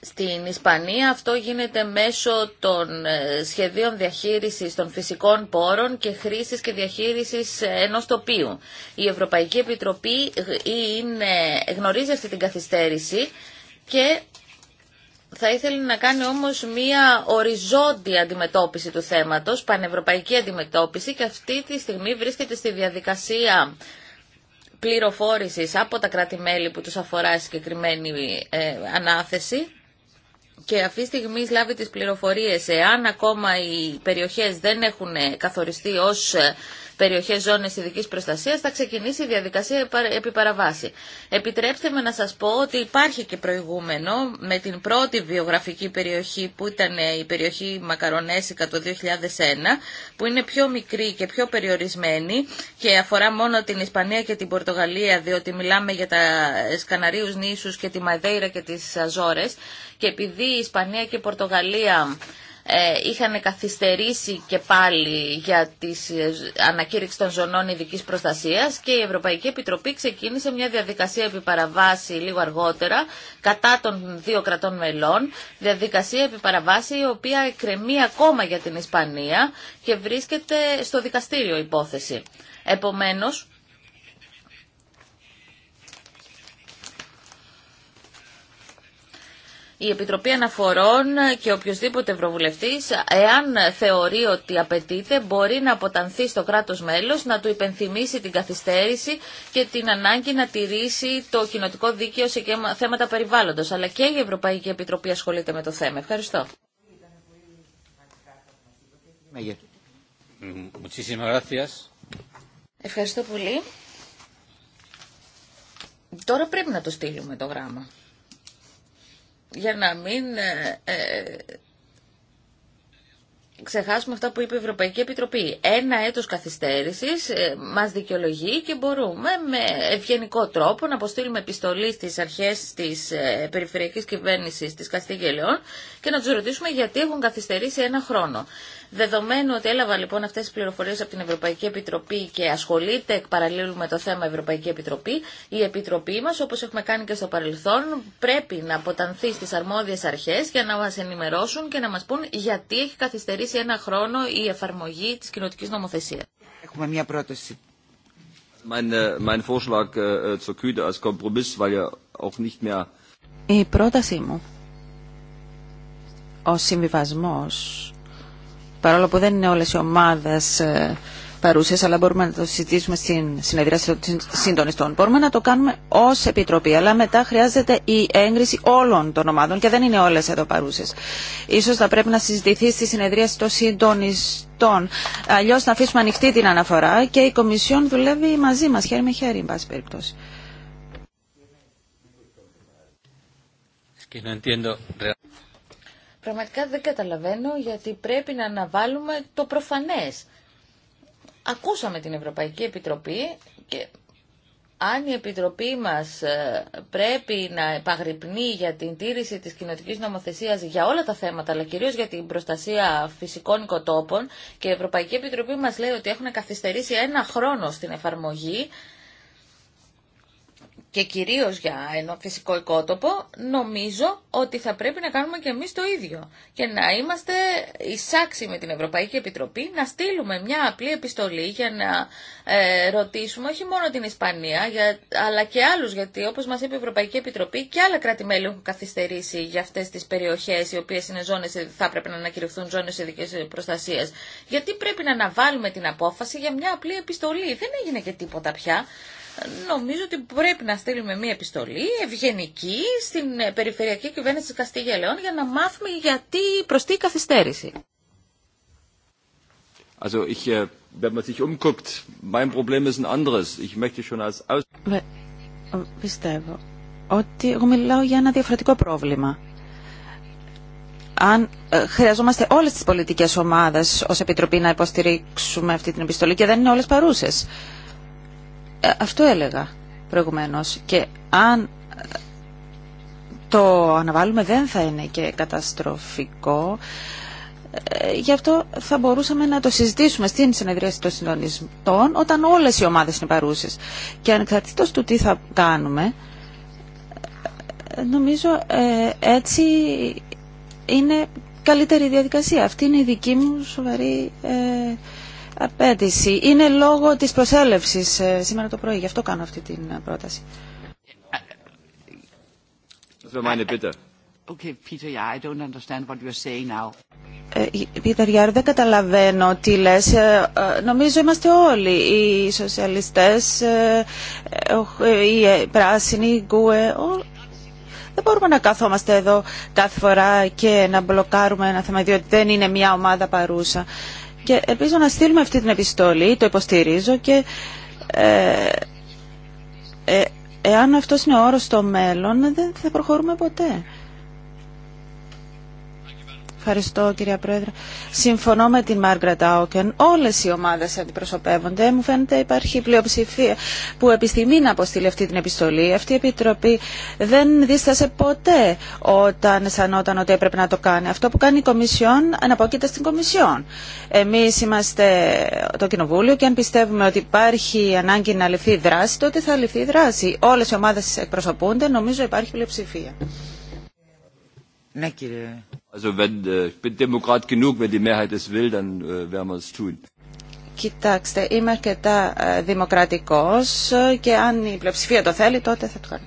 Στην Ισπανία αυτό γίνεται μέσω των ε, σχεδίων διαχείρισης των φυσικών πόρων και χρήσης και διαχείρισης ε, ενός τοπίου. Η Ευρωπαϊκή Επιτροπή ε, είναι, γνωρίζει αυτή την καθυστέρηση και θα ήθελε να κάνει όμως μία οριζόντια αντιμετώπιση του θέματος, πανευρωπαϊκή αντιμετώπιση και αυτή τη στιγμή βρίσκεται στη διαδικασία πληροφόρησης από τα κράτη-μέλη που τους αφορά συγκεκριμένη ε, ανάθεση και αυτή τη στιγμή λάβει τις πληροφορίες εάν ακόμα οι περιοχές δεν έχουν καθοριστεί ως ε, Περιοχέ ζώνες ειδική προστασίας θα ξεκινήσει η διαδικασία επί παραβάση. Επιτρέψτε με να σας πω ότι υπάρχει και προηγούμενο με την πρώτη βιογραφική περιοχή που ήταν ε, η περιοχή Μακαρονέσικα το 2001 που είναι πιο μικρή και πιο περιορισμένη και αφορά μόνο την Ισπανία και την Πορτογαλία διότι μιλάμε για τα ε, σκαναρίου νήσους και τη Μαδέιρα και τι Αζόρες και επειδή η Ισπανία και η Πορτογαλία ε, είχαν καθυστερήσει και πάλι για τη ε, ανακήρυξη των ζωνών ειδική προστασίας και η Ευρωπαϊκή Επιτροπή ξεκίνησε μια διαδικασία επιπαραβάση λίγο αργότερα κατά των δύο κρατών μελών, διαδικασία επιπαραβάση η οποία εκκρεμεί ακόμα για την Ισπανία και βρίσκεται στο δικαστήριο υπόθεση. Επομένως, η Επιτροπή Αναφορών και οποιοδήποτε Ευρωβουλευτή, εάν θεωρεί ότι απαιτείται, μπορεί να αποτανθεί στο κράτο μέλο, να του υπενθυμίσει την καθυστέρηση και την ανάγκη να τηρήσει το κοινοτικό δίκαιο σε θέματα περιβάλλοντο. Αλλά και η Ευρωπαϊκή Επιτροπή ασχολείται με το θέμα. Ευχαριστώ. Ευχαριστώ πολύ. Τώρα πρέπει να το στείλουμε το γράμμα για να μην ε, ε, ξεχάσουμε αυτά που είπε η Ευρωπαϊκή Επιτροπή. Ένα έτος καθυστέρησης ε, μας δικαιολογεί και μπορούμε με ευγενικό τρόπο να αποστείλουμε επιστολή στις αρχές της περιφερειακής κυβέρνησης της Καστίγελαιών και να τους ρωτήσουμε γιατί έχουν καθυστερήσει ένα χρόνο. Δεδομένου ότι έλαβα λοιπόν αυτές τις πληροφορίες από την Ευρωπαϊκή Επιτροπή και ασχολείται εκ παραλλήλου με το θέμα Ευρωπαϊκή Επιτροπή, η Επιτροπή μας, όπως έχουμε κάνει και στο παρελθόν, πρέπει να αποτανθεί στις αρμόδιε αρχές για να μα ενημερώσουν και να μας πούν γιατί έχει καθυστερήσει ένα χρόνο η εφαρμογή τη κοινοτική νομοθεσία. Έχουμε μια πρόταση. Η πρότασή μου, ως συμβιβασμός παρόλο που δεν είναι όλες οι ομάδες ε, παρούσες, αλλά μπορούμε να το συζητήσουμε στην συνεδρία των συντονιστών. Μπορούμε να το κάνουμε ως Επιτροπή, αλλά μετά χρειάζεται η έγκριση όλων των ομάδων και δεν είναι όλες εδώ παρούσες. Ίσως θα πρέπει να συζητηθεί στη συνεδρία των συντονιστών. Αλλιώς να αφήσουμε ανοιχτή την αναφορά και η Κομισιόν δουλεύει μαζί μας, χέρι με χέρι, εν πάση περιπτώσει. Πραγματικά δεν καταλαβαίνω γιατί πρέπει να αναβάλουμε το προφανές. Ακούσαμε την Ευρωπαϊκή Επιτροπή και αν η Επιτροπή μας ε, πρέπει να επαγρυπνεί για την τήρηση της κοινοτικής νομοθεσίας για όλα τα θέματα, αλλά κυρίως για την προστασία φυσικών οικοτόπων και η Ευρωπαϊκή Επιτροπή μας λέει ότι έχουν καθυστερήσει ένα χρόνο στην εφαρμογή, και κυρίως για ένα φυσικό οικότοπο, νομίζω ότι θα πρέπει να κάνουμε και εμείς το ίδιο και να είμαστε εισάξοι με την Ευρωπαϊκή Επιτροπή, να στείλουμε μια απλή επιστολή για να ε, ρωτήσουμε όχι μόνο την Ισπανία για, αλλά και άλλους, γιατί όπως μας είπε η Ευρωπαϊκή Επιτροπή και άλλα κράτη-μέλη έχουν καθυστερήσει για αυτές τις περιοχές οι οποίες είναι ζώνες, θα έπρεπε να ανακηρυχθούν ζώνες ειδικής προστασίας. Γιατί πρέπει να αναβάλουμε την απόφαση για μια απλή επιστολή. Δεν έγινε και τίποτα πια νομίζω ότι πρέπει να στείλουμε μία επιστολή ευγενική στην ε, Περιφερειακή Κυβέρνηση της Καστίγια Λεών για να μάθουμε γιατί προς τι η καθυστέρηση. Also ich, äh, wenn man sich umguckt, mein Problem ist ein anderes. Ich möchte schon als ε, Πιστεύω ότι εγώ μιλάω για ένα διαφορετικό πρόβλημα. Αν ε, χρειαζόμαστε όλες τις πολιτικές ομάδες ως Επιτροπή να υποστηρίξουμε αυτή την επιστολή και δεν είναι όλες παρούσες. Ε, αυτό έλεγα προηγουμένως και αν το αναβάλουμε δεν θα είναι και καταστροφικό. Ε, γι' αυτό θα μπορούσαμε να το συζητήσουμε στην συνεδρία των συντονιστών όταν όλες οι ομάδες είναι παρούσες. Και ανεξαρτήτως του τι θα κάνουμε, ε, νομίζω έτσι είναι καλύτερη διαδικασία. Αυτή είναι η δική μου σοβαρή απέτηση. Είναι λόγω της προσέλευσης ε, σήμερα το πρωί. Γι' αυτό κάνω αυτή την ε, πρόταση. Πίτερ Γιάρ, δεν καταλαβαίνω τι λες. Ε, νομίζω είμαστε όλοι οι σοσιαλιστές, οι πράσινοι, οι γκουε, δεν μπορούμε να καθόμαστε εδώ κάθε φορά και να μπλοκάρουμε ένα θέμα, διότι δεν είναι μια ομάδα παρούσα. Και ελπίζω να στείλουμε αυτή την επιστολή, το υποστηρίζω και ε, ε, εάν αυτός είναι ο όρος στο μέλλον δεν θα προχωρούμε ποτέ. Ευχαριστώ κυρία Πρόεδρε. Συμφωνώ με την Μάργκρα Τάοκεν. όλε οι ομάδε αντιπροσωπεύονται. Μου φαίνεται υπάρχει πλειοψηφία που επιθυμεί να αποστείλει αυτή την επιστολή. Αυτή η Επιτροπή δεν δίστασε ποτέ όταν αισθανόταν ότι έπρεπε να το κάνει. Αυτό που κάνει η Κομισιόν αναπόκειται στην Κομισιόν. Εμεί είμαστε το Κοινοβούλιο και αν πιστεύουμε ότι υπάρχει ανάγκη να ληφθεί δράση, τότε θα ληφθεί δράση. Όλε οι ομάδε εκπροσωπούνται. Νομίζω υπάρχει πλειοψηφία. Ναι, κύριε. Κοιτάξτε, είμαι αρκετά ε, δημοκρατικό και αν η πλειοψηφία το θέλει, τότε θα το κάνω.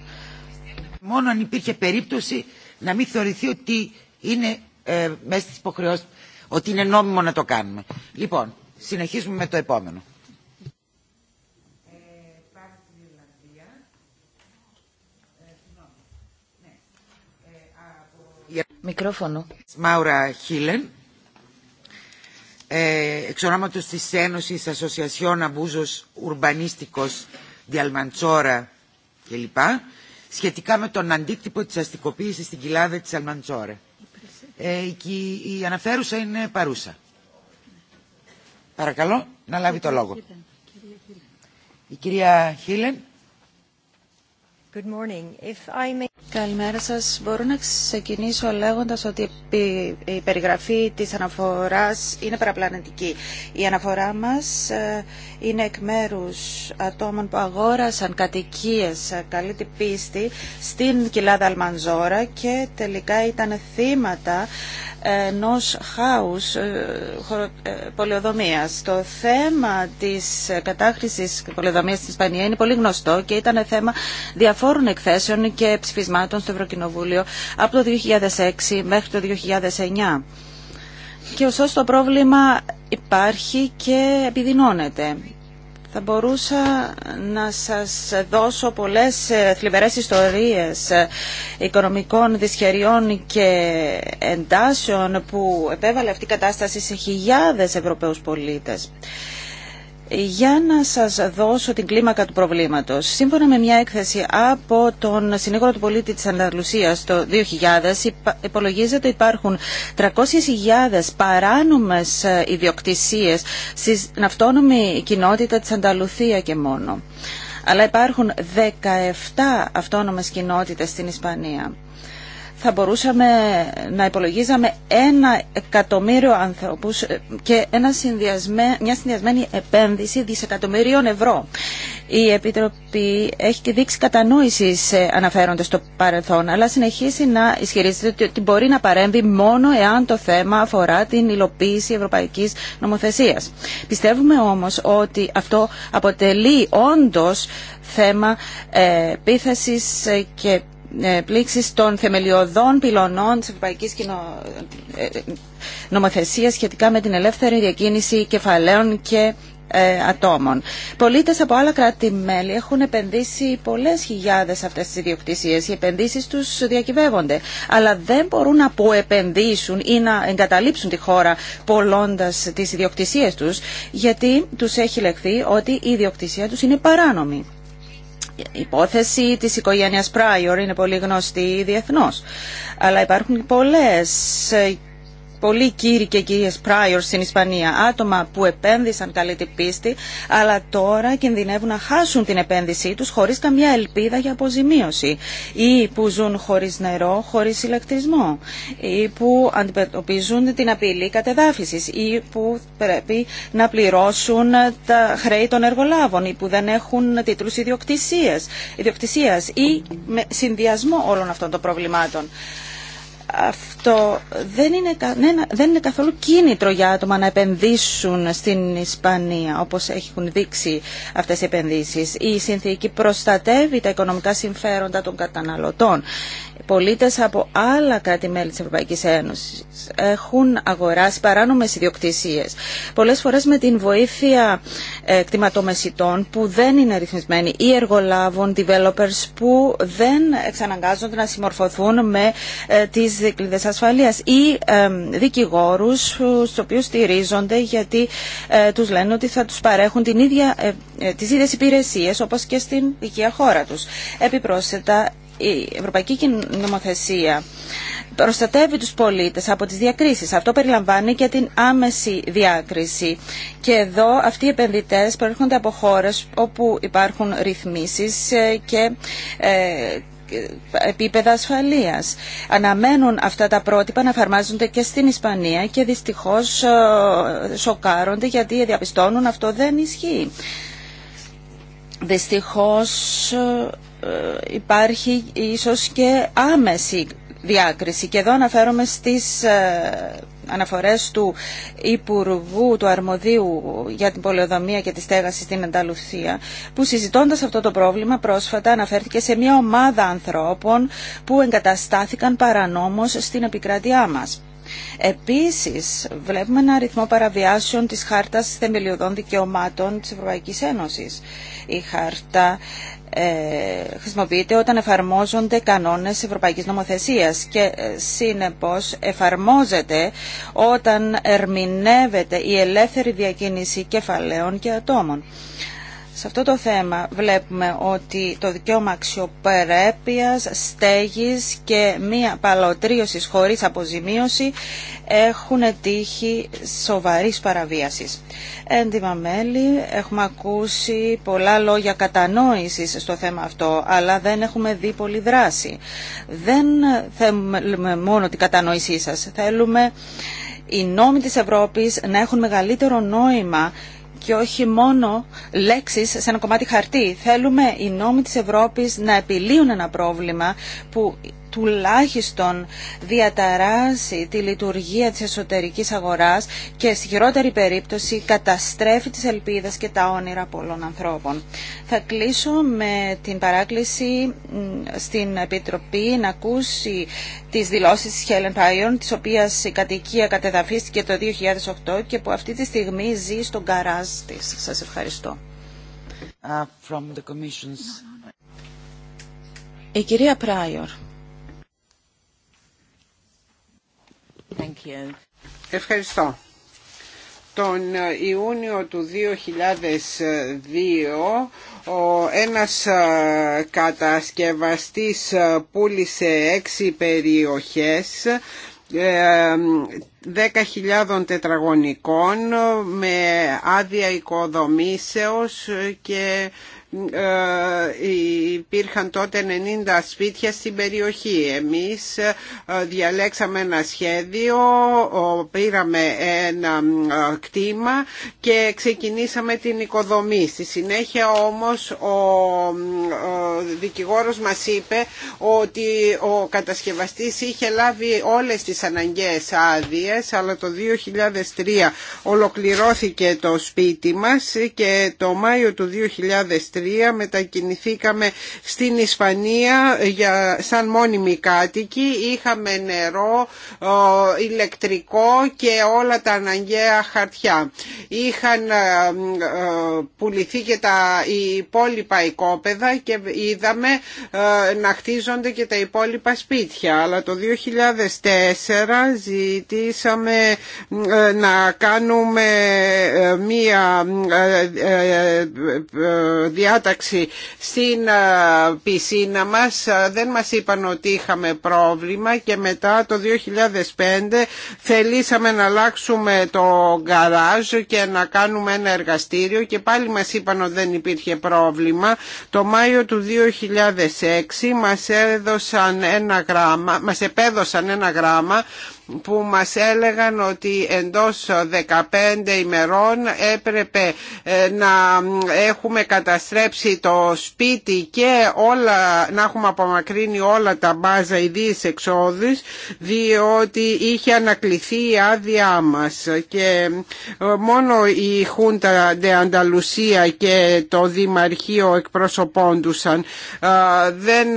Μόνο αν υπήρχε περίπτωση να μην θεωρηθεί ότι είναι ε, μέσα ότι είναι νόμιμο να το κάνουμε. Λοιπόν, συνεχίζουμε με το επόμενο. Μικρόφωνο. Μάουρα Χίλεν, εξ ονόματος της Ένωσης Ασοσιασιών Αμπούζος Ουρμπανίστικος Διαλμαντσόρα κλπ. σχετικά με τον αντίκτυπο της αστικοποίησης στην κοιλάδα της Αλμαντσόρα. Ε, η αναφέρουσα είναι παρούσα. Παρακαλώ να λάβει το λόγο. Η κυρία Χίλεν. Καλημέρα σας. Μπορώ να ξεκινήσω λέγοντας ότι η περιγραφή της αναφοράς είναι παραπλανητική. Η αναφορά μας ε, είναι εκ μέρους ατόμων που αγόρασαν κατοικίες ε, καλή την πίστη στην κοιλάδα Αλμανζόρα και τελικά ήταν θύματα ε, ενό χάους πολεοδομίας. Το θέμα της κατάχρησης πολεοδομίας στην Ισπανία είναι πολύ γνωστό και ήταν θέμα διαφορετικό διαφόρων εκθέσεων και ψηφισμάτων στο Ευρωκοινοβούλιο από το 2006 μέχρι το 2009. Και ωστόσο το πρόβλημα υπάρχει και επιδεινώνεται. Θα μπορούσα να σας δώσω πολλές ε, θλιβερές ιστορίες ε, οικονομικών δυσχεριών και εντάσεων που επέβαλε αυτή η κατάσταση σε χιλιάδες Ευρωπαίους πολίτες. Για να σας δώσω την κλίμακα του προβλήματος. Σύμφωνα με μια έκθεση από τον συνήγορο του πολίτη της Ανταλουσίας το 2000, υπολογίζεται ότι υπάρχουν 300.000 παράνομες ε, ιδιοκτησίες στην αυτόνομη κοινότητα της Ανταλουθία και μόνο. Αλλά υπάρχουν 17 αυτόνομες κοινότητες στην Ισπανία θα μπορούσαμε να υπολογίζαμε ένα εκατομμύριο άνθρωπους ε, και ένα συνδυασμέ, μια συνδυασμένη επένδυση δισεκατομμυρίων ευρώ. Η Επιτροπή έχει και δείξει κατανόηση σε το στο παρελθόν, αλλά συνεχίσει να ισχυρίζεται ότι μπορεί να παρέμβει μόνο εάν το θέμα αφορά την υλοποίηση ευρωπαϊκής νομοθεσία. Πιστεύουμε όμω ότι αυτό αποτελεί όντω θέμα ε, επίθεση ε, και ε, πλήξεις των θεμελιωδών πυλωνών της Ευρωπαϊκής Κοινο... Ε, νομοθεσίας σχετικά με την ελεύθερη διακίνηση κεφαλαίων και ε, ατόμων. Πολίτες από άλλα κράτη-μέλη έχουν επενδύσει πολλές χιλιάδες αυτές τις ιδιοκτησίες. Οι επενδύσεις τους διακυβεύονται. Αλλά δεν μπορούν να αποεπενδύσουν ή να εγκαταλείψουν τη χώρα πολλώντας τις ιδιοκτησίες τους γιατί τους έχει λεχθεί ότι η ιδιοκτησία τους είναι παράνομη. Η υπόθεση της οικογένειας Πράιορ είναι πολύ γνωστή διεθνώς. Αλλά υπάρχουν πολλές πολλοί κύριοι και κυρίες prior στην Ισπανία, άτομα που επένδυσαν καλή την πίστη, αλλά τώρα κινδυνεύουν να χάσουν την επένδυσή τους χωρίς καμιά ελπίδα για αποζημίωση ή που ζουν χωρίς νερό, χωρίς ηλεκτρισμό ή που αντιμετωπίζουν την απειλή κατεδάφισης ή που πρέπει να πληρώσουν τα χρέη των εργολάβων ή που δεν έχουν τίτλους ιδιοκτησίας, ιδιοκτησίας ή με συνδυασμό όλων αυτών των προβλημάτων αυτό δεν είναι, δεν είναι καθόλου κίνητρο για άτομα να επενδύσουν στην Ισπανία, όπως έχουν δείξει αυτές οι επενδύσεις. Η συνθήκη προστατεύει τα οικονομικά συμφέροντα των καταναλωτών πολίτες από άλλα κράτη-μέλη της Ευρωπαϊκής Ένωσης έχουν αγοράσει παράνομες ιδιοκτησίες. Πολλές φορές με την βοήθεια ε, κτηματομεσιτών που δεν είναι ρυθμισμένοι ή εργολάβων, developers που δεν εξαναγκάζονται να συμμορφωθούν με ε, τις δικλείδες ασφαλείας ή ε, δικηγόρους στους οποίους στηρίζονται γιατί ε, τους λένε ότι θα τους παρέχουν την ίδια, ε, ε, τις ίδιες υπηρεσίες όπως και στην οικία χώρα τους. Επιπρόσθετα η Ευρωπαϊκή Νομοθεσία προστατεύει τους πολίτες από τις διακρίσεις. Αυτό περιλαμβάνει και την άμεση διάκριση. Και εδώ αυτοί οι επενδυτές προέρχονται από χώρες όπου υπάρχουν ρυθμίσεις ε, και ε, επίπεδα ασφαλείας. Αναμένουν αυτά τα πρότυπα να εφαρμάζονται και στην Ισπανία και δυστυχώς ε, σοκάρονται γιατί διαπιστώνουν αυτό δεν ισχύει. Δυστυχώς ε, υπάρχει ίσως και άμεση διάκριση. Και εδώ αναφέρομαι στις ε, αναφορές του Υπουργού του Αρμοδίου για την Πολεοδομία και τη Στέγαση στην Ανταλουσία, που συζητώντας αυτό το πρόβλημα πρόσφατα αναφέρθηκε σε μια ομάδα ανθρώπων που εγκαταστάθηκαν παρανόμως στην επικράτειά μας. Επίσης, βλέπουμε ένα αριθμό παραβιάσεων της Χάρτας Θεμελιωδών Δικαιωμάτων της Ευρωπαϊκής Ένωσης. Η Χάρτα ε, χρησιμοποιείται όταν εφαρμόζονται κανόνες ευρωπαϊκής νομοθεσίας και ε, σύνεπως εφαρμόζεται όταν ερμηνεύεται η ελεύθερη διακίνηση κεφαλαίων και ατόμων. Σε αυτό το θέμα βλέπουμε ότι το δικαίωμα αξιοπρέπειας, στέγης και μία παλωτρίωση χωρίς αποζημίωση έχουν τύχει σοβαρής παραβίασης. Έντιμα μέλη, έχουμε ακούσει πολλά λόγια κατανόησης στο θέμα αυτό, αλλά δεν έχουμε δει πολλή δράση. Δεν θέλουμε μόνο την κατανόησή σας, θέλουμε οι νόμοι της Ευρώπης να έχουν μεγαλύτερο νόημα και όχι μόνο λέξεις σε ένα κομμάτι χαρτί. Θέλουμε οι νόμοι της Ευρώπης να επιλύουν ένα πρόβλημα που τουλάχιστον διαταράσει τη λειτουργία της εσωτερικής αγοράς και στη χειρότερη περίπτωση καταστρέφει τις ελπίδες και τα όνειρα πολλών ανθρώπων. Θα κλείσω με την παράκληση στην Επιτροπή να ακούσει τις δηλώσεις της Helen Πάιον, της οποίας η κατοικία κατεδαφίστηκε το 2008 και που αυτή τη στιγμή ζει στον καράζ της. Σας ευχαριστώ. Uh, from the Η κυρία Πράιορ. Ευχαριστώ. Τον ε, Ιούνιο του 2002 ο ένας ε, κατασκευαστής ε, πούλησε έξι περιοχές 10.000 τετραγωνικών με άδεια οικοδομήσεως και ε, υπήρχαν τότε 90 σπίτια στην περιοχή. Εμείς ε, διαλέξαμε ένα σχέδιο, πήραμε ένα ε, κτήμα και ξεκινήσαμε την οικοδομή. Στη συνέχεια όμως ο δικηγόρος μας είπε ότι ο κατασκευαστής είχε λάβει όλες τις αναγκαίες άδειε, αλλά το 2003 ολοκληρώθηκε το σπίτι μας και το Μάιο του 2003 μετακινηθήκαμε στην Ισπανία για, σαν μόνιμοι κάτοικοι, είχαμε νερό, ηλεκτρικό και όλα τα αναγκαία χαρτιά. Είχαν ε, ε, πουληθεί και τα υπόλοιπα οικόπεδα και είδαμε ε, να χτίζονται και τα υπόλοιπα σπίτια. Αλλά το 2004 ζητήσαμε να κάνουμε μία διάσταση διάταξη στην πισίνα μας δεν μας είπαν ότι είχαμε πρόβλημα και μετά το 2005 θελήσαμε να αλλάξουμε το γκαράζ και να κάνουμε ένα εργαστήριο και πάλι μας είπαν ότι δεν υπήρχε πρόβλημα. Το Μάιο του 2006 μας έδωσαν ένα γράμμα, μας επέδωσαν ένα γράμμα που μας έλεγαν ότι εντός 15 ημερών έπρεπε ε, να έχουμε καταστρέψει το σπίτι και όλα, να έχουμε απομακρύνει όλα τα μπάζα ιδίες εξόδους διότι είχε ανακληθεί η άδειά μας και ε, μόνο η Χούντα Ντε Ανταλουσία και το Δημαρχείο εκπροσωπώντουσαν ε, δεν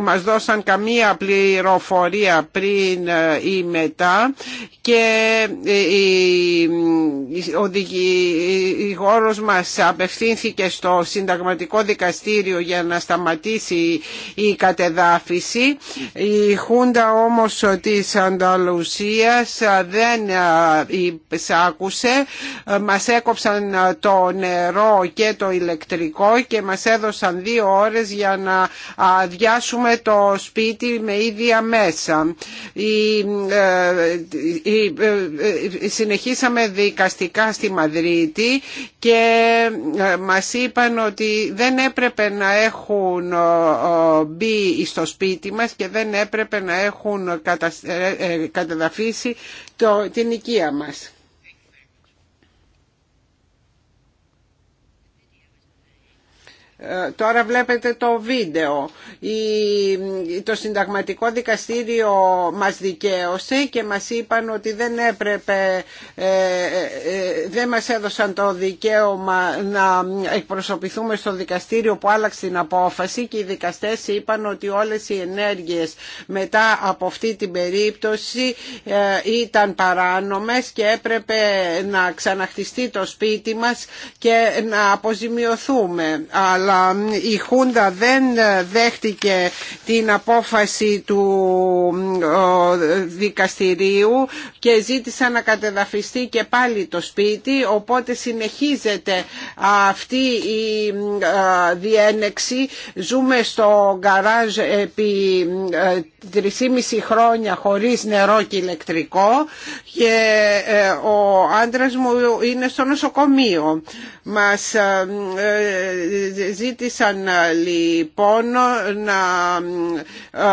μας δώσαν καμία πληροφορία πριν η μετά και ο δικηγόρος μας απευθύνθηκε στο συνταγματικό δικαστήριο για να σταματήσει η κατεδάφιση. Η Χούντα όμως της Ανταλουσίας δεν εισάκουσε. Μας έκοψαν το νερό και το ηλεκτρικό και μας έδωσαν δύο ώρες για να αδειάσουμε το σπίτι με ίδια μέσα. Η ε, ε, ε, ε, συνεχίσαμε δικαστικά στη Μαδρίτη και μας είπαν ότι δεν έπρεπε να έχουν μπει στο σπίτι μας και δεν έπρεπε να έχουν καταδαφίσει την οικία μας. Ε, τώρα βλέπετε το βίντεο. Το συνταγματικό δικαστήριο μας δικαίωσε και μας είπαν ότι δεν έπρεπε, ε, ε, δεν μας έδωσαν το δικαίωμα να εκπροσωπηθούμε στο δικαστήριο που άλλαξε την απόφαση και οι δικαστές είπαν ότι όλες οι ενέργειες μετά από αυτή την περίπτωση ήταν παράνομες και έπρεπε να ξαναχτιστεί το σπίτι μας και να αποζημιωθούμε. Αλλά η Χούντα δεν ε, δέχτηκε την απόφαση του δικαστηρίου και ζήτησε να κατεδαφιστεί και πάλι το σπίτι οπότε συνεχίζεται αυτή η ε, διένεξη ζούμε στο γκαράζ επί 3,5 ε, χρόνια χωρίς νερό και ηλεκτρικό και ο άντρας μου είναι στο νοσοκομείο μας ζήτησαν ε, λοιπόν να ε, ε,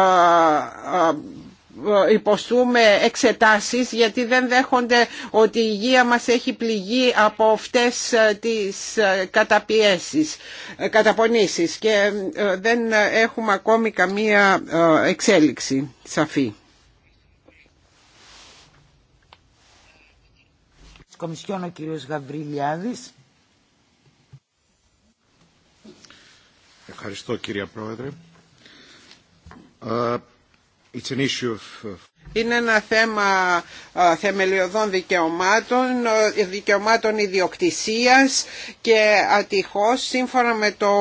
υποστούμε εξετάσεις γιατί δεν δέχονται ότι η υγεία μας έχει πληγεί από αυτές τις καταπιέσεις, καταπονήσεις και δεν έχουμε ακόμη καμία εξέλιξη σαφή. Κομισιόν ο κύριος Γαβριλιάδης. Ευχαριστώ κύριε Πρόεδρε. Ε, Είναι ένα θέμα ε, θεμελιωδών δικαιωμάτων, ε, δικαιωμάτων ιδιοκτησίας και ατυχώς σύμφωνα με το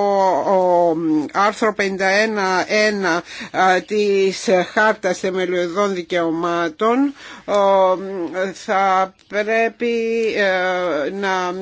άρθρο 51.1 της Χάρτας Θεμελιωδών Δικαιωμάτων θα πρέπει να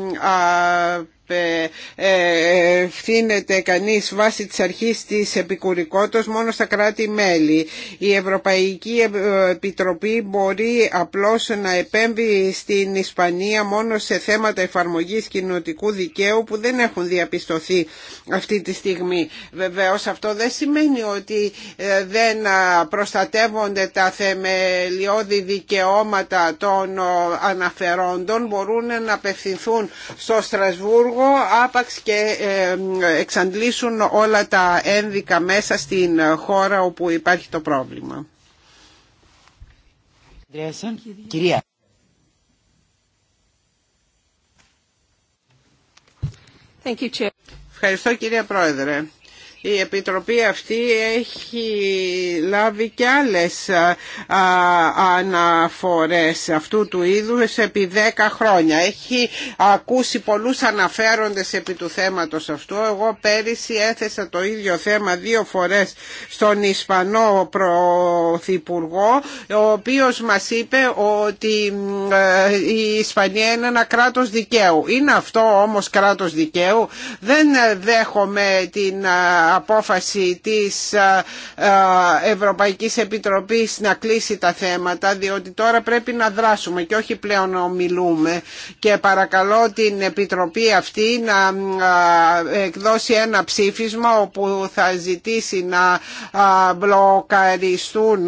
ε, ε, ε, ευθύνεται κανείς βάσει της αρχής της επικουρικότητας μόνο στα κράτη-μέλη. Η Ευρωπαϊκή Επιτροπή μπορεί απλώς να επέμβει στην Ισπανία μόνο σε θέματα εφαρμογής κοινωτικού δικαίου που δεν έχουν διαπιστωθεί αυτή τη στιγμή. Βεβαίως αυτό δεν σημαίνει ότι δεν προστατεύονται τα θεμελιώδη δικαιώματα των αναφερόντων. Μπορούν να απευθυνθούν στο Στρασβούργο έργο άπαξ και ε, εξαντλήσουν όλα τα ένδικα μέσα στην χώρα όπου υπάρχει το πρόβλημα. Κυρία. Thank you, Ευχαριστώ κυρία Πρόεδρε η Επιτροπή αυτή έχει λάβει και άλλες αναφορές αυτού του είδους επί 10 χρόνια. Έχει ακούσει πολλούς αναφέροντες επί του θέματος αυτού. Εγώ πέρυσι έθεσα το ίδιο θέμα δύο φορές στον Ισπανό Πρωθυπουργό ο οποίος μας είπε ότι ε, η Ισπανία είναι ένα κράτος δικαίου. Είναι αυτό όμως κράτος δικαίου. Δεν δέχομαι την απόφαση της ε, ε, Ευρωπαϊκής Επιτροπής να κλείσει τα θέματα διότι τώρα πρέπει να δράσουμε και όχι πλέον να ομιλούμε και παρακαλώ την Επιτροπή αυτή να ε, εκδώσει ένα ψήφισμα όπου θα ζητήσει να μπλοκαριστούν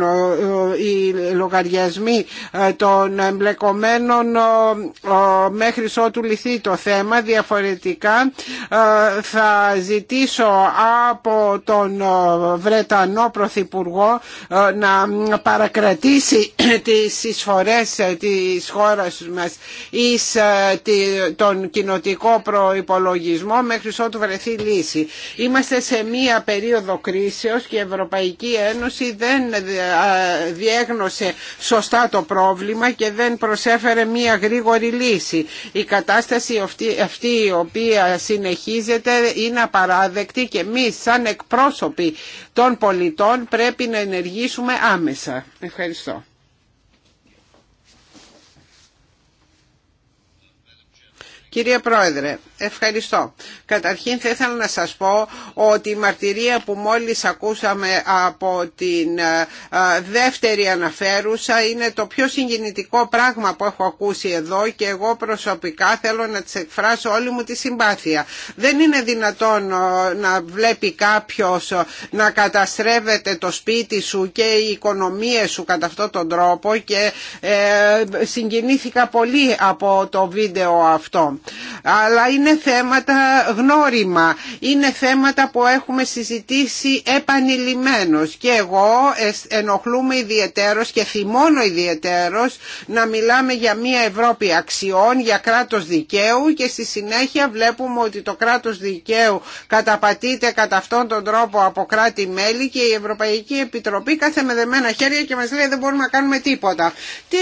οι λογαριασμοί των εμπλεκομένων μέχρι ότου λυθεί το θέμα διαφορετικά θα ζητήσω από τον ε, Βρετανό Πρωθυπουργό ε, να παρακρατήσει τις εισφορές ε, της χώρας μας εις τον κοινοτικό προϋπολογισμό μέχρι ότου βρεθεί λύση. Είμαστε σε μία περίοδο κρίσεως και η Ευρωπαϊκή Ένωση δεν διέγνωσε σωστά το πρόβλημα και δεν προσέφερε μία γρήγορη λύση. Η κατάσταση αυτή η οποία συνεχίζεται είναι απαράδεκτη και εμείς σαν εκπρόσωποι των πολιτών πρέπει να ενεργήσουμε άμεσα. Ευχαριστώ. Κύριε Πρόεδρε, Ευχαριστώ. Καταρχήν θα ήθελα να σας πω ότι η μαρτυρία που μόλις ακούσαμε από την ε, ε, δεύτερη αναφέρουσα είναι το πιο συγκινητικό πράγμα που έχω ακούσει εδώ και εγώ προσωπικά θέλω να της εκφράσω όλη μου τη συμπάθεια. Δεν είναι δυνατόν ε, να βλέπει κάποιος να καταστρέφεται το σπίτι σου και οι οικονομίες σου κατά αυτόν τον τρόπο και συγκινήθηκα πολύ από το βίντεο αυτό. Αλλά είναι είναι θέματα γνώριμα, είναι θέματα που έχουμε συζητήσει επανειλημμένως και εγώ ενοχλούμαι ιδιαίτερος και θυμώνω ιδιαίτερος να μιλάμε για μια Ευρώπη αξιών, για κράτος δικαίου και στη συνέχεια βλέπουμε ότι το κράτος δικαίου καταπατείται κατά αυτόν τον τρόπο από κράτη-μέλη και η Ευρωπαϊκή Επιτροπή κάθε με δεμένα χέρια και μας λέει δεν μπορούμε να κάνουμε τίποτα. Τι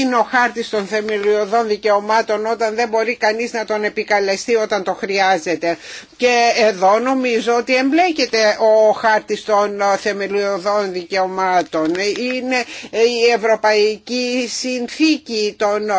είναι ο χάρτης των θεμελιωδών δικαιωμάτων όταν δεν μπορεί κανείς να τον επικαλεστεί όταν το χρειάζεται. Και εδώ νομίζω ότι εμπλέκεται ο χάρτης των θεμελιωδών δικαιωμάτων. Είναι η Ευρωπαϊκή Συνθήκη των ε,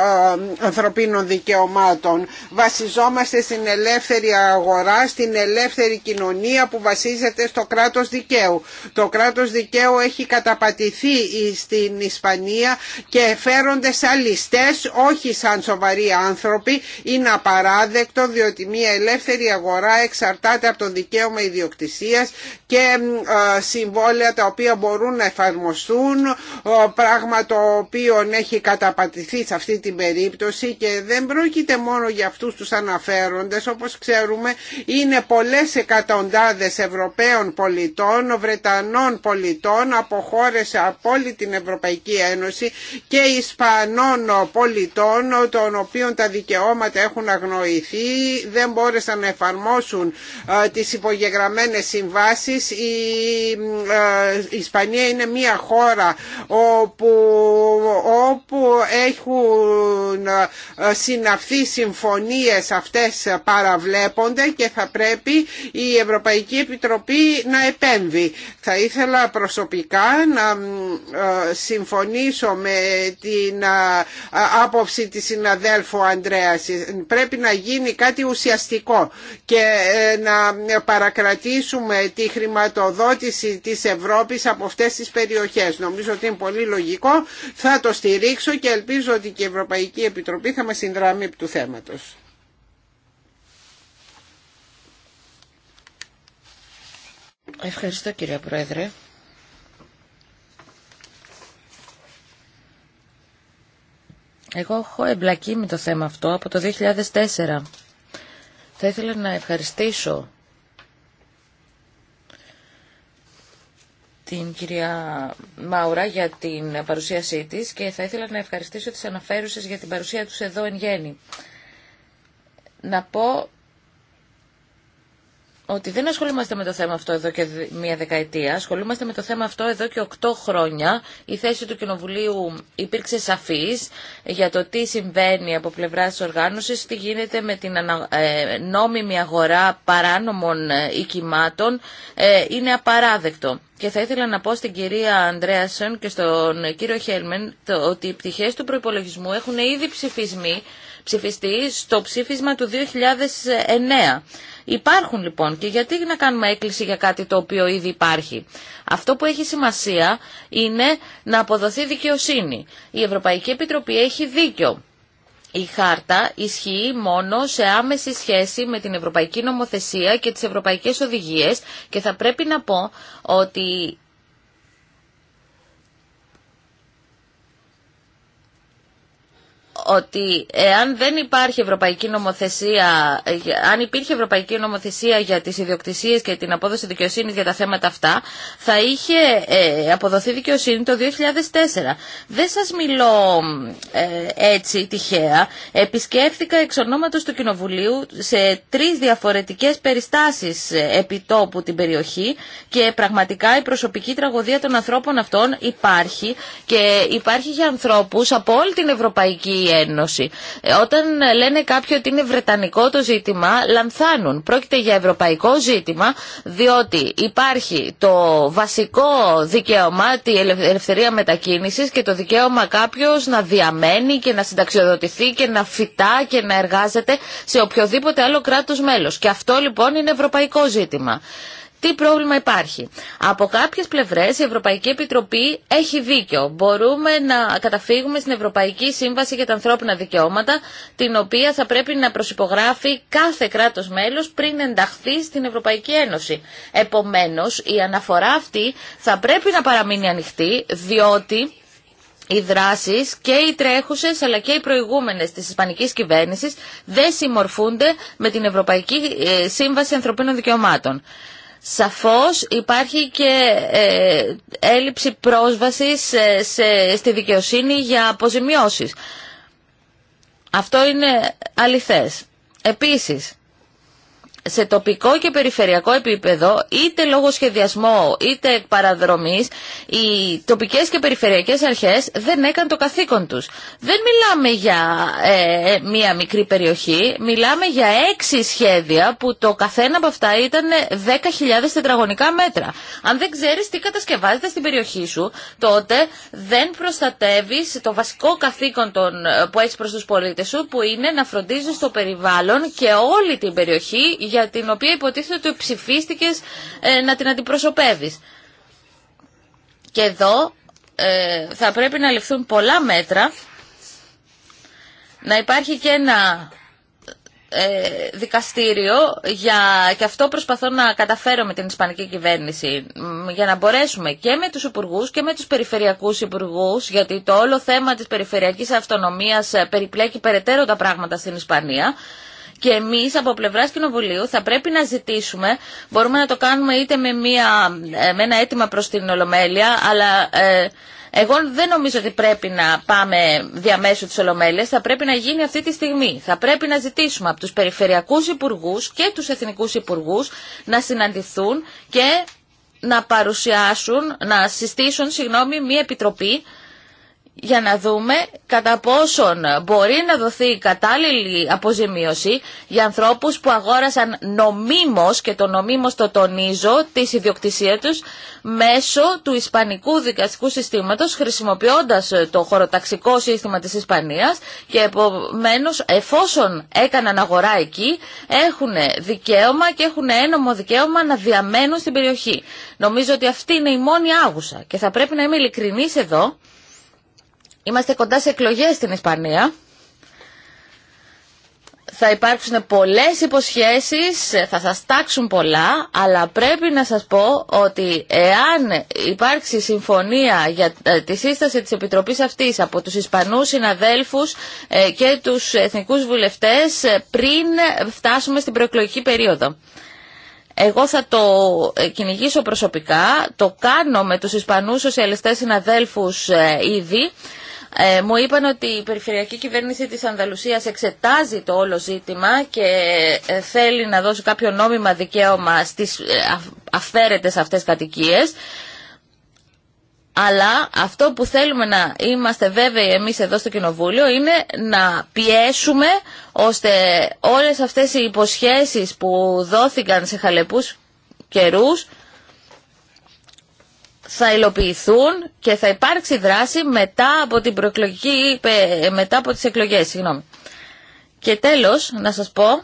Ανθρωπίνων Δικαιωμάτων. Βασιζόμαστε στην ελεύθερη αγορά, στην ελεύθερη κοινωνία που βασίζεται στο κράτος δικαίου. Το κράτος δικαίου έχει καταπατηθεί στην Ισπανία και φέρονται σαν ληστές, όχι σαν σοβαροί άνθρωποι. Είναι απαράδεκτο ότι μια ελεύθερη αγορά εξαρτάται από το δικαίωμα ιδιοκτησίας και συμβόλαια τα οποία μπορούν να εφαρμοστούν, πράγμα το οποίο έχει καταπατηθεί σε αυτή την περίπτωση και δεν πρόκειται μόνο για αυτούς τους αναφέροντες, όπως ξέρουμε είναι πολλές εκατοντάδες Ευρωπαίων πολιτών, Βρετανών πολιτών από χώρες από όλη την Ευρωπαϊκή Ένωση και Ισπανών πολιτών των οποίων τα δικαιώματα έχουν αγνοηθεί δεν μπόρεσαν να εφαρμόσουν ε, τις υπογεγραμμένες συμβάσεις. Ε, η Ισπανία είναι μια χώρα όπου, όπου έχουν ε, συναυθεί συμφωνίες αυτές παραβλέπονται και θα πρέπει η Ευρωπαϊκή Επιτροπή να επέμβει. Θα ήθελα προσωπικά να συμφωνήσω με την άποψη της συναδέλφου Ανδρέας. Πρέπει να γίνει κάτι κάτι ουσιαστικό και ε, να παρακρατήσουμε τη χρηματοδότηση της Ευρώπης από αυτές τις περιοχές. Νομίζω ότι είναι πολύ λογικό, θα το στηρίξω και ελπίζω ότι και η Ευρωπαϊκή Επιτροπή θα μας συνδράμει του θέματος. Ευχαριστώ κύριε Πρόεδρε. Εγώ έχω εμπλακεί με το θέμα αυτό από το 2004 θα ήθελα να ευχαριστήσω την κυρία Μάουρα για την παρουσίασή της και θα ήθελα να ευχαριστήσω τις αναφέρουσες για την παρουσία τους εδώ εν γέννη. Να πω ότι δεν ασχολούμαστε με το θέμα αυτό εδώ και μία δεκαετία, ασχολούμαστε με το θέμα αυτό εδώ και οκτώ χρόνια. Η θέση του Κοινοβουλίου υπήρξε σαφής για το τι συμβαίνει από πλευρά τη οργάνωσης, τι γίνεται με την ε, νόμιμη αγορά παράνομων ε, οικημάτων. Ε, είναι απαράδεκτο. Και θα ήθελα να πω στην κυρία Αντρέασον και στον κύριο Χέλμεν ότι οι πτυχέ του προπολογισμού έχουν ήδη ψηφισμοί ψηφιστεί στο ψήφισμα του 2009. Υπάρχουν λοιπόν και γιατί να κάνουμε έκκληση για κάτι το οποίο ήδη υπάρχει. Αυτό που έχει σημασία είναι να αποδοθεί δικαιοσύνη. Η Ευρωπαϊκή Επιτροπή έχει δίκιο. Η χάρτα ισχύει μόνο σε άμεση σχέση με την Ευρωπαϊκή Νομοθεσία και τις Ευρωπαϊκές Οδηγίες και θα πρέπει να πω ότι ότι εάν δεν υπάρχει ευρωπαϊκή νομοθεσία, αν υπήρχε ευρωπαϊκή νομοθεσία για τις ιδιοκτησίες και την απόδοση δικαιοσύνης για τα θέματα αυτά, θα είχε ε, αποδοθεί δικαιοσύνη το 2004. Δεν σας μιλώ ε, έτσι τυχαία. Επισκέφθηκα εξ ονόματος του Κοινοβουλίου σε τρεις διαφορετικές περιστάσεις ε, επιτόπου την περιοχή και πραγματικά η προσωπική τραγωδία των ανθρώπων αυτών υπάρχει και υπάρχει για ανθρώπους από όλη την Ευρωπαϊκή ε, όταν λένε κάποιοι ότι είναι βρετανικό το ζήτημα, λανθάνουν. Πρόκειται για ευρωπαϊκό ζήτημα, διότι υπάρχει το βασικό δικαίωμα, τη ελευθερία μετακίνηση και το δικαίωμα κάποιο να διαμένει και να συνταξιοδοτηθεί και να φυτά και να εργάζεται σε οποιοδήποτε άλλο κράτος μέλος. Και αυτό λοιπόν είναι ευρωπαϊκό ζήτημα τι πρόβλημα υπάρχει. Από κάποιε πλευρέ η Ευρωπαϊκή Επιτροπή έχει δίκιο. Μπορούμε να καταφύγουμε στην Ευρωπαϊκή Σύμβαση για τα Ανθρώπινα Δικαιώματα, την οποία θα πρέπει να προσυπογράφει κάθε κράτο μέλο πριν ενταχθεί στην Ευρωπαϊκή Ένωση. Επομένω, η αναφορά αυτή θα πρέπει να παραμείνει ανοιχτή, διότι οι δράσει και οι τρέχουσε αλλά και οι προηγούμενε τη Ισπανική κυβέρνηση δεν συμμορφούνται με την Ευρωπαϊκή ε, Σύμβαση Ανθρωπίνων Δικαιωμάτων. Σαφώς υπάρχει και ε, έλλειψη πρόσβασης ε, σε, στη δικαιοσύνη για αποζημιώσεις. Αυτό είναι αληθές. Επίσης, σε τοπικό και περιφερειακό επίπεδο, είτε λόγω σχεδιασμό είτε παραδρομή, οι τοπικέ και περιφερειακέ αρχέ δεν έκαναν το καθήκον του. Δεν μιλάμε για ε, ε, μία μικρή περιοχή, μιλάμε για έξι σχέδια που το καθένα από αυτά ήταν 10.000 τετραγωνικά μέτρα. Αν δεν ξέρει τι κατασκευάζεται στην περιοχή σου, τότε δεν προστατεύει το βασικό καθήκον των, ε, που έχει προ του πολίτε σου, που είναι να φροντίζεις το περιβάλλον και όλη την περιοχή για την οποία υποτίθεται ότι ψηφίστηκες ε, να την αντιπροσωπεύεις. Και εδώ ε, θα πρέπει να ληφθούν πολλά μέτρα, να υπάρχει και ένα ε, δικαστήριο για... και αυτό προσπαθώ να καταφέρω με την Ισπανική κυβέρνηση για να μπορέσουμε και με τους υπουργού και με τους περιφερειακούς υπουργού, γιατί το όλο θέμα της περιφερειακής αυτονομίας περιπλέκει περαιτέρω τα πράγματα στην Ισπανία και εμείς από πλευρά Κοινοβουλίου θα πρέπει να ζητήσουμε, μπορούμε να το κάνουμε είτε με, μια, ε, με ένα αίτημα προς την Ολομέλεια, αλλά... Ε, εγώ δεν νομίζω ότι πρέπει να πάμε διαμέσου της Ολομέλειας, θα πρέπει να γίνει αυτή τη στιγμή. Θα πρέπει να ζητήσουμε από τους περιφερειακούς υπουργού και τους εθνικούς υπουργού να συναντηθούν και να παρουσιάσουν, να συστήσουν, συγγνώμη, μία επιτροπή για να δούμε κατά πόσον μπορεί να δοθεί κατάλληλη αποζημίωση για ανθρώπους που αγόρασαν νομίμως, και το νομίμως το τονίζω, της ιδιοκτησία τους μέσω του Ισπανικού δικαστικού συστήματος χρησιμοποιώντας το χωροταξικό σύστημα της Ισπανίας και επομένω, εφόσον έκαναν αγορά εκεί έχουν δικαίωμα και έχουν ένομο δικαίωμα να διαμένουν στην περιοχή. Νομίζω ότι αυτή είναι η μόνη άγουσα και θα πρέπει να είμαι ειλικρινής εδώ Είμαστε κοντά σε εκλογές στην Ισπανία. Θα υπάρξουν πολλές υποσχέσεις, θα σας τάξουν πολλά, αλλά πρέπει να σας πω ότι εάν υπάρξει συμφωνία για ε, τη σύσταση της Επιτροπής αυτής από τους Ισπανούς συναδέλφους ε, και τους εθνικούς βουλευτές ε, πριν φτάσουμε στην προεκλογική περίοδο. Εγώ θα το κυνηγήσω προσωπικά, το κάνω με τους Ισπανούς σοσιαλιστές συναδέλφους ήδη ε, μου είπαν ότι η Περιφερειακή Κυβέρνηση της Ανδαλουσίας εξετάζει το όλο ζήτημα και ε, θέλει να δώσει κάποιο νόμιμα δικαίωμα στις ε, αφαίρετες αυτές κατοικίες. Αλλά αυτό που θέλουμε να είμαστε βέβαιοι εμείς εδώ στο Κοινοβούλιο είναι να πιέσουμε ώστε όλες αυτές οι υποσχέσεις που δόθηκαν σε χαλεπούς καιρούς θα υλοποιηθούν και θα υπάρξει δράση μετά από, την προεκλογική, μετά από τις εκλογές. Συγγνώμη. Και τέλος, να σας πω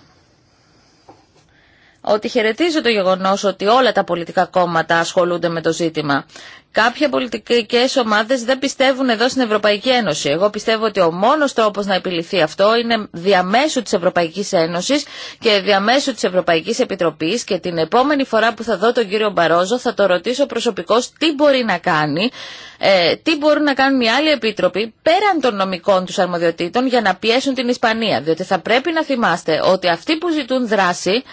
ότι χαιρετίζω το γεγονός ότι όλα τα πολιτικά κόμματα ασχολούνται με το ζήτημα. Κάποια πολιτικές ομάδες δεν πιστεύουν εδώ στην Ευρωπαϊκή Ένωση. Εγώ πιστεύω ότι ο μόνος τρόπος να επιληθεί αυτό είναι διαμέσου της Ευρωπαϊκής Ένωσης και διαμέσου της Ευρωπαϊκής Επιτροπής και την επόμενη φορά που θα δω τον κύριο Μπαρόζο θα το ρωτήσω προσωπικώς τι μπορεί να κάνει ε, τι μπορούν να κάνουν οι άλλοι επίτροποι πέραν των νομικών του αρμοδιοτήτων για να πιέσουν την Ισπανία. Διότι θα πρέπει να θυμάστε ότι αυτοί που ζητούν δράση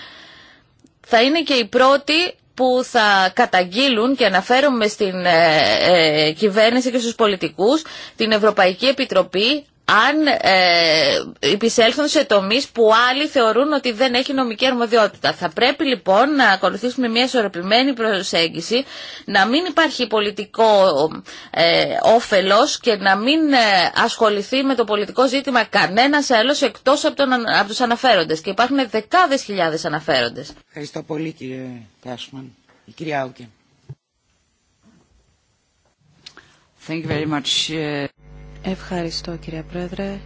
θα είναι και οι πρώτοι που θα καταγγείλουν και αναφέρομαι στην ε, ε, κυβέρνηση και στους πολιτικούς, την Ευρωπαϊκή Επιτροπή αν ε, σε τομείς που άλλοι θεωρούν ότι δεν έχει νομική αρμοδιότητα. Θα πρέπει λοιπόν να ακολουθήσουμε μια ισορροπημένη προσέγγιση, να μην υπάρχει πολιτικό ε, όφελος και να μην ε, ασχοληθεί με το πολιτικό ζήτημα κανένας άλλος εκτός από, από τους αναφέροντες. Και υπάρχουν δεκάδες χιλιάδες αναφέροντες. Ευχαριστώ πολύ κύριε Κάσμαν. Η κυρία Άουκε. Thank you very much. Ε, Ευχαριστώ κυρία Πρόεδρε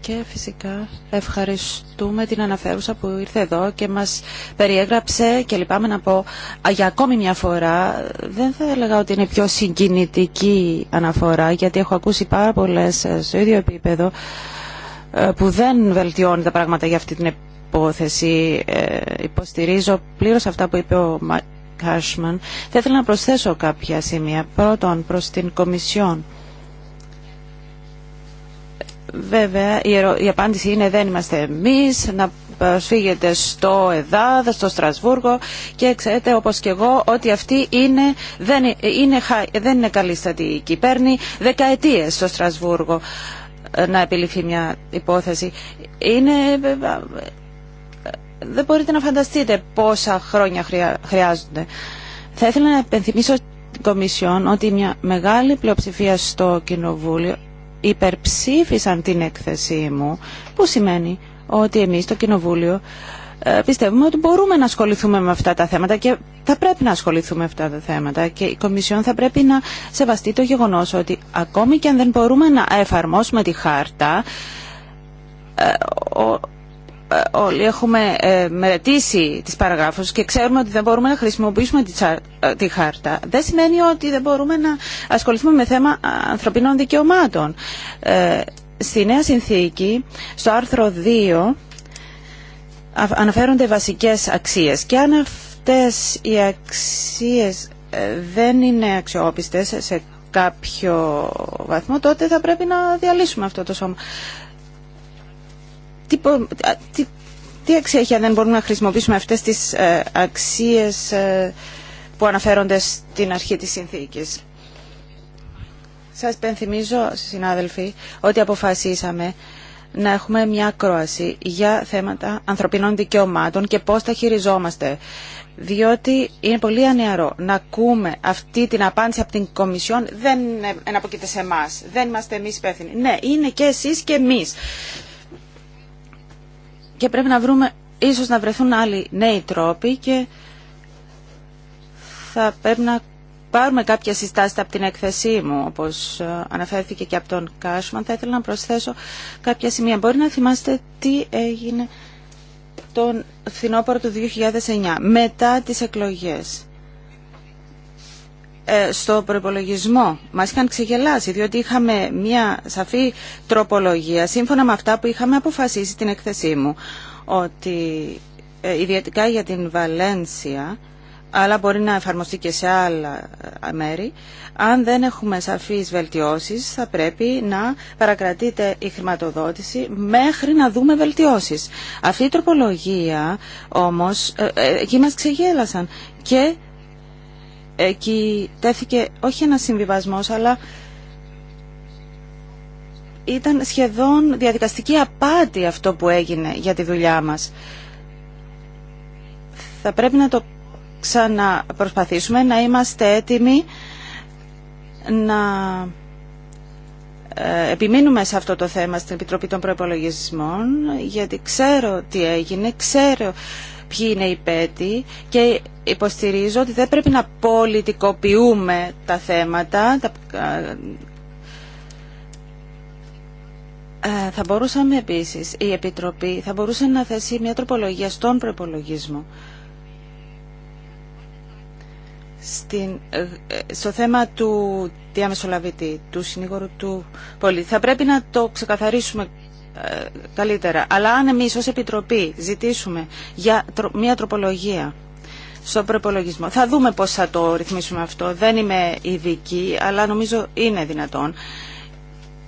και φυσικά ευχαριστούμε την αναφέρουσα που ήρθε εδώ και μας περιέγραψε και λυπάμαι να πω για ακόμη μια φορά δεν θα έλεγα ότι είναι πιο συγκινητική αναφορά γιατί έχω ακούσει πάρα πολλές ε, στο ίδιο επίπεδο ε, που δεν βελτιώνει τα πράγματα για αυτή την υπόθεση ε, υποστηρίζω πλήρως αυτά που είπε ο Κάσμαν θα ήθελα να προσθέσω κάποια σημεία πρώτον προς την Κομισιόν Βέβαια, η απάντηση είναι δεν είμαστε εμείς, να προσφύγετε ε, στο ΕΔΑΔ, στο Στρασβούργο και ξέρετε όπως και εγώ ότι αυτή είναι, δεν, ε, είναι, δεν είναι καλή στατική. Παίρνει δεκαετίες στο Στρασβούργο ε, να επιληφθεί μια υπόθεση. Είναι, δεν μπορείτε να φανταστείτε πόσα χρόνια χρειάζονται. Θα ήθελα να επενθυμίσω την Κομισιόν ότι μια μεγάλη πλειοψηφία στο Κοινοβούλιο υπερψήφισαν την έκθεσή μου, που σημαίνει ότι εμείς το Κοινοβούλιο ε, πιστεύουμε ότι μπορούμε να ασχοληθούμε με αυτά τα θέματα και θα πρέπει να ασχοληθούμε με αυτά τα θέματα και η Κομισιόν θα πρέπει να σεβαστεί το γεγονός ότι ακόμη και αν δεν μπορούμε να εφαρμόσουμε τη χάρτα, ε, όλοι έχουμε ε, μελετήσει τις παραγράφους και ξέρουμε ότι δεν μπορούμε να χρησιμοποιήσουμε τη ε, χάρτα. Δεν σημαίνει ότι δεν μπορούμε να ασχοληθούμε με θέμα ανθρωπίνων δικαιωμάτων. Ε, στη Νέα Συνθήκη, στο άρθρο 2, αναφέρονται βασικές αξίες και αν αυτές οι αξίες δεν είναι αξιόπιστες σε κάποιο βαθμό τότε θα πρέπει να διαλύσουμε αυτό το σώμα τι, τι, αξία έχει αν δεν μπορούμε να χρησιμοποιήσουμε αυτές τις ε, αξίες ε, που αναφέρονται στην αρχή της συνθήκης. Σας πενθυμίζω, συνάδελφοι, ότι αποφασίσαμε να έχουμε μια ακρόαση για θέματα ανθρωπινών δικαιωμάτων και πώς τα χειριζόμαστε. Διότι είναι πολύ ανιαρό να ακούμε αυτή την απάντηση από την Κομισιόν δεν ε, εναποκείται σε εμά. Δεν είμαστε εμεί υπεύθυνοι. Ναι, είναι και εσεί και εμεί και πρέπει να βρούμε, ίσως να βρεθούν άλλοι νέοι τρόποι και θα πρέπει να πάρουμε κάποια συστάσεις από την έκθεσή μου, όπως ε, αναφέρθηκε και από τον Κάσμαν. Θα ήθελα να προσθέσω κάποια σημεία. Μπορεί να θυμάστε τι έγινε τον φθινόπωρο του 2009, μετά τις εκλογές. Ε, στο προπολογισμό. μα είχαν ξεγελάσει διότι είχαμε μια σαφή τροπολογία σύμφωνα με αυτά που είχαμε αποφασίσει την εκθεσή μου ότι ε, ιδιαίτερα για την Βαλένσια αλλά μπορεί να εφαρμοστεί και σε άλλα ε, μέρη. Αν δεν έχουμε σαφείς βελτιώσεις, θα πρέπει να παρακρατείται η χρηματοδότηση μέχρι να δούμε βελτιώσεις. Αυτή η τροπολογία, όμως, εκεί μας ξεγέλασαν και εκεί τέθηκε όχι ένα συμβιβασμό, αλλά ήταν σχεδόν διαδικαστική απάτη αυτό που έγινε για τη δουλειά μας. Θα πρέπει να το ξαναπροσπαθήσουμε, να είμαστε έτοιμοι να ε, επιμείνουμε σε αυτό το θέμα στην Επιτροπή των Προϋπολογισμών, γιατί ξέρω τι έγινε, ξέρω ποιοι είναι οι πέτοι και υποστηρίζω ότι δεν πρέπει να πολιτικοποιούμε τα θέματα. Τα... Ε, θα μπορούσαμε επίσης, η Επιτροπή θα μπορούσε να θέσει μια τροπολογία στον προπολογισμό. Στην, ε, στο θέμα του διαμεσολαβητή, του συνήγορου του πολίτη. Θα πρέπει να το ξεκαθαρίσουμε ε, καλύτερα. Αλλά αν εμεί ω Επιτροπή ζητήσουμε για μια τροπολογία στον προπολογισμό. Θα δούμε πώς θα το ρυθμίσουμε αυτό. Δεν είμαι ειδική, αλλά νομίζω είναι δυνατόν.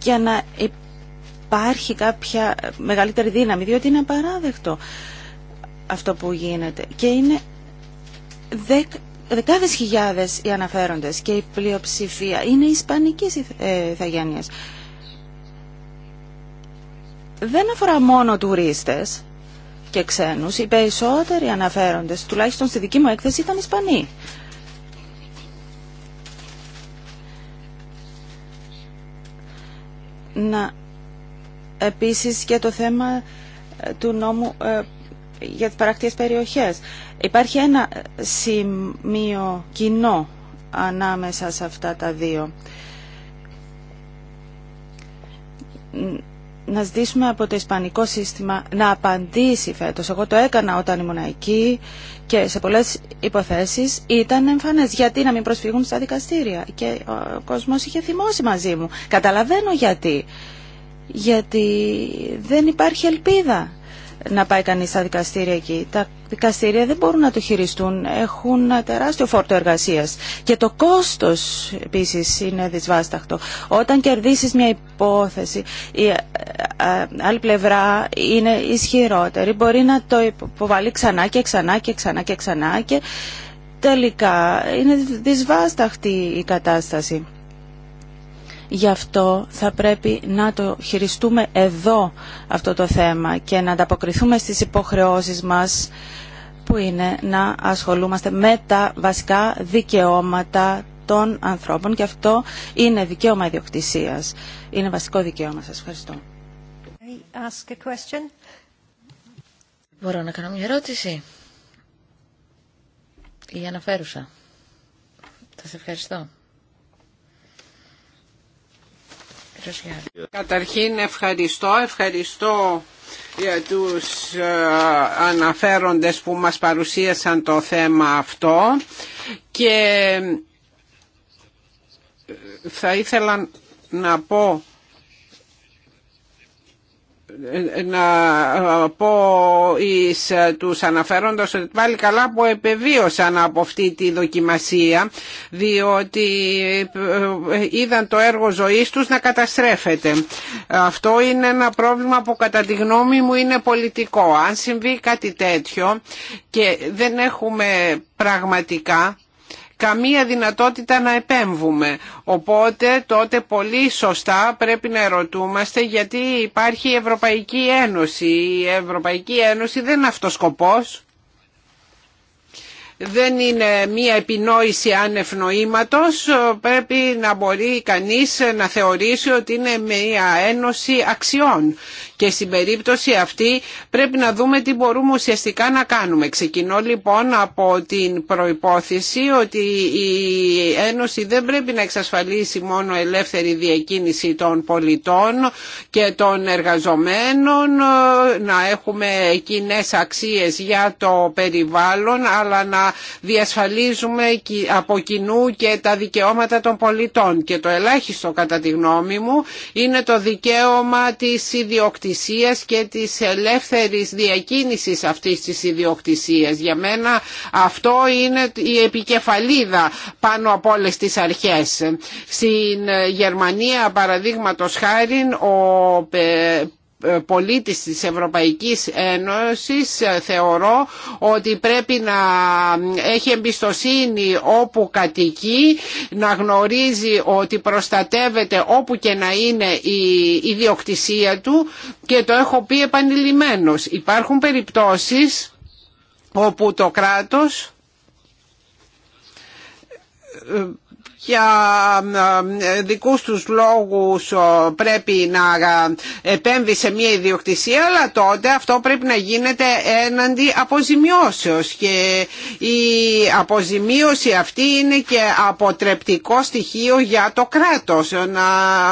Για να υπάρχει κάποια μεγαλύτερη δύναμη, διότι είναι απαράδεκτο αυτό που γίνεται. Και είναι δεκ, δεκάδες χιλιάδες οι αναφέροντε και η πλειοψηφία είναι ισπανικής ηθαγένειας. Ε, δεν αφορά μόνο τουρίστες και ξένους. Οι περισσότεροι αναφέροντες, τουλάχιστον στη δική μου έκθεση, ήταν Ισπανοί. Να, επίσης και το θέμα ε, του νόμου ε, για τις παρακτίες περιοχές. Υπάρχει ένα ε, σημείο κοινό ανάμεσα σε αυτά τα δύο να ζητήσουμε από το Ισπανικό σύστημα να απαντήσει φέτος. Εγώ το έκανα όταν ήμουν εκεί και σε πολλές υποθέσεις ήταν εμφανές. Γιατί να μην προσφύγουν στα δικαστήρια. Και ο κόσμος είχε θυμώσει μαζί μου. Καταλαβαίνω γιατί. Γιατί δεν υπάρχει ελπίδα να πάει κανείς στα δικαστήρια εκεί. Τα δικαστήρια δεν μπορούν να το χειριστούν, έχουν τεράστιο φόρτο εργασίας. Και το κόστος επίσης είναι δυσβάσταχτο. Όταν κερδίσεις μια υπόθεση, η ε, ε, ε, άλλη πλευρά είναι ισχυρότερη, μπορεί να το υποβάλει ξανά και ξανά και ξανά και ξανά και τελικά είναι δυσβάσταχτη η κατάσταση. Γι' αυτό θα πρέπει να το χειριστούμε εδώ αυτό το θέμα και να ανταποκριθούμε στις υποχρεώσεις μας που είναι να ασχολούμαστε με τα βασικά δικαιώματα των ανθρώπων και αυτό είναι δικαίωμα ιδιοκτησίας. Είναι βασικό δικαίωμα. Σας ευχαριστώ. Μπορώ να κάνω μια ερώτηση ή αναφέρουσα. Σας ευχαριστώ. Καταρχήν ευχαριστώ, ευχαριστώ για τους ε, αναφέροντες που μας παρουσίασαν το θέμα αυτό και ε, θα ήθελα να πω να ε, πω εις ε, τους αναφέροντας ότι πάλι καλά που επεβίωσαν από αυτή τη δοκιμασία διότι ε, είδαν το έργο ζωής τους να καταστρέφεται. Αυτό είναι ένα πρόβλημα που κατά τη γνώμη μου είναι πολιτικό. Αν συμβεί κάτι τέτοιο και δεν έχουμε πραγματικά καμία δυνατότητα να επέμβουμε. Οπότε τότε πολύ σωστά πρέπει να ερωτούμαστε γιατί υπάρχει η Ευρωπαϊκή Ένωση. Η Ευρωπαϊκή Ένωση δεν είναι αυτός σκοπός. Δεν είναι μία επινόηση ανευνοήματος, πρέπει να μπορεί κανείς να θεωρήσει ότι είναι μία ένωση αξιών και στην περίπτωση αυτή πρέπει να δούμε τι μπορούμε ουσιαστικά να κάνουμε. Ξεκινώ λοιπόν από την προϋπόθεση ότι η Ένωση δεν πρέπει να εξασφαλίσει μόνο ελεύθερη διακίνηση των πολιτών και των εργαζομένων, να έχουμε κοινέ αξίες για το περιβάλλον, αλλά να διασφαλίζουμε από κοινού και τα δικαιώματα των πολιτών. Και το ελάχιστο κατά τη γνώμη μου είναι το δικαίωμα της ιδιοκτησίας ιδιοκτησίας και της ελεύθερης διακίνησης αυτής της ιδιοκτησίας. Για μένα αυτό είναι η επικεφαλίδα πάνω από όλε τι αρχές. Στην Γερμανία παραδείγματος χάρη ο ε, ε, πολίτης της Ευρωπαϊκής Ένωσης ε, θεωρώ ότι πρέπει να έχει εμπιστοσύνη όπου κατοικεί, να γνωρίζει ότι προστατεύεται όπου και να είναι η ιδιοκτησία του και το έχω πει επανειλημμένος. Υπάρχουν περιπτώσεις όπου το κράτος ε, για ε, ε, δικούς τους λόγους πρέπει να ε, επέμβει σε μια ιδιοκτησία αλλά τότε αυτό πρέπει να γίνεται έναντι αποζημιώσεως και η αποζημίωση αυτή είναι και αποτρεπτικό στοιχείο για το κράτος να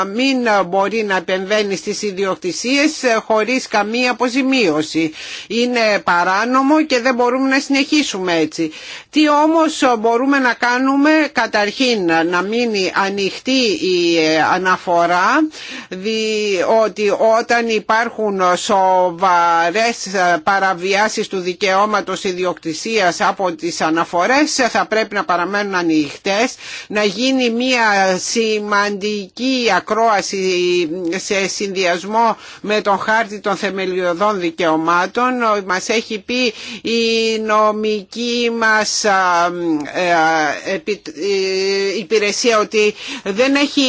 μην μπορεί να επεμβαίνει στις ιδιοκτησίες χωρίς καμία αποζημίωση είναι παράνομο και δεν μπορούμε να συνεχίσουμε έτσι τι όμως μπορούμε να κάνουμε καταρχήν να μείνει ανοιχτή η ε, αναφορά διότι όταν υπάρχουν σοβαρές ε, παραβιάσεις του δικαιώματος ιδιοκτησίας από τις αναφορές θα πρέπει να παραμένουν ανοιχτές να γίνει μια σημαντική ακρόαση σε συνδυασμό με τον χάρτη των θεμελιωδών δικαιωμάτων μας έχει πει η νομική μας ε, υπηρεσία ότι δεν έχει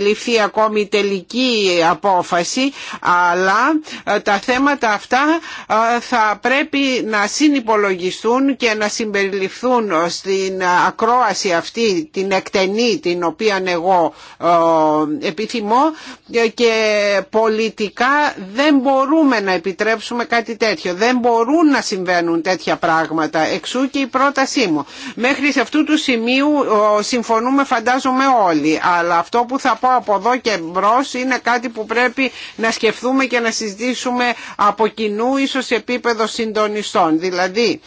ληφθεί ακόμη τελική απόφαση αλλά ε, τα θέματα αυτά ε, θα πρέπει να συνυπολογιστούν και να συμπεριληφθούν στην ακρόαση αυτή την εκτενή την οποία εγώ ε, επιθυμώ και πολιτικά δεν μπορούμε να επιτρέψουμε κάτι τέτοιο. Δεν μπορούν να συμβαίνουν τέτοια πράγματα. Εξού και η πρότασή μου. Μέχρι σε αυτού του σημείου συμφωνούμε φαντάζομαι όλοι. Αλλά αυτό που θα πω από εδώ και μπρο είναι κάτι που πρέπει να σκεφτούμε και να συζητήσουμε από κοινού ίσως επίπεδο συντονιστών. Δηλαδή,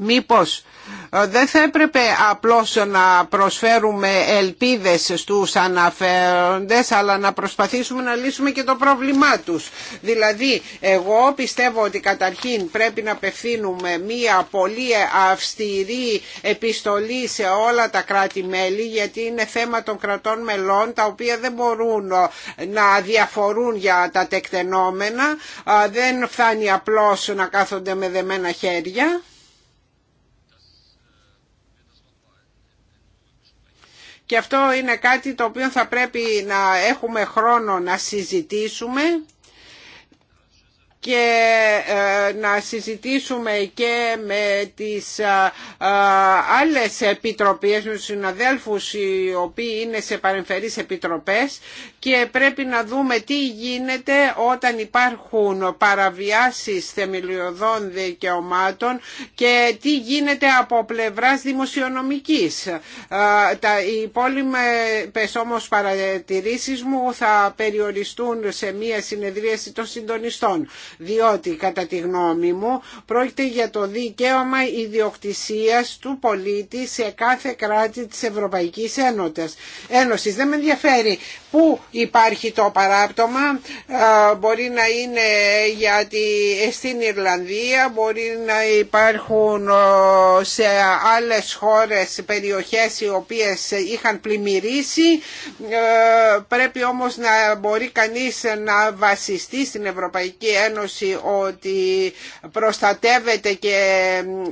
μήπως ε, δεν θα έπρεπε απλώς να προσφέρουμε ελπίδες στους αναφέροντες αλλά να προσπαθήσουμε να λύσουμε και το πρόβλημά τους. Δηλαδή εγώ πιστεύω ότι καταρχήν πρέπει να απευθύνουμε μία πολύ αυστηρή επιστολή σε όλα τα κράτη-μέλη γιατί είναι θέμα των κρατών μελών τα οποία δεν μπορούν ε, να διαφορούν για τα τεκτενόμενα. Ε, δεν φτάνει απλώς να κάθονται με δεμένα χέρια. και αυτό είναι κάτι το οποίο θα πρέπει να έχουμε χρόνο να συζητήσουμε και ε, να συζητήσουμε και με τις ε, ε, άλλες επιτροπές, με τους συναδέλφους οι οποίοι είναι σε παρεμφερείς επιτροπές και πρέπει να δούμε τι γίνεται όταν υπάρχουν παραβιάσεις θεμελιωδών δικαιωμάτων και τι γίνεται από πλευράς δημοσιονομικής. Οι υπόλοιπες όμως παρατηρήσεις μου θα περιοριστούν σε μία συνεδρίαση των συντονιστών διότι κατά τη γνώμη μου πρόκειται για το δικαίωμα ιδιοκτησίας του πολίτη σε κάθε κράτη της Ευρωπαϊκής Ένωσης. Δεν με ενδιαφέρει πού υπάρχει το παράπτωμα, μπορεί να είναι γιατί στην Ιρλανδία, μπορεί να υπάρχουν σε άλλες χώρες περιοχές οι οποίες είχαν πλημμυρίσει, πρέπει όμως να μπορεί κανείς να βασιστεί στην Ευρωπαϊκή Ένωση ότι προστατεύεται και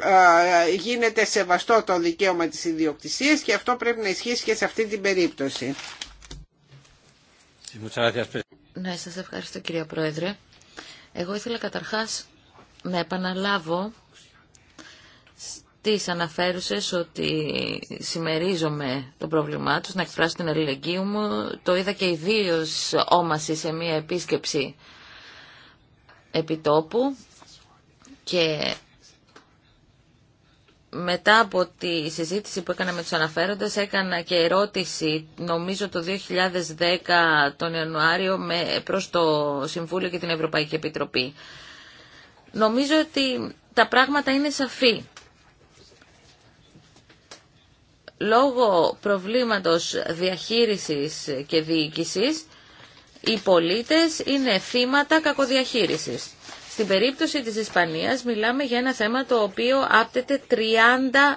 ε, γίνεται σεβαστό το δικαίωμα της ιδιοκτησίας και αυτό πρέπει να ισχύσει και σε αυτή την περίπτωση. Ναι, σας ευχαριστώ κυρία Πρόεδρε. Εγώ ήθελα καταρχάς να επαναλάβω στις αναφέρουσες ότι συμμερίζομαι το πρόβλημά τους, να εκφράσω την αλληλεγγύη μου. Το είδα και ιδίω όμαση σε μία επίσκεψη επιτόπου και μετά από τη συζήτηση που έκανα με τους αναφέροντες έκανα και ερώτηση νομίζω το 2010 τον Ιανουάριο με, προς το Συμβούλιο και την Ευρωπαϊκή Επιτροπή. Νομίζω ότι τα πράγματα είναι σαφή. Λόγω προβλήματος διαχείρισης και διοίκησης οι πολίτες είναι θύματα κακοδιαχείρισης. Στην περίπτωση της Ισπανίας μιλάμε για ένα θέμα το οποίο άπτεται 30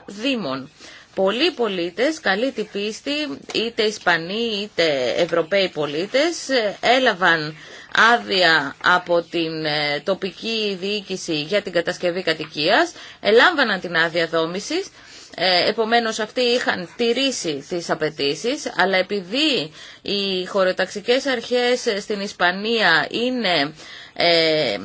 δήμων. Πολλοί πολίτες, καλή την πίστη, είτε Ισπανοί είτε Ευρωπαίοι πολίτες, έλαβαν άδεια από την ε, τοπική διοίκηση για την κατασκευή κατοικίας, ελάμβαναν την άδεια δόμησης, ε, επομένως αυτοί είχαν τηρήσει τις απαιτήσει, αλλά επειδή οι χωροταξικές αρχές στην Ισπανία είναι ε,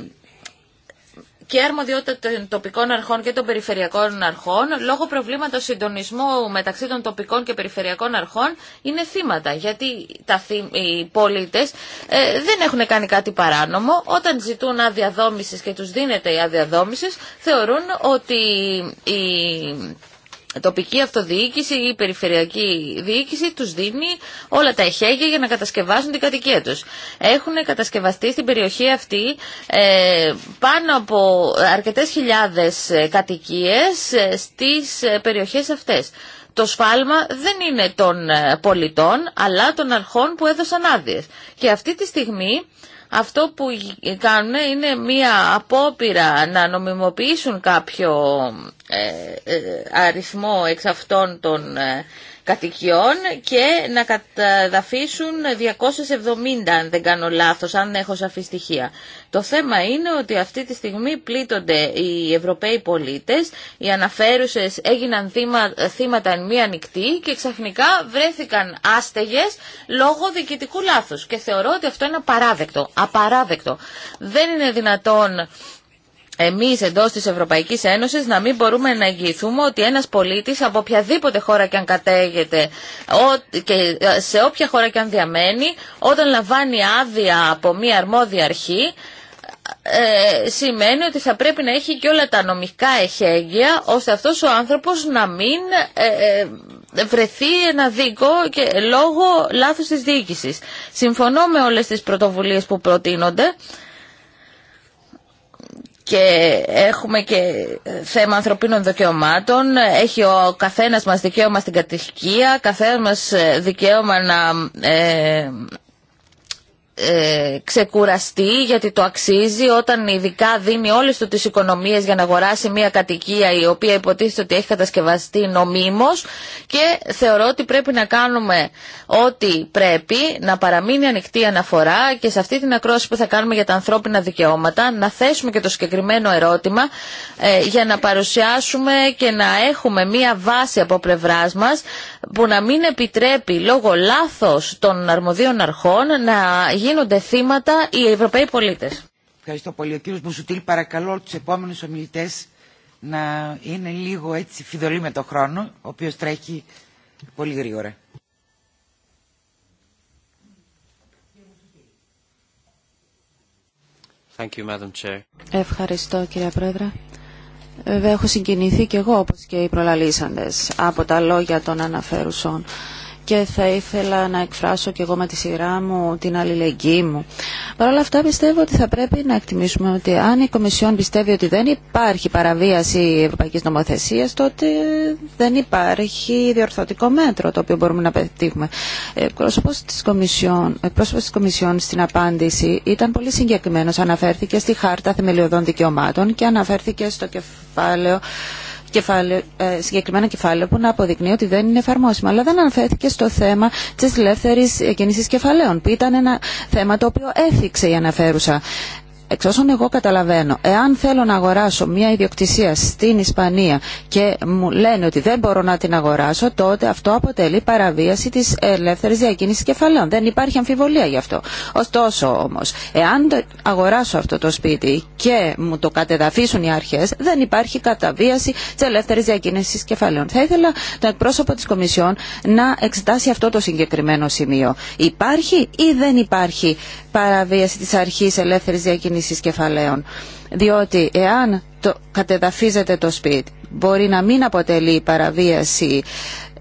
και αρμοδιότητα των τοπικών αρχών και των περιφερειακών αρχών, λόγω προβλήματο συντονισμού μεταξύ των τοπικών και περιφερειακών αρχών, είναι θύματα. Γιατί οι πολίτε ε, δεν έχουν κάνει κάτι παράνομο. Όταν ζητούν άδεια και του δίνεται η άδεια θεωρούν ότι τοπική αυτοδιοίκηση ή περιφερειακή διοίκηση τους δίνει όλα τα εχέγια για να κατασκευάσουν την κατοικία τους. Έχουν κατασκευαστεί στην περιοχή αυτή ε, πάνω από αρκετές χιλιάδες ε, κατοικίες ε, στις περιοχές αυτές. Το σφάλμα δεν είναι των πολιτών αλλά των αρχών που έδωσαν άδειες. Και αυτή τη στιγμή αυτό που κάνουν είναι μία απόπειρα να νομιμοποιήσουν κάποιο ε, ε, αριθμό εξ αυτών των ε, κατοικιών και να καταδαφίσουν 270 αν δεν κάνω λάθος, αν έχω σαφή στοιχεία. Το θέμα είναι ότι αυτή τη στιγμή πλήττονται οι Ευρωπαίοι πολίτες, οι αναφέρουσες έγιναν θύμα, θύματα εν μία νυχτή και ξαφνικά βρέθηκαν άστεγες λόγω διοικητικού λάθους. Και θεωρώ ότι αυτό είναι απαράδεκτο. απαράδεκτο. Δεν είναι δυνατόν εμείς εντός της Ευρωπαϊκής Ένωσης να μην μπορούμε να εγγυηθούμε ότι ένας πολίτης από οποιαδήποτε χώρα και αν κατέγεται και ε, σε όποια χώρα και αν διαμένει όταν λαμβάνει άδεια από μία αρμόδια αρχή ε, σημαίνει ότι θα πρέπει να έχει και όλα τα νομικά εχέγγυα ώστε αυτός ο άνθρωπος να μην ε, ε, βρεθεί ένα δίκο και λόγω λάθους της διοίκησης. Συμφωνώ με όλες τις πρωτοβουλίες που προτείνονται και έχουμε και ε, θέμα ανθρωπίνων δικαιωμάτων. Έχει ο καθένας μας δικαίωμα στην κατοικία, καθένας μας ε, δικαίωμα να ε, ε, ξεκουραστεί γιατί το αξίζει όταν ειδικά δίνει όλες του τις οικονομίες για να αγοράσει μια κατοικία η οποία υποτίθεται ότι έχει κατασκευαστεί νομίμως και θεωρώ ότι πρέπει να κάνουμε ό,τι πρέπει να παραμείνει ανοιχτή αναφορά και σε αυτή την ακρόαση που θα κάνουμε για τα ανθρώπινα δικαιώματα να θέσουμε και το συγκεκριμένο ερώτημα ε, για να παρουσιάσουμε και να έχουμε μια βάση από πλευρά μας που να μην επιτρέπει λόγω λάθος των αρμοδίων αρχών να γίνονται θύματα οι Ευρωπαίοι πολίτες. Ευχαριστώ πολύ. Ο κύριος Μπουσουτήλ παρακαλώ τους επόμενους ομιλητές να είναι λίγο έτσι φιδωλοί με το χρόνο, ο οποίος τρέχει πολύ γρήγορα. Ευχαριστώ κυρία Πρόεδρε. Βέβαια έχω συγκινηθεί και εγώ όπως και οι προλαλήσαντες από τα λόγια των αναφέρουσων και θα ήθελα να εκφράσω και εγώ με τη σειρά μου την αλληλεγγύη μου. Παρ' όλα αυτά πιστεύω ότι θα πρέπει να εκτιμήσουμε ότι αν η Κομισιόν πιστεύει ότι δεν υπάρχει παραβίαση ευρωπαϊκής νομοθεσίας τότε δεν υπάρχει διορθωτικό μέτρο το οποίο μπορούμε να πετύχουμε. Ο πρόσωπο τη Κομισιόν στην απάντηση ήταν πολύ συγκεκριμένο. Αναφέρθηκε στη Χάρτα Θεμελιωδών Δικαιωμάτων και αναφέρθηκε στο κεφάλαιο ε, συγκεκριμένα κεφάλαιο που να αποδεικνύει ότι δεν είναι εφαρμόσιμο. Αλλά δεν αναφέρθηκε στο θέμα τη ελεύθερη κινήση κεφαλαίων, που ήταν ένα θέμα το οποίο έθιξε η αναφέρουσα. Εξ όσων εγώ καταλαβαίνω, εάν θέλω να αγοράσω μια ιδιοκτησία στην Ισπανία και μου λένε ότι δεν μπορώ να την αγοράσω, τότε αυτό αποτελεί παραβίαση τη ελεύθερη διακίνηση κεφαλαίων. Δεν υπάρχει αμφιβολία γι' αυτό. Ωστόσο όμω, εάν αγοράσω αυτό το σπίτι και μου το κατεδαφίσουν οι αρχέ, δεν υπάρχει καταβίαση τη ελεύθερη διακίνηση κεφαλαίων. Θα ήθελα τον εκπρόσωπο τη Κομισιόν να εξετάσει αυτό το συγκεκριμένο σημείο. Υπάρχει ή δεν υπάρχει παραβίαση τη αρχή ελεύθερη διακίνηση. Διότι εάν το, κατεδαφίζεται το σπίτι, μπορεί να μην αποτελεί παραβίαση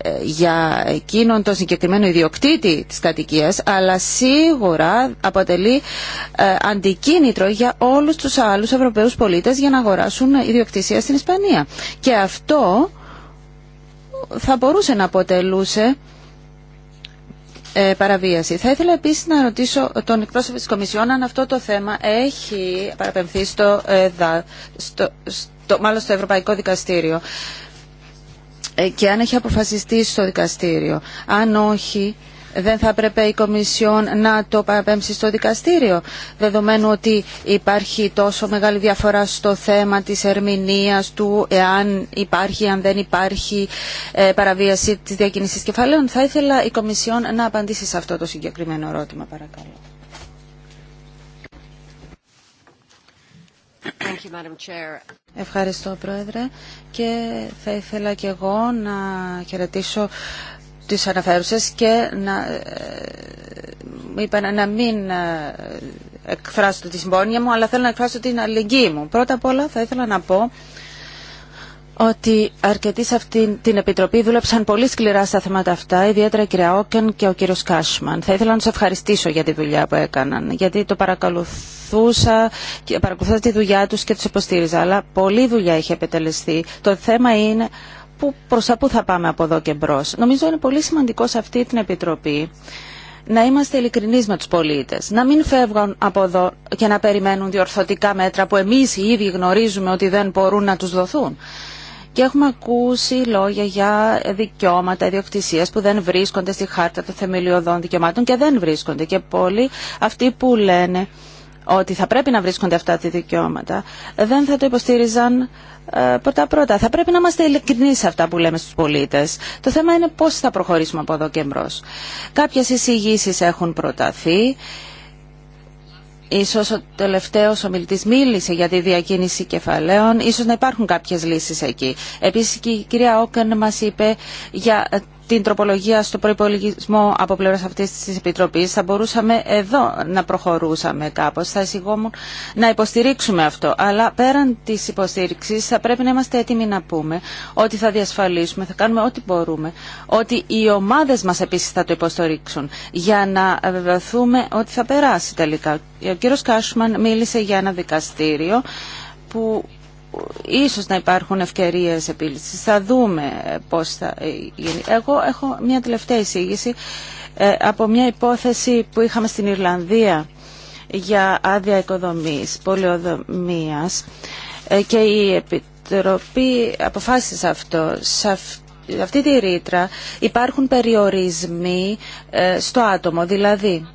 ε, για εκείνον τον συγκεκριμένο ιδιοκτήτη της κατοικίας αλλά σίγουρα αποτελεί ε, αντικίνητρο για όλους τους άλλους Ευρωπαίους πολίτες για να αγοράσουν ιδιοκτησία στην Ισπανία. Και αυτό θα μπορούσε να αποτελούσε ε, παραβίαση. Θα ήθελα επίσης να ρωτήσω τον εκπρόσωπο της Κομισιόν αν αυτό το θέμα έχει παραπεμφθεί στο, ε, στο, στο, μάλλον στο Ευρωπαϊκό Δικαστήριο ε, και αν έχει αποφασιστεί στο δικαστήριο. Αν όχι, δεν θα έπρεπε η Κομισιόν να το παραπέμψει στο δικαστήριο, δεδομένου ότι υπάρχει τόσο μεγάλη διαφορά στο θέμα της ερμηνείας του, εάν υπάρχει, αν δεν υπάρχει ε, παραβίαση της διακίνησης κεφαλαίων. Θα ήθελα η Κομισιόν να απαντήσει σε αυτό το συγκεκριμένο ερώτημα, παρακαλώ. Ευχαριστώ Πρόεδρε και θα ήθελα και εγώ να χαιρετήσω τις αναφέρουσες και να, μου ε, είπα να μην ε, εκφράσω τη συμπόνια μου, αλλά θέλω να εκφράσω την αλληλεγγύη μου. Πρώτα απ' όλα θα ήθελα να πω ότι αρκετοί σε αυτή την Επιτροπή δούλεψαν πολύ σκληρά στα θέματα αυτά, ιδιαίτερα η κυρία Όκεν και ο κύριος Κάσμαν. Θα ήθελα να του ευχαριστήσω για τη δουλειά που έκαναν, γιατί το παρακολουθούσα, παρακολουθούσα τη δουλειά τους και τους υποστήριζα, αλλά πολλή δουλειά είχε επιτελεστεί. Το θέμα είναι που, προς που θα πάμε από εδώ και μπρος. Νομίζω είναι πολύ σημαντικό σε αυτή την Επιτροπή να είμαστε ειλικρινεί με του πολίτες. Να μην φεύγουν από εδώ και να περιμένουν διορθωτικά μέτρα που εμείς οι ίδιοι γνωρίζουμε ότι δεν μπορούν να τους δοθούν. Και έχουμε ακούσει λόγια για δικαιώματα ιδιοκτησία που δεν βρίσκονται στη χάρτα των θεμελιωδών δικαιωμάτων και δεν βρίσκονται. Και πολλοί αυτοί που λένε ότι θα πρέπει να βρίσκονται αυτά τα δικαιώματα, δεν θα το υποστήριζαν ε, πρώτα-πρώτα. Θα πρέπει να είμαστε ειλικρινεί σε αυτά που λέμε στου πολίτε. Το θέμα είναι πώ θα προχωρήσουμε από εδώ και μπρο. Κάποιε εισηγήσει έχουν προταθεί. Ίσως ο τελευταίο ομιλητής μίλησε για τη διακίνηση κεφαλαίων. Ίσως να υπάρχουν κάποιε λύσει εκεί. Επίση και η κυρία Όκεν μα είπε για την τροπολογία στο προπολογισμό από πλευράς αυτής της Επιτροπής θα μπορούσαμε εδώ να προχωρούσαμε κάπως. Θα εισηγόμουν να υποστηρίξουμε αυτό. Αλλά πέραν της υποστήριξης θα πρέπει να είμαστε έτοιμοι να πούμε ότι θα διασφαλίσουμε, θα κάνουμε ό,τι μπορούμε, ότι οι ομάδε μας επίσης θα το υποστηρίξουν για να βεβαιωθούμε ότι θα περάσει τελικά. Ο κύριο Κάσουμαν μίλησε για ένα δικαστήριο που ίσως να υπάρχουν ευκαιρίες επίλυσης. Θα δούμε πώς θα γίνει. Εγώ έχω μια τελευταία εισήγηση ε, από μια υπόθεση που είχαμε στην Ιρλανδία για άδεια οικοδομής, πολεοδομίας ε, και η Επιτροπή αποφάσισε αυτό. Σε αυτή τη ρήτρα υπάρχουν περιορισμοί ε, στο άτομο, δηλαδή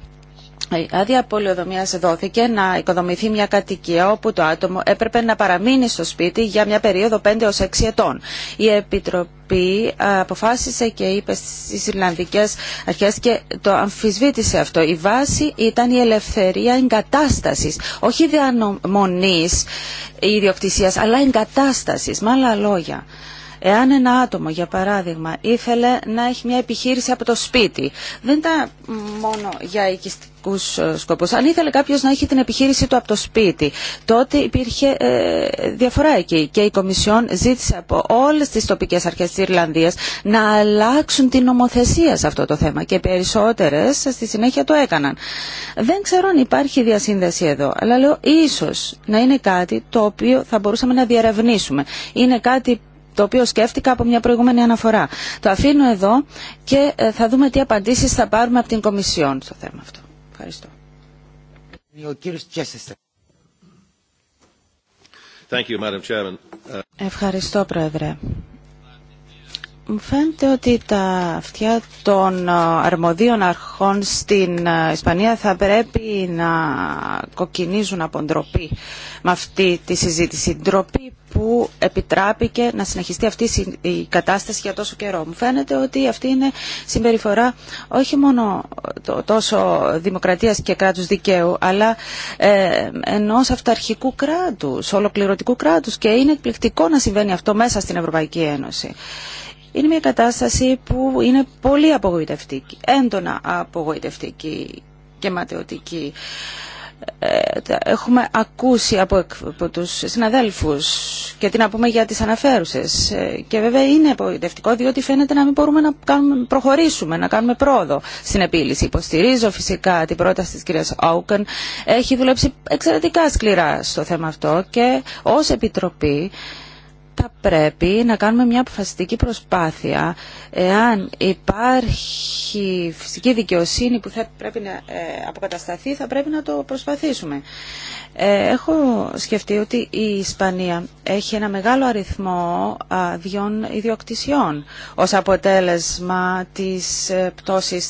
η άδεια πολιοδομία δόθηκε να οικοδομηθεί μια κατοικία όπου το άτομο έπρεπε να παραμείνει στο σπίτι για μια περίοδο 5 έως 6 ετών. Η Επιτροπή ε, αποφάσισε και είπε στις Ιρλανδικές αρχές και το αμφισβήτησε αυτό. Η βάση ήταν η ελευθερία εγκατάστασης, όχι διανομονής ιδιοκτησίας, αλλά εγκατάστασης, με άλλα λόγια. Εάν ένα άτομο, για παράδειγμα, ήθελε να έχει μια επιχείρηση από το σπίτι, δεν ήταν μόνο για οικιστικού ε, Σκοπούς. Αν ήθελε κάποιο να έχει την επιχείρηση του από το σπίτι, τότε υπήρχε ε, διαφορά εκεί. Και η Κομισιόν ζήτησε από όλε τι τοπικέ αρχέ τη Ιρλανδία να αλλάξουν την νομοθεσία σε αυτό το θέμα. Και περισσότερε στη συνέχεια το έκαναν. Δεν ξέρω αν υπάρχει διασύνδεση εδώ, αλλά λέω ίσω να είναι κάτι το οποίο θα μπορούσαμε να διερευνήσουμε. Είναι κάτι το οποίο σκέφτηκα από μια προηγούμενη αναφορά. Το αφήνω εδώ και ε, θα δούμε τι απαντήσεις θα πάρουμε από την Κομισιόν στο θέμα αυτό. Ευχαριστώ. Ευχαριστώ, Πρόεδρε. Μου φαίνεται ότι τα αυτιά των ε, αρμοδίων αρχών στην ε, Ισπανία θα πρέπει να κοκκινίζουν από ντροπή με αυτή τη συζήτηση. Ντροπή που επιτράπηκε να συνεχιστεί αυτή η κατάσταση για τόσο καιρό. Μου φαίνεται ότι αυτή είναι συμπεριφορά όχι μόνο τόσο δημοκρατίας και κράτους δικαίου, αλλά ε, ενός αυταρχικού κράτους, ολοκληρωτικού κράτους και είναι εκπληκτικό να συμβαίνει αυτό μέσα στην Ευρωπαϊκή Ένωση. Είναι μια κατάσταση που είναι πολύ απογοητευτική, έντονα απογοητευτική και ματαιωτική. Ε, έχουμε ακούσει από, από τους συναδέλφους και τι να πούμε για τις αναφέρουσες. Ε, και βέβαια είναι απογοητευτικό διότι φαίνεται να μην μπορούμε να κάνουμε, προχωρήσουμε, να κάνουμε πρόοδο στην επίλυση. Υποστηρίζω φυσικά την πρόταση της κυρίας Άουκεν. Έχει δουλέψει εξαιρετικά σκληρά στο θέμα αυτό και ως Επιτροπή θα πρέπει να κάνουμε μια αποφασιστική προσπάθεια εάν υπάρχει φυσική δικαιοσύνη που θα πρέπει να ε, αποκατασταθεί θα πρέπει να το προσπαθήσουμε. Ε, έχω σκεφτεί ότι η Ισπανία έχει ένα μεγάλο αριθμό αδειών ιδιοκτησιών ως αποτέλεσμα της ε, πτώσης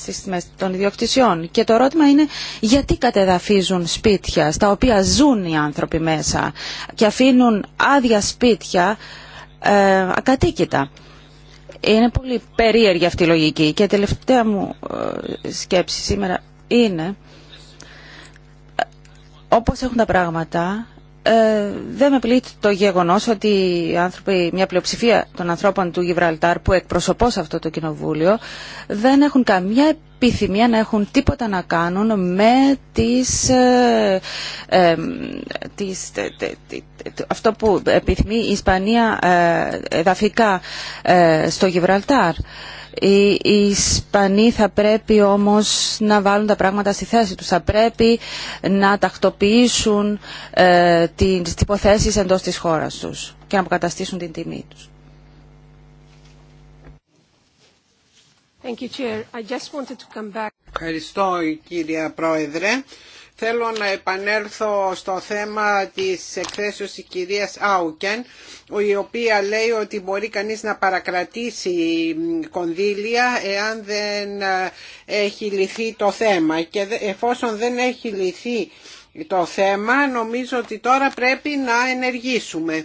των ιδιοκτησιών και το ερώτημα είναι γιατί κατεδαφίζουν σπίτια στα οποία ζουν οι άνθρωποι μέσα και αφήνουν άδεια σπίτια ε, Είναι πολύ περίεργη αυτή η λογική και η τελευταία μου ε, σκέψη σήμερα είναι ε, όπως έχουν τα πράγματα ε, δεν με πλήττει το γεγονός ότι άνθρωποι, μια πλειοψηφία των ανθρώπων του Γιβραλτάρ που εκπροσωπώ σε αυτό το κοινοβούλιο δεν έχουν καμιά επιθυμία να έχουν τίποτα να κάνουν με τις, ε, ε, τις αυτό που επιθυμεί η Ισπανία εδαφικά στο Γιβραλτάρ. Οι, Ισπανοί θα πρέπει όμως να βάλουν τα πράγματα στη θέση τους. Θα πρέπει να τακτοποιήσουν ε, τις υποθέσεις εντός της χώρας τους και να αποκαταστήσουν την τιμή τους. Ευχαριστώ κυρία Πρόεδρε. Θέλω να επανέλθω στο θέμα της εκθέσεως της κυρίας Άουκεν, η οποία λέει ότι μπορεί κανείς να παρακρατήσει κονδύλια εάν δεν έχει λυθεί το θέμα. Και εφόσον δεν έχει λυθεί το θέμα, νομίζω ότι τώρα πρέπει να ενεργήσουμε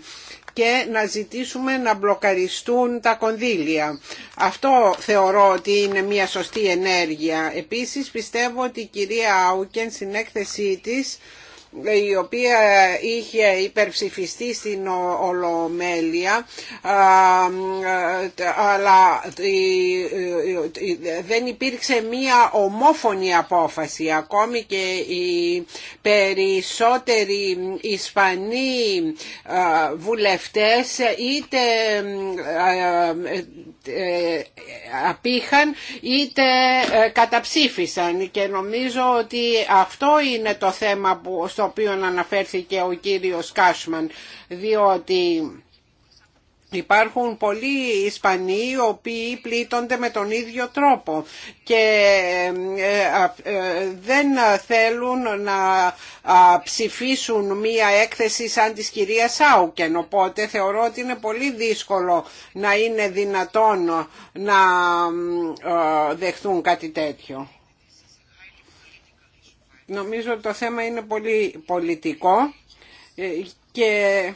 και να ζητήσουμε να μπλοκαριστούν τα κονδύλια. Αυτό θεωρώ ότι είναι μια σωστή ενέργεια. Επίσης πιστεύω ότι η κυρία Άουκεν στην έκθεσή της η οποία είχε υπερψηφιστεί στην Ολομέλεια αλλά δεν υπήρξε μία ομόφωνη απόφαση ακόμη και οι περισσότεροι Ισπανοί βουλευτές είτε ε, απήχαν είτε ε, καταψήφισαν και νομίζω ότι αυτό είναι το θέμα που, στο οποίο αναφέρθηκε ο κύριος Κάσμαν διότι Υπάρχουν πολλοί Ισπανοί οι οποίοι πλήττονται με τον ίδιο τρόπο και ε, ε, ε, δεν θέλουν να ψηφίσουν μία έκθεση σαν της κυρίας Σάουκεν. Οπότε θεωρώ ότι είναι πολύ δύσκολο να είναι δυνατόν να δεχθούν κάτι τέτοιο. Νομίζω ότι το θέμα είναι πολύ πολιτικό και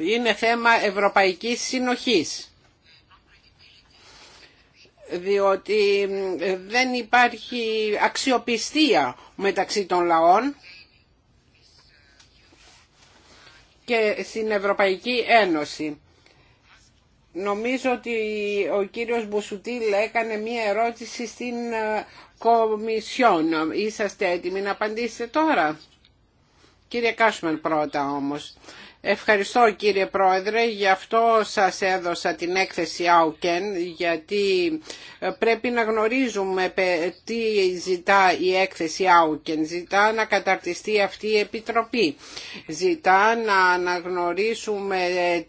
είναι θέμα ευρωπαϊκής συνοχής διότι δεν υπάρχει αξιοπιστία μεταξύ των λαών και στην Ευρωπαϊκή Ένωση. Νομίζω ότι ο κύριος Μπουσουτήλ έκανε μία ερώτηση στην ε, Κομισιόν. Είσαστε έτοιμοι να απαντήσετε τώρα. Κύριε Κάσμερ πρώτα όμως. Ευχαριστώ κύριε Πρόεδρε, γι' αυτό σας έδωσα την έκθεση Άουκεν, γιατί ε, πρέπει να γνωρίζουμε τι ζητά η έκθεση Άουκεν. Ζητά να καταρτιστεί αυτή η Επιτροπή. Ζητά να αναγνωρίσουμε ε,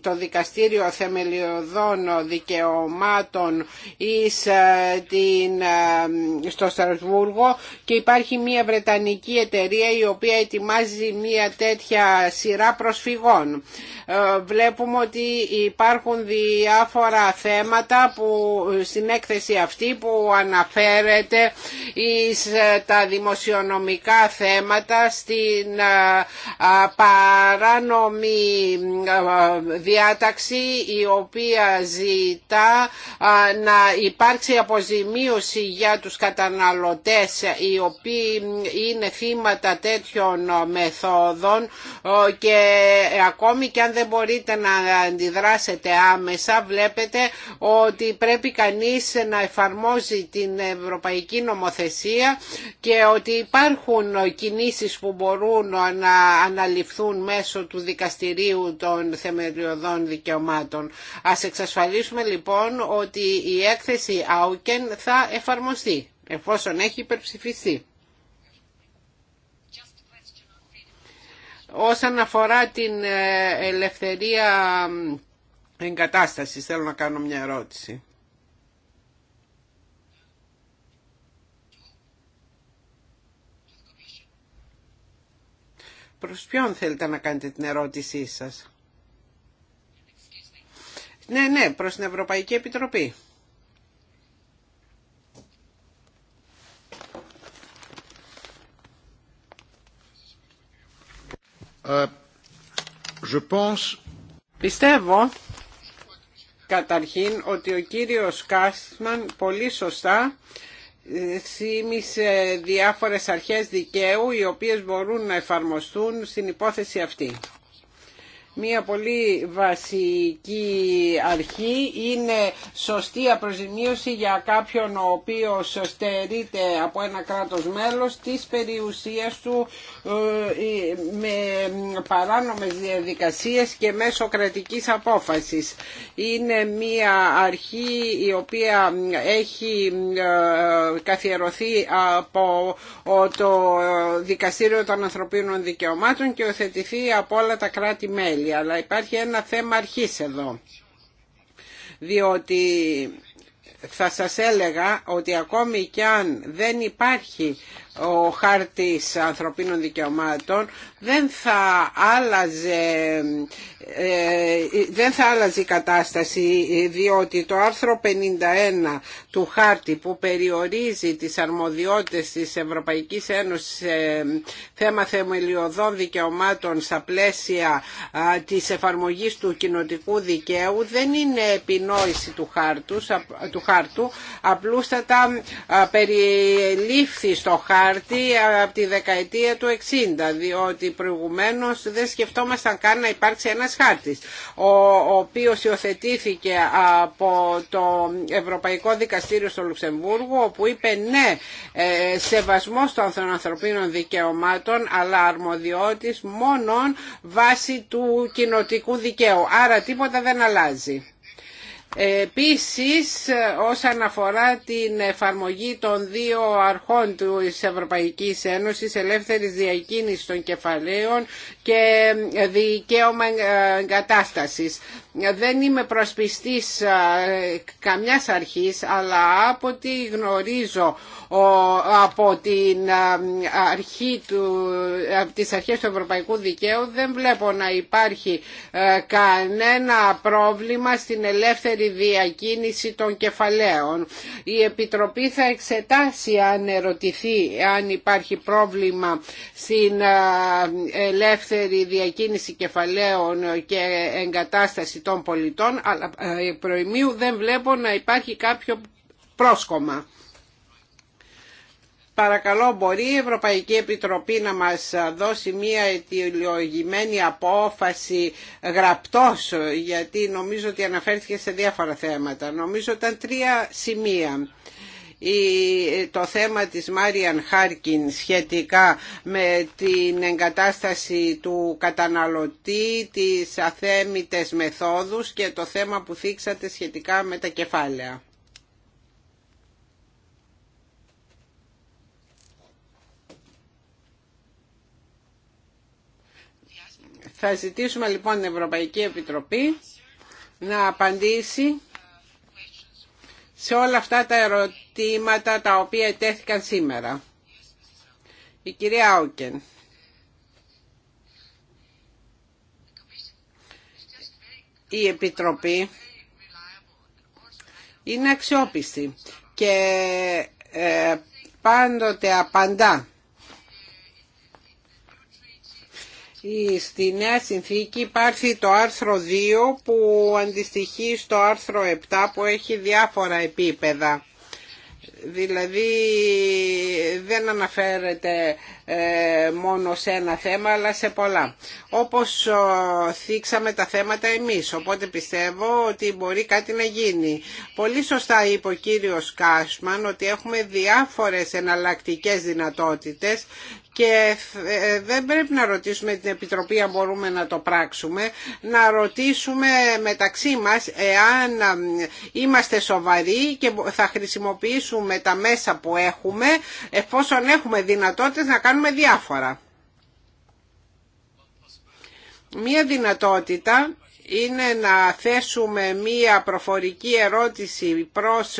το Δικαστήριο Θεμελιωδών Δικαιωμάτων ε, η στο Στρασβούργο και υπάρχει μια Βρετανική εταιρεία η οποία ετοιμάζει μια τέτοια σειρά προσφυγών. Ε, βλέπουμε ότι υπάρχουν διάφορα θέματα που στην έκθεση αυτή που αναφέρεται εις ε, τα δημοσιονομικά θέματα στην ε, παράνομη διάταξη η οποία ζητά να υπάρξει αποζημίωση για τους καταναλωτές οι οποίοι είναι θύματα τέτοιων μεθόδων και ακόμη και αν δεν μπορείτε να αντιδράσετε άμεσα βλέπετε ότι πρέπει κανείς να εφαρμόζει την ευρωπαϊκή νομοθεσία και ότι υπάρχουν κινήσεις που μπορούν να αναλυφθούν μέσω του δικαστηρίου των θεμελιωδών δικαιωμάτων. Ας εξασφαλίσουμε λοιπόν ότι η έκθεση Άουκεν θα εφαρμοστεί εφόσον έχει υπερψηφιστεί. όσον αφορά την ε, ελευθερία εγκατάστασης. Θέλω να κάνω μια ερώτηση. Προς ποιον θέλετε να κάνετε την ερώτησή σας. Ναι, ναι, προς την Ευρωπαϊκή Επιτροπή. Ε, Πιστεύω καταρχήν ότι ο κύριος Κάσμαν πολύ σωστά ε, θύμισε διάφορες αρχές δικαίου οι οποίες μπορούν να εφαρμοστούν στην υπόθεση αυτή. Μία πολύ βασική αρχή είναι σωστή απροζημίωση για κάποιον ο οποίος στερείται από ένα κράτος μέλος της περιουσίας του ε, ε, με παράνομες διαδικασίες και μέσω κρατικής απόφασης. Είναι μία αρχή η οποία έχει ε, καθιερωθεί από το Δικαστήριο των Ανθρωπίνων Δικαιωμάτων και οθετηθεί από όλα τα κράτη-μέλη αλλά υπάρχει ένα θέμα αρχής εδώ. Διότι θα σας έλεγα ότι ακόμη κι αν δεν υπάρχει ο χάρτης ανθρωπίνων δικαιωμάτων δεν θα άλλαζε ε, δεν θα άλλαζε η κατάσταση διότι το άρθρο 51 του χάρτη που περιορίζει τις αρμοδιότητες της Ευρωπαϊκής Ένωσης σε θέμα θεμελιωδών δικαιωμάτων στα πλαίσια της εφαρμογής του κοινοτικού δικαίου δεν είναι επινόηση του, χάρτου, του χάρτου απλούστατα περιλήφθη στο χάρτη χάρτη από τη δεκαετία του 60 διότι προηγουμένως δεν σκεφτόμασταν καν να υπάρξει ένας χάρτης ο οποίος υιοθετήθηκε από το Ευρωπαϊκό Δικαστήριο στο Λουξεμβούργο όπου είπε ναι ε, σεβασμός των ανθρωπίνων δικαιωμάτων αλλά αρμοδιότης μόνον βάσει του κοινοτικού δικαίου άρα τίποτα δεν αλλάζει. Επίσης, όσον αφορά την εφαρμογή των δύο αρχών του Ευρωπαϊκής Ένωσης, ελεύθερης διακίνησης των κεφαλαίων και δικαίωμα εγκατάστασης. Δεν είμαι προσπιστής ε, καμιάς αρχής, αλλά από ό,τι γνωρίζω από την ε, αρχή του, από τις αρχές του Ευρωπαϊκού Δικαίου δεν βλέπω να υπάρχει ε, κανένα πρόβλημα στην ελεύθερη διακίνηση των κεφαλαίων. Η Επιτροπή θα εξετάσει αν ερωτηθεί αν υπάρχει πρόβλημα στην ελεύθερη ελεύθερη διακίνηση κεφαλαίων και εγκατάσταση των πολιτών, αλλά ε, προημίου δεν βλέπω να υπάρχει κάποιο πρόσκομα. Παρακαλώ, μπορεί η Ευρωπαϊκή Επιτροπή να μας δώσει μία αιτιολογημένη απόφαση γραπτός, γιατί νομίζω ότι αναφέρθηκε σε διάφορα θέματα. Νομίζω ήταν τρία σημεία η το θέμα της Μάριαν Χάρκιν σχετικά με την εγκατάσταση του καταναλωτή, τις αθέμητες μεθόδους και το θέμα που θίξατε σχετικά με τα κεφάλαια. Θα ζητήσουμε λοιπόν την Ευρωπαϊκή Επιτροπή να απαντήσει σε όλα αυτά τα ερωτήματα ζητήματα τα οποία ετέθηκαν σήμερα. Η κυρία Άουκεν. Η Επιτροπή είναι αξιόπιστη και ε, πάντοτε απαντά. Στη Νέα Συνθήκη υπάρχει το άρθρο 2 που αντιστοιχεί στο άρθρο 7 που έχει διάφορα επίπεδα Δηλαδή δεν αναφέρεται ε, μόνο σε ένα θέμα αλλά σε πολλά. Όπως ε, θίξαμε τα θέματα εμείς, οπότε πιστεύω ότι μπορεί κάτι να γίνει. Πολύ σωστά είπε ο κύριος Κάσμαν ότι έχουμε διάφορες εναλλακτικές δυνατότητες και ε, ε, δεν πρέπει να ρωτήσουμε την Επιτροπή αν μπορούμε να το πράξουμε, να ρωτήσουμε μεταξύ μας εάν ε, είμαστε σοβαροί και θα χρησιμοποιήσουμε τα μέσα που έχουμε εφόσον έχουμε δυνατότητες να κάνουμε διάφορα. Μία δυνατότητα είναι να θέσουμε μία προφορική ερώτηση προς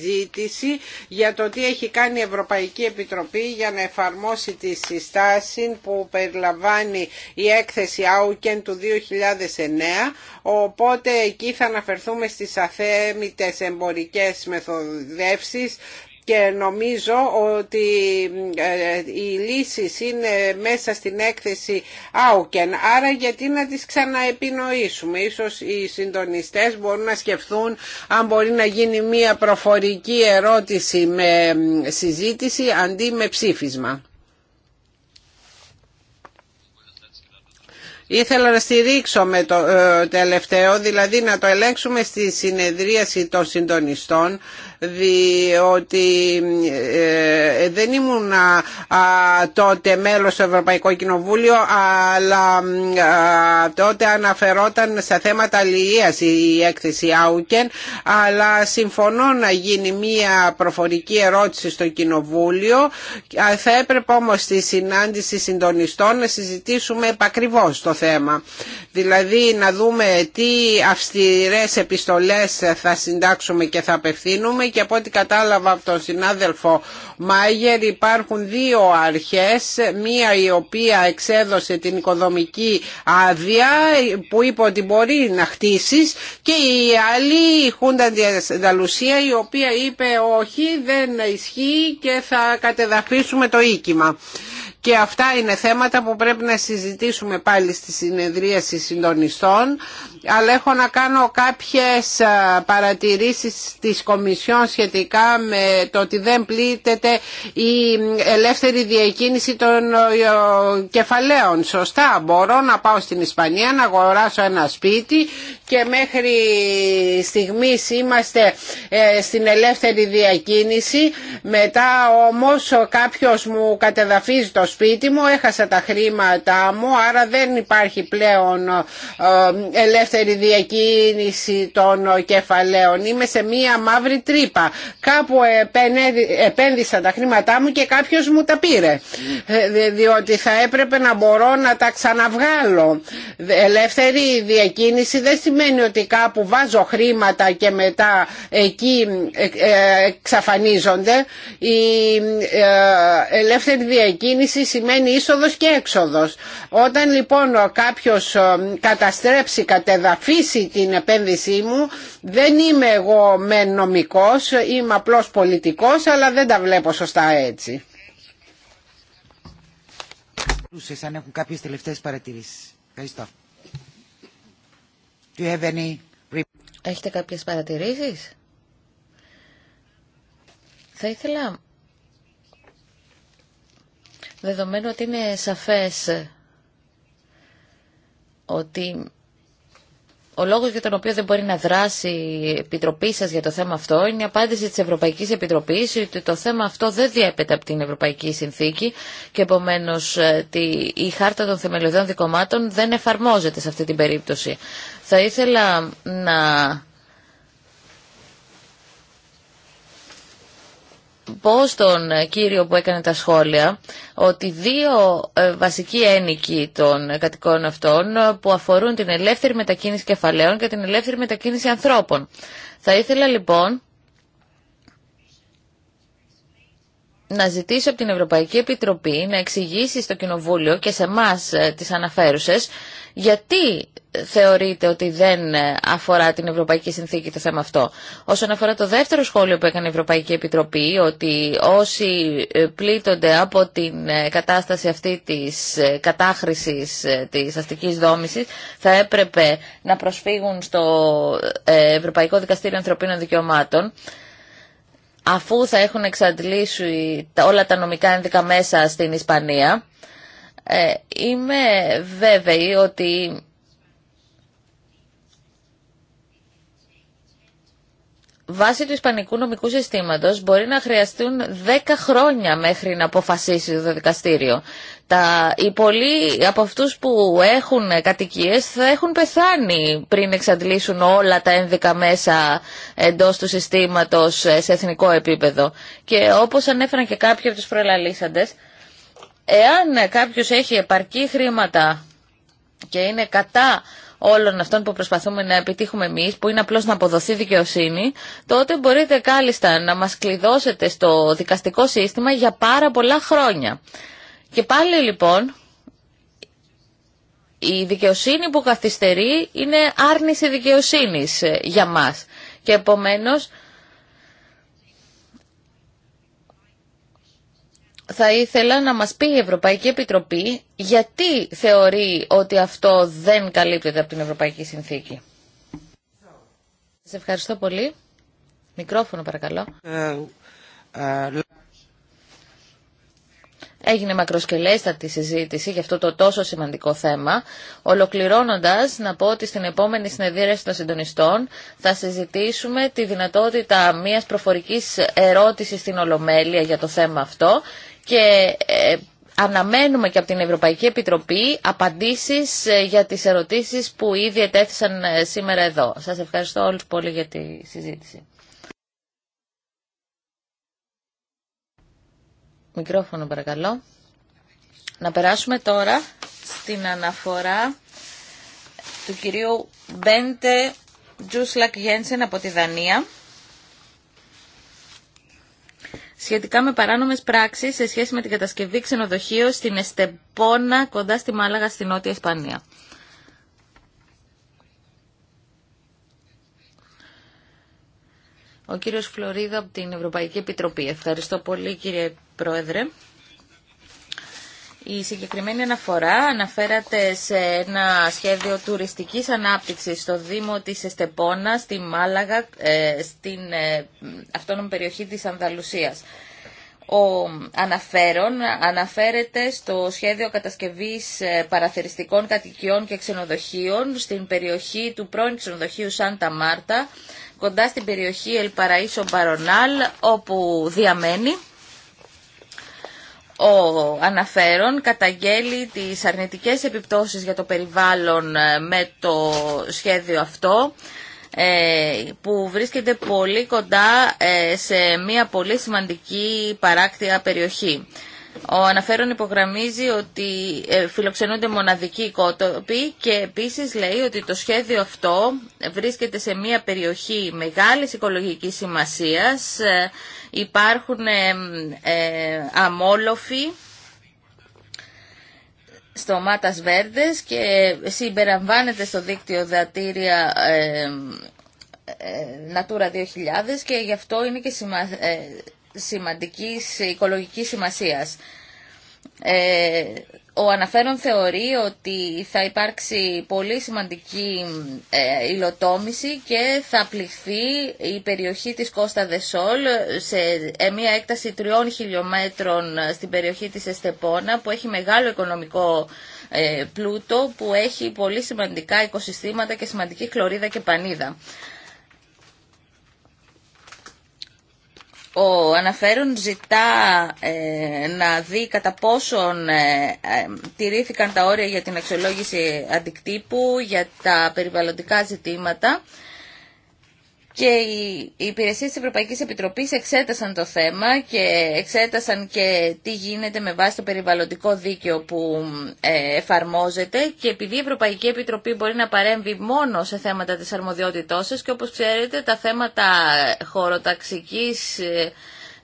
ζήτηση για το τι έχει κάνει η Ευρωπαϊκή Επιτροπή για να εφαρμόσει τη συστάση που περιλαμβάνει η έκθεση Άουκεν του 2009 οπότε εκεί θα αναφερθούμε στις αθέμητες εμπορικές μεθοδεύσεις και νομίζω ότι ε, οι λύσεις είναι μέσα στην έκθεση Άουκεν. Άρα γιατί να τις ξαναεπινοήσουμε. Ίσως οι συντονιστές μπορούν να σκεφτούν αν μπορεί να γίνει μια προφορική ερώτηση με συζήτηση αντί με ψήφισμα. Ήθελα να στηρίξω με το ε, τελευταίο, δηλαδή να το ελέγξουμε στη συνεδρίαση των συντονιστών διότι ε, ε, δεν ήμουν τότε μέλος στο Ευρωπαϊκό Κοινοβούλιο αλλά τότε αναφερόταν σε θέματα αλληλείας η έκθεση Άουκεν αλλά συμφωνώ να γίνει μία προφορική ερώτηση στο Κοινοβούλιο θα έπρεπε όμως στη συνάντηση συντονιστών να συζητήσουμε επακριβώς το θέμα δηλαδή να δούμε τι αυστηρές επιστολές θα συντάξουμε και θα απευθύνουμε και από ό,τι κατάλαβα από τον συνάδελφο Μάγερ υπάρχουν δύο αρχές, μία η οποία εξέδωσε την οικοδομική άδεια που είπε ότι μπορεί να χτίσεις και η άλλη η Χούντα Νταλουσία η οποία είπε όχι δεν ισχύει και θα κατεδαφίσουμε το οίκημα. Και αυτά είναι θέματα που πρέπει να συζητήσουμε πάλι στη συνεδρίαση συντονιστών αλλά έχω να κάνω κάποιες παρατηρήσεις της Κομισιόν σχετικά με το ότι δεν πλήττεται η ελεύθερη διακίνηση των κεφαλαίων. Σωστά, μπορώ να πάω στην Ισπανία να αγοράσω ένα σπίτι και μέχρι στιγμής είμαστε ε, στην ελεύθερη διακίνηση. Μετά όμως κάποιος μου κατεδαφίζει το σπίτι μου, έχασα τα χρήματά μου, άρα δεν υπάρχει πλέον ελεύθερη ελεύθερη διακίνηση των κεφαλαίων. Είμαι σε μία μαύρη τρύπα. Κάπου επένδυσα τα χρήματά μου και κάποιος μου τα πήρε. Ε, διότι θα έπρεπε να μπορώ να τα ξαναβγάλω. Ελεύθερη διακίνηση δεν σημαίνει ότι κάπου βάζω χρήματα και μετά εκεί ε, ε, εξαφανίζονται. Η ελεύθερη διακίνηση σημαίνει είσοδος και έξοδος. Όταν λοιπόν κάποιος καταστρέψει, αφήσει την επένδυσή μου. Δεν είμαι εγώ με νομικός, είμαι απλώς πολιτικός, αλλά δεν τα βλέπω σωστά έτσι. Αν έχουν κάποιες τελευταίες παρατηρήσεις. Do you have any... Έχετε κάποιες παρατηρήσεις? Θα ήθελα, δεδομένου ότι είναι σαφές ότι ο λόγος για τον οποίο δεν μπορεί να δράσει η Επιτροπή σας για το θέμα αυτό είναι η απάντηση της Ευρωπαϊκής Επιτροπής ότι το θέμα αυτό δεν διέπεται από την Ευρωπαϊκή Συνθήκη και επομένως ε, η Χάρτα των Θεμελιωδών Δικομάτων δεν εφαρμόζεται σε αυτή την περίπτωση. Θα ήθελα να πω τον ε, κύριο που έκανε τα σχόλια ότι δύο ε, βασικοί ένικοι των ε, κατοικών αυτών που αφορούν την ελεύθερη μετακίνηση κεφαλαίων και την ελεύθερη μετακίνηση ανθρώπων. Θα ήθελα λοιπόν να ζητήσω από την Ευρωπαϊκή Επιτροπή να εξηγήσει στο Κοινοβούλιο και σε εμά ε, τις αναφέρουσες γιατί θεωρείτε ότι δεν ε, αφορά την Ευρωπαϊκή Συνθήκη το θέμα αυτό. Όσον αφορά το δεύτερο σχόλιο που έκανε η Ευρωπαϊκή Επιτροπή, ότι όσοι ε, πλήττονται από την κατάσταση αυτή της κατάχρησης της αστικής δόμησης θα έπρεπε να προσφύγουν στο Ευρωπαϊκό Δικαστήριο Ανθρωπίνων Δικαιωμάτων, αφού θα έχουν εξαντλήσει όλα τα νομικά ένδικα μέσα στην Ισπανία, ε, είμαι βέβαιη ότι βάσει του ισπανικού νομικού συστήματος μπορεί να χρειαστούν 10 χρόνια μέχρι να αποφασίσει το δικαστήριο. Τα, οι πολλοί από αυτούς που έχουν κατοικίες θα έχουν πεθάνει πριν εξαντλήσουν όλα τα ένδικα μέσα εντός του συστήματος ε, σε εθνικό επίπεδο. Και όπως ανέφεραν και κάποιοι από τους προελαλήσαντες, εάν κάποιος έχει επαρκή χρήματα και είναι κατά όλων αυτών που προσπαθούμε να επιτύχουμε εμείς, που είναι απλώς να αποδοθεί δικαιοσύνη, τότε μπορείτε κάλλιστα να μας κλειδώσετε στο δικαστικό σύστημα για πάρα πολλά χρόνια. Και πάλι λοιπόν η δικαιοσύνη που καθυστερεί είναι άρνηση δικαιοσύνης ε, για μας. Και επομένως θα ήθελα να μας πει η Ευρωπαϊκή Επιτροπή γιατί θεωρεί ότι αυτό δεν καλύπτεται από την Ευρωπαϊκή Συνθήκη. Σας ευχαριστώ πολύ. Μικρόφωνο παρακαλώ. Ε, ε, Έγινε μακροσκελέστατη συζήτηση για αυτό το τόσο σημαντικό θέμα. Ολοκληρώνοντας, να πω ότι στην επόμενη συνεδρίαση των συντονιστών θα συζητήσουμε τη δυνατότητα μιας προφορικής ερώτηση στην Ολομέλεια για το θέμα αυτό και ε, αναμένουμε και από την Ευρωπαϊκή Επιτροπή απαντήσεις ε, για τις ερωτήσεις που ήδη ετέθησαν ε, σήμερα εδώ. Σας ευχαριστώ όλους πολύ για τη συζήτηση. Μικρόφωνο παρακαλώ. Να περάσουμε τώρα στην αναφορά του κυρίου Μπέντε Τζούσλακ Γένσεν από τη Δανία σχετικά με παράνομες πράξεις σε σχέση με την κατασκευή ξενοδοχείου στην Εστεπόνα κοντά στη Μάλαγα στην Νότια Ισπανία. Ο κύριος Φλωρίδα από την Ευρωπαϊκή Επιτροπή. Ευχαριστώ πολύ κύριε Πρόεδρε. Η συγκεκριμένη αναφορά αναφέρατε σε ένα σχέδιο τουριστικής ανάπτυξης στο Δήμο της Εστεπόνα, στη Μάλαγα, ε, στην ε, αυτόνομη περιοχή της Ανδαλουσίας ο αναφέρον αναφέρεται στο σχέδιο κατασκευής ε, παραθεριστικών κατοικιών και ξενοδοχείων στην περιοχή του πρώην ξενοδοχείου Σάντα Μάρτα, κοντά στην περιοχή Ελπαραΐσο Μπαρονάλ, όπου διαμένει. Ο αναφέρον καταγγέλει τις αρνητικές επιπτώσεις για το περιβάλλον ε, με το σχέδιο αυτό, ε, που βρίσκεται πολύ κοντά ε, σε μια πολύ σημαντική παράκτια περιοχή. Ο αναφέρον υπογραμμίζει ότι ε, φιλοξενούνται μοναδικοί οικότοποι και επίσης λέει ότι το σχέδιο αυτό βρίσκεται σε μια περιοχή μεγάλης οικολογικής σημασίας, υπάρχουν αμόλοφοι στο Μάτας Βέρδες και συμπεραμβάνεται στο δίκτυο δατήρια ε, ε, Natura 2000 και γι' αυτό είναι και σημα, ε, σημαντικής οικολογικής σημασίας. Ε, ο αναφέρον θεωρεί ότι θα υπάρξει πολύ σημαντική ε, υλοτόμηση και θα πληθεί η περιοχή της Κώστα Δεσόλ σε ε, μια έκταση τριών χιλιόμετρων στην περιοχή της Εστεπόνα που έχει μεγάλο οικονομικό ε, πλούτο που έχει πολύ σημαντικά οικοσυστήματα και σημαντική κλωρίδα και πανίδα. Ο αναφέρον ζητά ε, να δει κατά πόσον ε, ε, τηρήθηκαν τα όρια για την αξιολόγηση αντικτύπου, για τα περιβαλλοντικά ζητήματα και οι υπηρεσίες της Ευρωπαϊκής Επιτροπής εξέτασαν το θέμα και εξέτασαν και τι γίνεται με βάση το περιβαλλοντικό δίκαιο που ε, εφαρμόζεται και επειδή η Ευρωπαϊκή Επιτροπή μπορεί να παρέμβει μόνο σε θέματα της αρμοδιότητός σας και όπως ξέρετε τα θέματα χωροταξικής ε,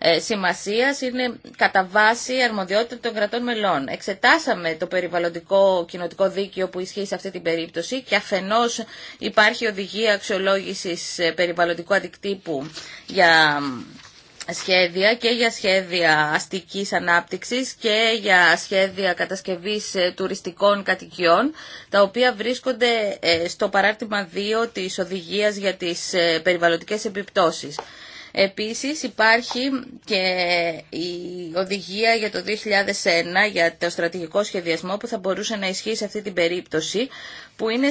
ε, σημασίας είναι κατά βάση αρμοδιότητα των κρατών μελών. Εξετάσαμε το περιβαλλοντικό κοινοτικό δίκαιο που ισχύει σε αυτή την περίπτωση και αφενός υπάρχει οδηγία αξιολόγησης ε, περιβαλλοντικού αντικτύπου για σχέδια και για σχέδια αστικής ανάπτυξης και για σχέδια κατασκευής ε, τουριστικών κατοικιών, τα οποία βρίσκονται στο παράρτημα 2 της Οδηγίας για τις Περιβαλλοντικές Επιπτώσεις. Επίσης υπάρχει και η οδηγία για το 2001 για το στρατηγικό σχεδιασμό που θα μπορούσε να ισχύει σε αυτή την περίπτωση που είναι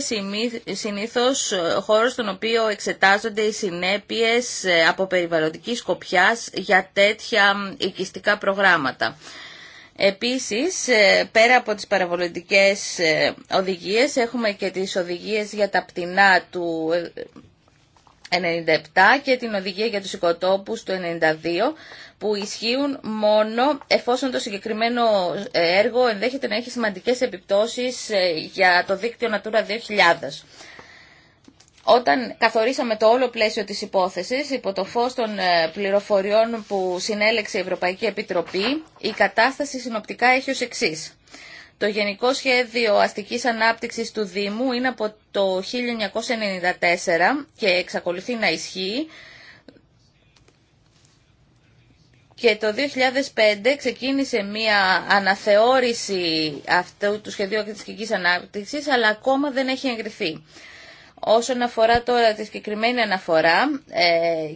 συνήθως χώρος στον οποίο εξετάζονται οι συνέπειες ε, από περιβαλλοντική σκοπιά για τέτοια οικιστικά προγράμματα. Επίσης, ε, πέρα από τις παραβολητικές ε, οδηγίες, έχουμε και τις οδηγίες για τα πτηνά του 97 και την οδηγία για τους οικοτόπους του 92 που ισχύουν μόνο εφόσον το συγκεκριμένο ε, έργο ενδέχεται να έχει σημαντικές επιπτώσεις ε, για το δίκτυο Natura 2000. Όταν καθορίσαμε το όλο πλαίσιο της υπόθεσης, υπό το φως των ε, πληροφοριών που συνέλεξε η Ευρωπαϊκή Επιτροπή, η κατάσταση συνοπτικά έχει ως εξής. Το Γενικό Σχέδιο Αστικής Ανάπτυξης του Δήμου είναι από το 1994 και εξακολουθεί να ισχύει. Και το 2005 ξεκίνησε μία αναθεώρηση αυτού του σχεδίου Αστικής ανάπτυξης, αλλά ακόμα δεν έχει εγκριθεί. Όσον αφορά τώρα τη συγκεκριμένη αναφορά ε,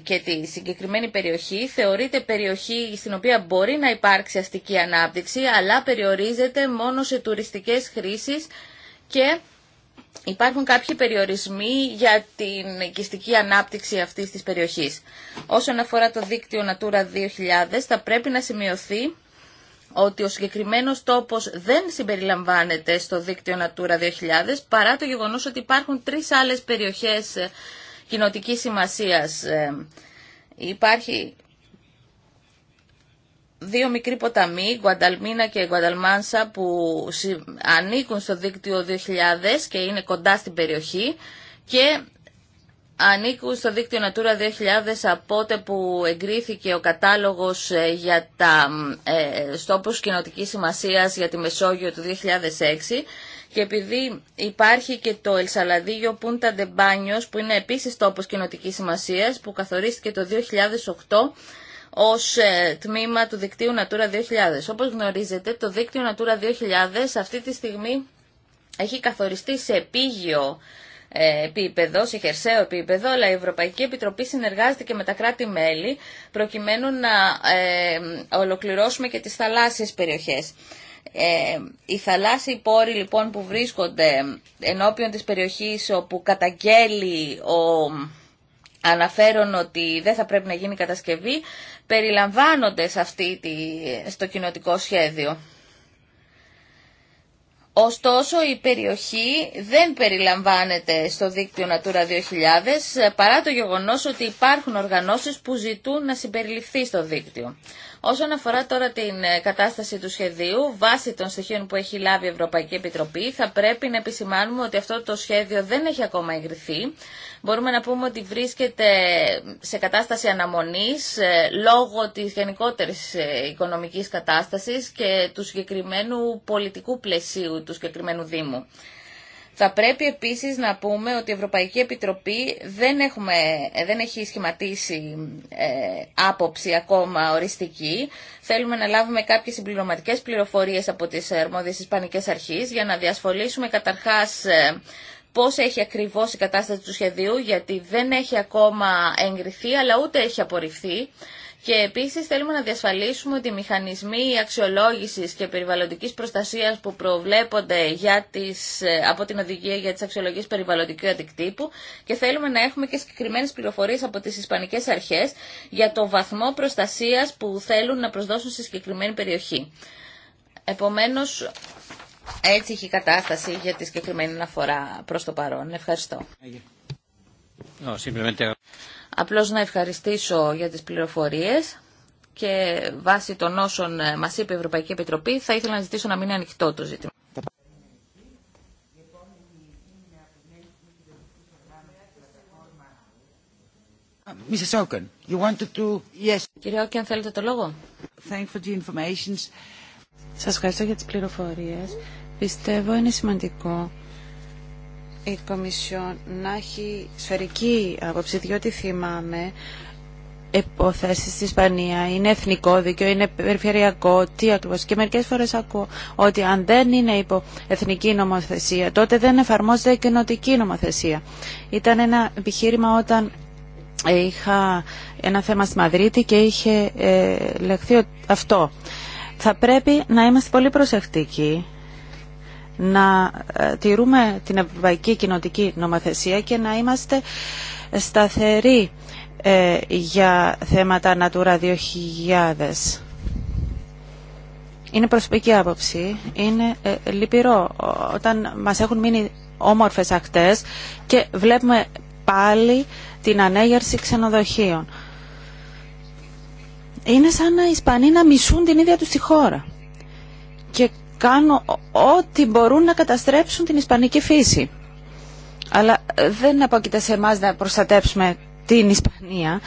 και τη συγκεκριμένη περιοχή, θεωρείται περιοχή στην οποία μπορεί να υπάρξει αστική ανάπτυξη, αλλά περιορίζεται μόνο σε τουριστικές χρήσεις και υπάρχουν κάποιοι περιορισμοί για την οικιστική ανάπτυξη αυτής της περιοχής. Όσον αφορά το δίκτυο Natura 2000, θα πρέπει να σημειωθεί ότι ο συγκεκριμένος τόπος δεν συμπεριλαμβάνεται στο δίκτυο Natura 2000 παρά το γεγονός ότι υπάρχουν τρεις άλλες περιοχές ε, κοινοτικής σημασίας. Ε, υπάρχει δύο μικροί ποταμοί, Γκουανταλμίνα και Γκουανταλμάνσα, που ανήκουν στο δίκτυο 2000 και είναι κοντά στην περιοχή και ανήκουν στο δίκτυο Natura 2000 από τότε που εγκρίθηκε ο κατάλογος ε, για τα ε, στόπους κοινοτικής σημασίας για τη Μεσόγειο του 2006 και επειδή υπάρχει και το Ελσαλαδίγιο Πούντα Ντεμπάνιος που είναι επίσης τόπος κοινοτικής σημασίας που καθορίστηκε το 2008 ως ε, τμήμα του δικτύου Natura 2000. Όπως γνωρίζετε, το δίκτυο Natura 2000 αυτή τη στιγμή έχει καθοριστεί σε επίγειο επίπεδο, σε χερσαίο επίπεδο, αλλά η Ευρωπαϊκή Επιτροπή συνεργάζεται και με τα κράτη-μέλη προκειμένου να ε, ολοκληρώσουμε και τις θαλάσσιες περιοχές. Ε, οι θαλάσσιοι πόροι λοιπόν που βρίσκονται ενώπιον της περιοχής όπου καταγγέλει ο αναφέρον ότι δεν θα πρέπει να γίνει κατασκευή περιλαμβάνονται σε αυτή τη, στο κοινοτικό σχέδιο. Ωστόσο, η περιοχή δεν περιλαμβάνεται στο δίκτυο Natura 2000, παρά το γεγονός ότι υπάρχουν οργανώσεις που ζητούν να συμπεριληφθεί στο δίκτυο. Όσον αφορά τώρα την ε, κατάσταση του σχεδίου, βάσει των στοιχείων που έχει λάβει η Ευρωπαϊκή Επιτροπή, θα πρέπει να επισημάνουμε ότι αυτό το σχέδιο δεν έχει ακόμα εγκριθεί. Μπορούμε να πούμε ότι βρίσκεται σε κατάσταση αναμονής ε, λόγω της γενικότερης ε, οικονομικής κατάστασης και του συγκεκριμένου πολιτικού πλαισίου του συγκεκριμένου Δήμου. Θα πρέπει επίσης να πούμε ότι η Ευρωπαϊκή Επιτροπή δεν, έχουμε, δεν έχει σχηματίσει ε, άποψη ακόμα οριστική. Θέλουμε να λάβουμε κάποιες συμπληρωματικές πληροφορίες από τις αρμόδιες Ισπανικές Αρχής για να διασφαλίσουμε καταρχάς ε, πώς έχει ακριβώς η κατάσταση του σχεδίου, γιατί δεν έχει ακόμα εγκριθεί αλλά ούτε έχει απορριφθεί. Και επίσης θέλουμε να διασφαλίσουμε ότι οι μηχανισμοί αξιολόγησης και περιβαλλοντικής προστασίας που προβλέπονται για τις, ε, από την οδηγία για τι αξιολογίε περιβαλλοντικού αντικτύπου και θέλουμε να έχουμε και συγκεκριμένες πληροφορίες από τις Ισπανικές Αρχές για το βαθμό προστασίας που θέλουν να προσδώσουν στη συγκεκριμένη περιοχή. Επομένω, έτσι έχει η κατάσταση για τη συγκεκριμένη αναφορά προ το παρόν. Ευχαριστώ. Απλώς να ευχαριστήσω για τις πληροφορίες και βάσει των όσων ε, μας είπε η Ευρωπαϊκή Επιτροπή θα ήθελα να ζητήσω να μην είναι ανοιχτό το ζήτημα. Mrs. Oaken, you wanted to... yes. Κύριε Όκεν, θέλετε το λόγο. Thank for the informations. Σας ευχαριστώ για τις πληροφορίες. Πιστεύω είναι σημαντικό η Κομισιόν να έχει σφαιρική άποψη, διότι θυμάμαι υποθέσει στην Ισπανία, είναι εθνικό δίκαιο, είναι περιφερειακό, τι Και μερικέ φορέ ακούω ότι αν δεν είναι υπό εθνική νομοθεσία, τότε δεν εφαρμόζεται κοινοτική νομοθεσία. Ήταν ένα επιχείρημα όταν είχα ένα θέμα στη Μαδρίτη και είχε ε, λεχθεί αυτό. Θα πρέπει να είμαστε πολύ προσεκτικοί να ε, τηρούμε την ευρωπαϊκή κοινοτική νομοθεσία και να είμαστε σταθεροί ε, για θέματα Natura 2000. Είναι προσωπική άποψη. Είναι ε, λυπηρό όταν μας έχουν μείνει όμορφες ακτές και βλέπουμε πάλι την ανέγερση ξενοδοχείων. Είναι σαν να οι Ισπανοί να μισούν την ίδια τους τη χώρα. Και Κάνω ό,τι μπορούν να καταστρέψουν την ισπανική φύση. Αλλά ε, δεν απόκειται σε εμά να προστατέψουμε την Ισπανία.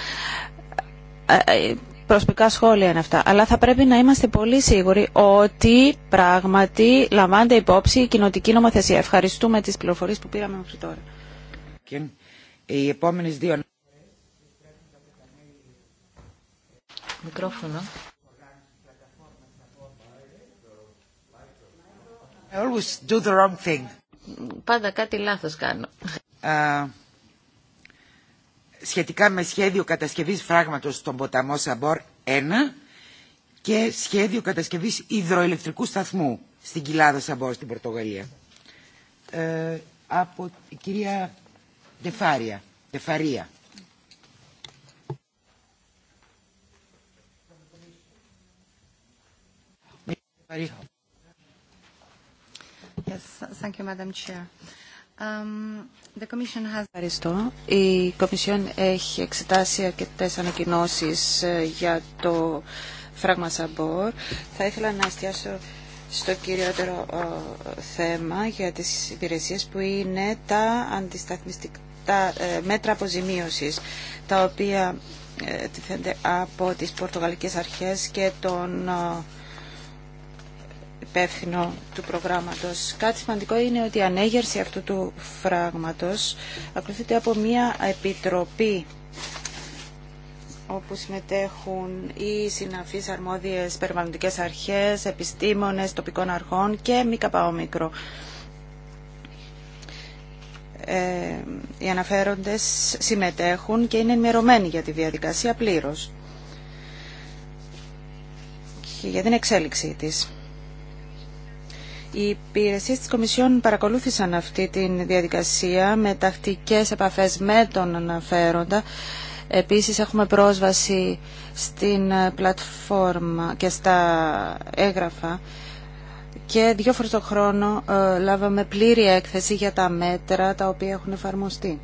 Ε, ε, προσωπικά σχόλια είναι αυτά. Αλλά θα πρέπει να είμαστε πολύ σίγουροι ότι πράγματι λαμβάνεται υπόψη η κοινοτική νομοθεσία. Ευχαριστούμε τις πληροφορίες που πήραμε μέχρι τώρα. Οι Πάντα κάτι λάθος κάνω. σχετικά με σχέδιο κατασκευής φράγματος στον ποταμό Σαμπόρ 1 και σχέδιο κατασκευής υδροελεκτρικού σταθμού στην κοιλάδα Σαμπόρ στην Πορτογαλία. από η κυρία Δεφάρια. Δεφαρία. Δεφαρία. Um, Ευχαριστώ. Η Κομισιόν έχει εξετάσει αρκετέ ανακοινώσει ε, για το φράγμα Σαμπόρ. Θα ήθελα να εστιάσω στο κυριότερο ε, θέμα για τις υπηρεσίες που είναι τα αντισταθμιστικά ε, μέτρα αποζημίωσης, τα οποία τίθενται από τις πορτογαλικές αρχές και τον του προγράμματος. Κάτι σημαντικό είναι ότι η ανέγερση αυτού του φράγματος ακολουθείται από μια επιτροπή όπου συμμετέχουν οι συναφείς αρμόδιες περιβαλλοντικές αρχές, επιστήμονες τοπικών αρχών και μη μικρό, Ε, οι αναφέροντες συμμετέχουν και είναι ενημερωμένοι για τη διαδικασία πλήρως και για την εξέλιξή της. Οι υπηρεσίε τη Κομισιόν παρακολούθησαν αυτή τη διαδικασία με τακτικές επαφέ με τον αναφέροντα. Επίσης έχουμε πρόσβαση στην πλατφόρμα και στα έγγραφα και δύο φορέ το χρόνο ε, λάβαμε πλήρη έκθεση για τα μέτρα τα οποία έχουν εφαρμοστεί.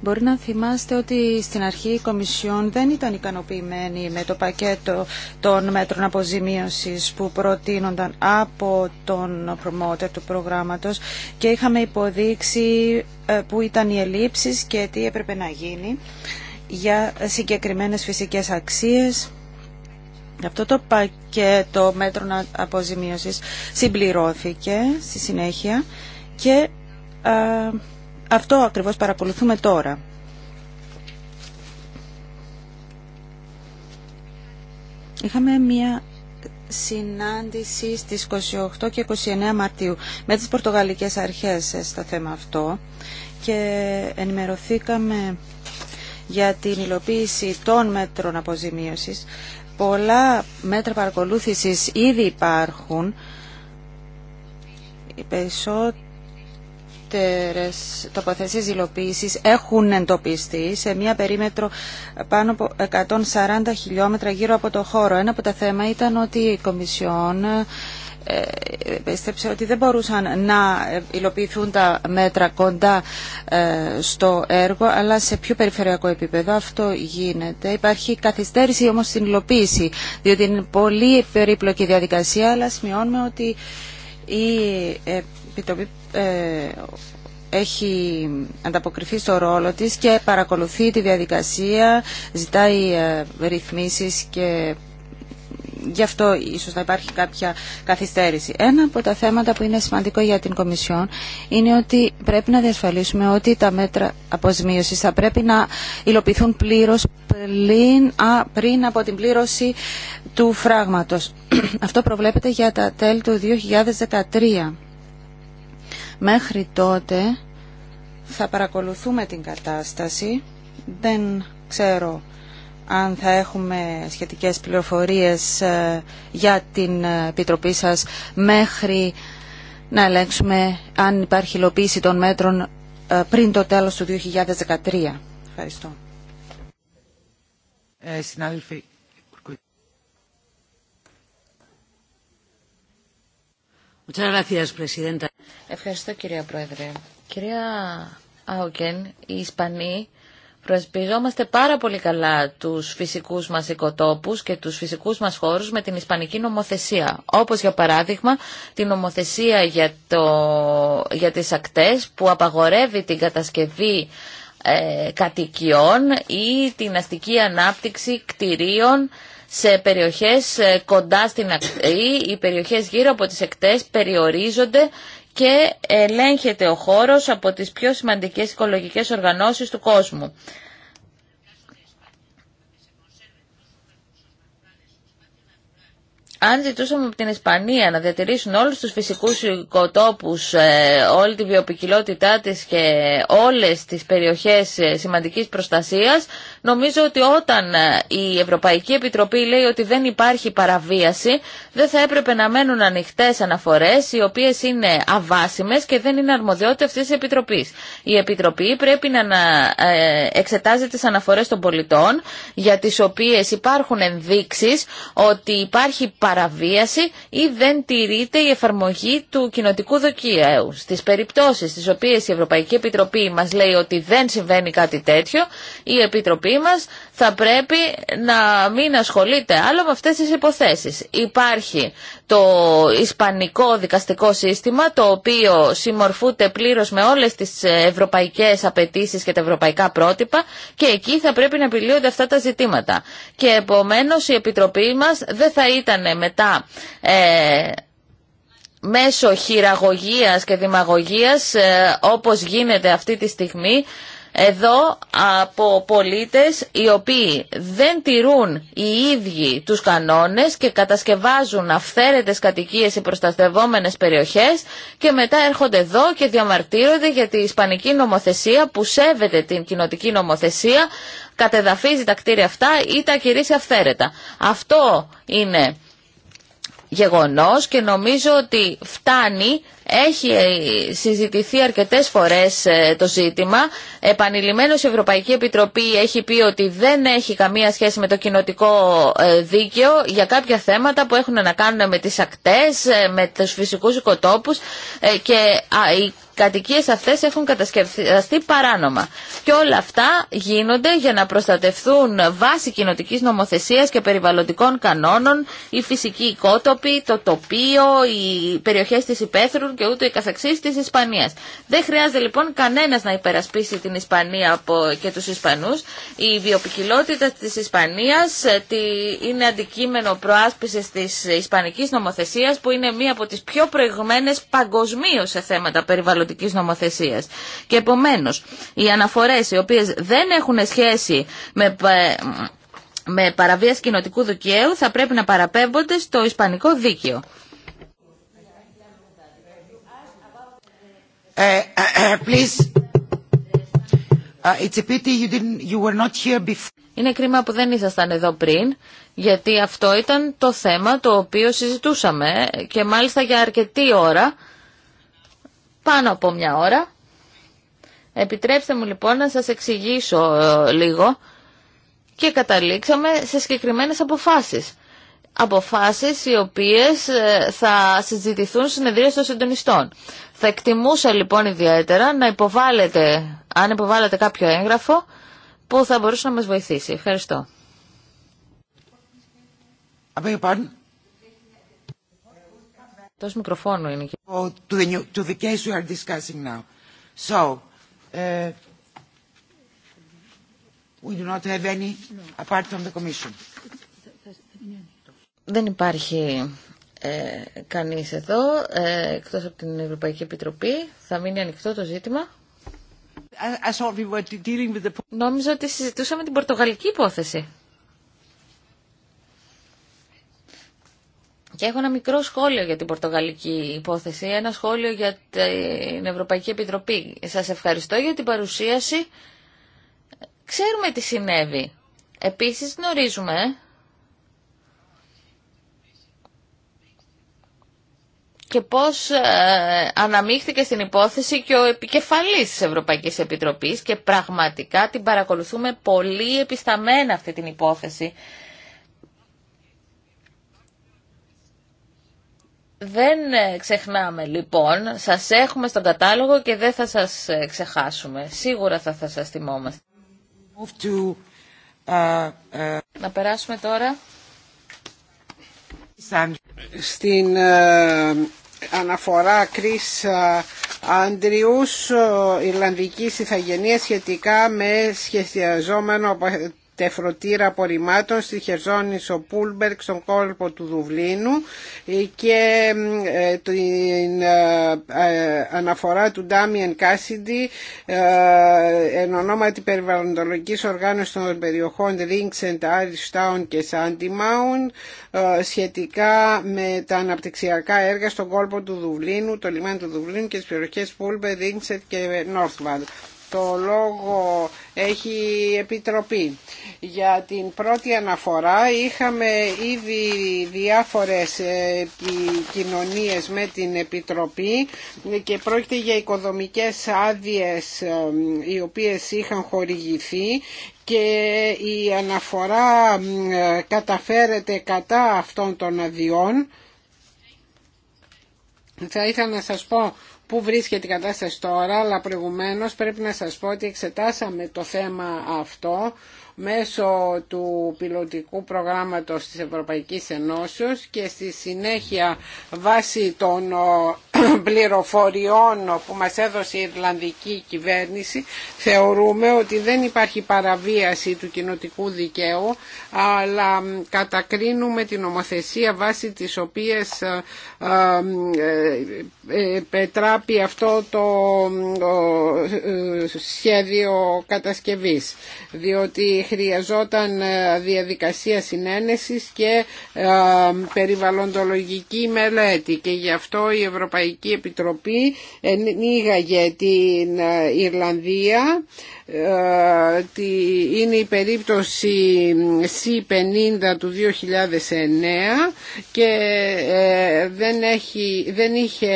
Μπορεί να θυμάστε ότι στην αρχή η Κομισιόν δεν ήταν ικανοποιημένη με το πακέτο των μέτρων αποζημίωσης που προτείνονταν από τον προμότερ του προγράμματος και είχαμε υποδείξει ε, που ήταν οι ελλείψεις και τι έπρεπε να γίνει για συγκεκριμένες φυσικές αξίες. Αυτό το πακέτο μέτρων αποζημίωσης συμπληρώθηκε στη συνέχεια και ε, αυτό ακριβώς παρακολουθούμε τώρα. Είχαμε μία συνάντηση στις 28 και 29 Μαρτίου με τις πορτογαλικές αρχές ε, στο θέμα αυτό και ενημερωθήκαμε για την υλοποίηση των μέτρων αποζημίωσης. Πολλά μέτρα παρακολούθησης ήδη υπάρχουν. Οι περισσότεροι περισσότερες τοποθεσίες υλοποίησης έχουν εντοπιστεί σε μια περίμετρο πάνω από 140 χιλιόμετρα γύρω από το χώρο. Ένα από τα θέματα ήταν ότι η Κομισιόν ε, πέστεψε ότι δεν μπορούσαν να υλοποιηθούν τα μέτρα κοντά ε, στο έργο αλλά σε πιο περιφερειακό επίπεδο αυτό γίνεται. Υπάρχει καθυστέρηση όμως στην υλοποίηση διότι είναι πολύ περίπλοκη διαδικασία αλλά σημειώνουμε ότι η ε, Επιτροπή ε, έχει ανταποκριθεί στο ρόλο της και παρακολουθεί τη διαδικασία, ζητάει ε, ρυθμίσεις και γι' αυτό ίσως να υπάρχει κάποια καθυστέρηση. Ένα από τα θέματα που είναι σημαντικό για την Κομισιόν είναι ότι πρέπει να διασφαλίσουμε ότι τα μέτρα αποσμίωσης θα πρέπει να υλοποιηθούν πλήρως πριν από την πλήρωση του φράγματος. Αυτό προβλέπεται για τα τέλη του 2013. Μέχρι τότε θα παρακολουθούμε την κατάσταση. Δεν ξέρω αν θα έχουμε σχετικές πληροφορίες ε, για την ε, Επιτροπή σας μέχρι να ελέγξουμε αν υπάρχει υλοποίηση των μέτρων ε, πριν το τέλος του 2013. Ευχαριστώ. συνάδελφοι, Ευχαριστώ κυρία Πρόεδρε. Κυρία Άουκεν, οι Ισπανοί προσπιζόμαστε πάρα πολύ καλά τους φυσικούς μας οικοτόπους και τους φυσικούς μας χώρους με την ισπανική νομοθεσία. Όπως για παράδειγμα την νομοθεσία για, το, για τις ακτές που απαγορεύει την κατασκευή ε, κατοικιών ή την αστική ανάπτυξη κτηρίων σε περιοχές ε, κοντά στην ακτή, οι περιοχές γύρω από τις εκτές περιορίζονται και ελέγχεται ο χώρος από τις πιο σημαντικές οικολογικές οργανώσεις του κόσμου. αν ζητούσαμε από την Ισπανία να διατηρήσουν όλους τους φυσικούς οικοτόπους, ε, όλη τη βιοπικιλότητά της και όλες τις περιοχές ε, σημαντικής προστασίας, νομίζω ότι όταν ε, η Ευρωπαϊκή Επιτροπή λέει ότι δεν υπάρχει παραβίαση, δεν θα έπρεπε να μένουν ανοιχτές αναφορές, οι οποίες είναι αβάσιμες και δεν είναι αρμοδιότητα αυτής της Επιτροπής. Η Επιτροπή πρέπει να εξετάζει τις αναφορές των πολιτών, για τις οποίες υπάρχουν ενδείξεις ότι υπάρχει παραβίαση ή δεν τηρείται η εφαρμογή του κοινοτικού δοκίου. Στις περιπτώσεις στις οποίες η Ευρωπαϊκή Επιτροπή μας λέει ότι δεν συμβαίνει κάτι τέτοιο, η Επιτροπή μας θα πρέπει να μην ασχολείται άλλο με αυτές τις υποθέσεις. Υπάρχει το ισπανικό δικαστικό σύστημα το οποίο συμμορφούται πλήρως με όλες τις ευρωπαϊκές απαιτήσεις και τα ευρωπαϊκά πρότυπα και εκεί θα πρέπει να επιλύονται αυτά τα ζητήματα. Και επομένως η Επιτροπή μας δεν θα ήταν μετά... Ε, μέσω χειραγωγίας και δημαγωγίας ε, όπως γίνεται αυτή τη στιγμή εδώ από πολίτες οι οποίοι δεν τηρούν οι ίδιοι τους κανόνες και κατασκευάζουν αυθαίρετες κατοικίες σε προστατευόμενες περιοχές και μετά έρχονται εδώ και διαμαρτύρονται για τη ισπανική νομοθεσία που σέβεται την κοινοτική νομοθεσία, κατεδαφίζει τα κτίρια αυτά ή τα κυρίσει αυθαίρετα. Αυτό είναι γεγονός και νομίζω ότι φτάνει, έχει συζητηθεί αρκετές φορές ε, το ζήτημα. Επανειλημμένως η Ευρωπαϊκή Επιτροπή έχει πει ότι δεν έχει καμία σχέση με το κοινοτικό ε, δίκαιο για κάποια θέματα που έχουν να κάνουν με τις ακτές, ε, με τους φυσικούς οικοτόπους και κατοικίες αυτές έχουν κατασκευαστεί παράνομα. Και όλα αυτά γίνονται για να προστατευθούν βάσει κοινοτικής νομοθεσίας και περιβαλλοντικών κανόνων οι φυσικοί οικότοποι, το τοπίο, οι περιοχές της υπαίθρου και ούτω η καθεξής της Ισπανίας. Δεν χρειάζεται λοιπόν κανένας να υπερασπίσει την Ισπανία και τους Ισπανούς. Η βιοπικιλότητα της Ισπανίας ε, είναι αντικείμενο προάσπισης της Ισπανικής νομοθεσίας που είναι μία από τις πιο προηγμένε παγκοσμίω σε θέματα περιβαλλοντικών υποχρεωτικής νομοθεσίας. Και επομένως, οι αναφορές οι οποίες δεν έχουν σχέση με ε, με παραβίαση κοινοτικού δικαίου θα πρέπει να παραπέμπονται στο ισπανικό δίκαιο. Ε, ε, please. It's a pity you didn't, you were not here before. Είναι κρίμα που δεν ήσασταν εδώ πριν, γιατί αυτό ήταν το θέμα το οποίο συζητούσαμε και μάλιστα για αρκετή ώρα πάνω από μια ώρα. Επιτρέψτε μου λοιπόν να σας εξηγήσω ε, λίγο και καταλήξαμε σε συγκεκριμένες αποφάσεις. Αποφάσεις οι οποίες ε, θα συζητηθούν συνεδρίες των συντονιστών. Θα εκτιμούσα λοιπόν ιδιαίτερα να υποβάλλετε, αν υποβάλλετε κάποιο έγγραφο, που θα μπορούσε να μας βοηθήσει. Ευχαριστώ. Τόσο μικροφόνο είναι. Oh, to, the new, to the case we are discussing now. So, uh, we do not have any apart from the Commission. Δεν υπάρχει ε, κανείς εδώ, ε, εκτός από την Ευρωπαϊκή Επιτροπή. Θα μείνει ανοιχτό το ζήτημα. I, I we were dealing with the... Νόμιζα ότι συζητούσαμε την πορτογαλική υπόθεση. Και έχω ένα μικρό σχόλιο για την πορτογαλική υπόθεση, ένα σχόλιο για την Ευρωπαϊκή Επιτροπή. Σας ευχαριστώ για την παρουσίαση. Ξέρουμε τι συνέβη. Επίσης γνωρίζουμε και πώς ε, αναμίχθηκε στην υπόθεση και ο επικεφαλής της Ευρωπαϊκής Επιτροπής και πραγματικά την παρακολουθούμε πολύ επισταμένα αυτή την υπόθεση Δεν ε, ξεχνάμε λοιπόν, σας έχουμε στον κατάλογο και δεν θα σας ε, ξεχάσουμε. Σίγουρα θα, θα σας θυμόμαστε. Ε, Να περάσουμε τώρα στην αναφορά Κρίς Άντριους Ιρλανδικής Ιθαγενείας σχετικά με σχεδιαζόμενο τεφροτήρα απορριμμάτων στη Χερζόνη Πούλμπερκ στον κόλπο του Δουβλίνου και ε, την ε, ε, αναφορά του Ντάμιεν Κάσιντι εν ονόματι περιβαλλοντολογικής οργάνωσης των περιοχών Ρίγκσεντ, Άριστάουν και Σάντιμάουν σχετικά με τα αναπτυξιακά έργα στον κόλπο του Δουβλίνου, το λιμάνι του Δουβλίνου και τις περιοχές Πούλμπερ, Ρίγκσεντ και Νόρθβαλ το λόγο έχει Επιτροπή. Για την πρώτη αναφορά είχαμε ήδη διάφορες ε, κοινωνίες με την Επιτροπή και πρόκειται για οικοδομικές άδειες ε, οι οποίες είχαν χορηγηθεί και η αναφορά ε, καταφέρεται κατά αυτών των αδειών. Θα ήθελα να σας πω που βρίσκεται η κατάσταση τώρα, αλλά προηγουμένως πρέπει να σας πω ότι εξετάσαμε το θέμα αυτό μέσω του πιλωτικού προγράμματος της Ευρωπαϊκής Ενώσεως και στη συνέχεια βάσει των ε, πληροφοριών που μας έδωσε η Ιρλανδική κυβέρνηση θεωρούμε ότι δεν υπάρχει παραβίαση του κοινοτικού δικαίου αλλά κατακρίνουμε την νομοθεσία βάσει της οποίας ε, ε, πετράπει αυτό το σχέδιο κατασκευής διότι χρειαζόταν ε, διαδικασία συνένεσης και ε, περιβαλλοντολογική μελέτη και γι' αυτό η Ευρωπαϊκή Επιτροπή ενήγαγε την ε, Ιρλανδία ε, είναι η περίπτωση C50 του 2009 και ε, δεν, έχει, δεν είχε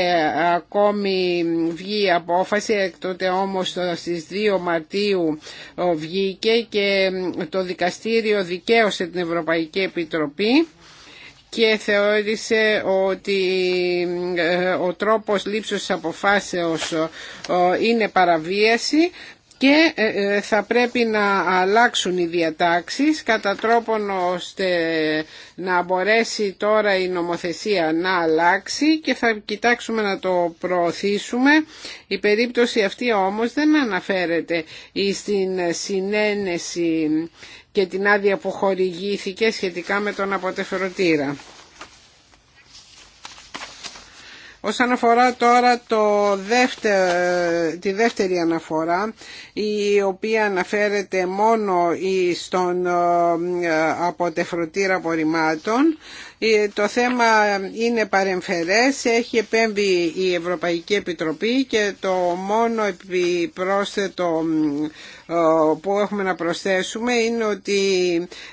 ακόμη βγει απόφαση τότε όμως στις 2 Μαρτίου ε, βγήκε και το δικαστήριο δικαίωσε την Ευρωπαϊκή Επιτροπή και θεώρησε ότι ο τρόπος λήψης αποφάσεως είναι παραβίαση και ε, ε, θα πρέπει να αλλάξουν οι διατάξεις κατά τρόπον ώστε να μπορέσει τώρα η νομοθεσία να αλλάξει και θα κοιτάξουμε να το προωθήσουμε. Η περίπτωση αυτή όμως δεν αναφέρεται στην συνένεση και την άδεια που χορηγήθηκε σχετικά με τον αποτεφερωτήρα. Όσον αφορά τώρα το τη δεύτερη αναφορά, η οποία αναφέρεται μόνο στον ε, αποτεφρωτήρα απορριμμάτων, ε, το θέμα είναι παρεμφερές, έχει επέμβει η Ευρωπαϊκή Επιτροπή και το μόνο επιπρόσθετο ε, που έχουμε να προσθέσουμε είναι ότι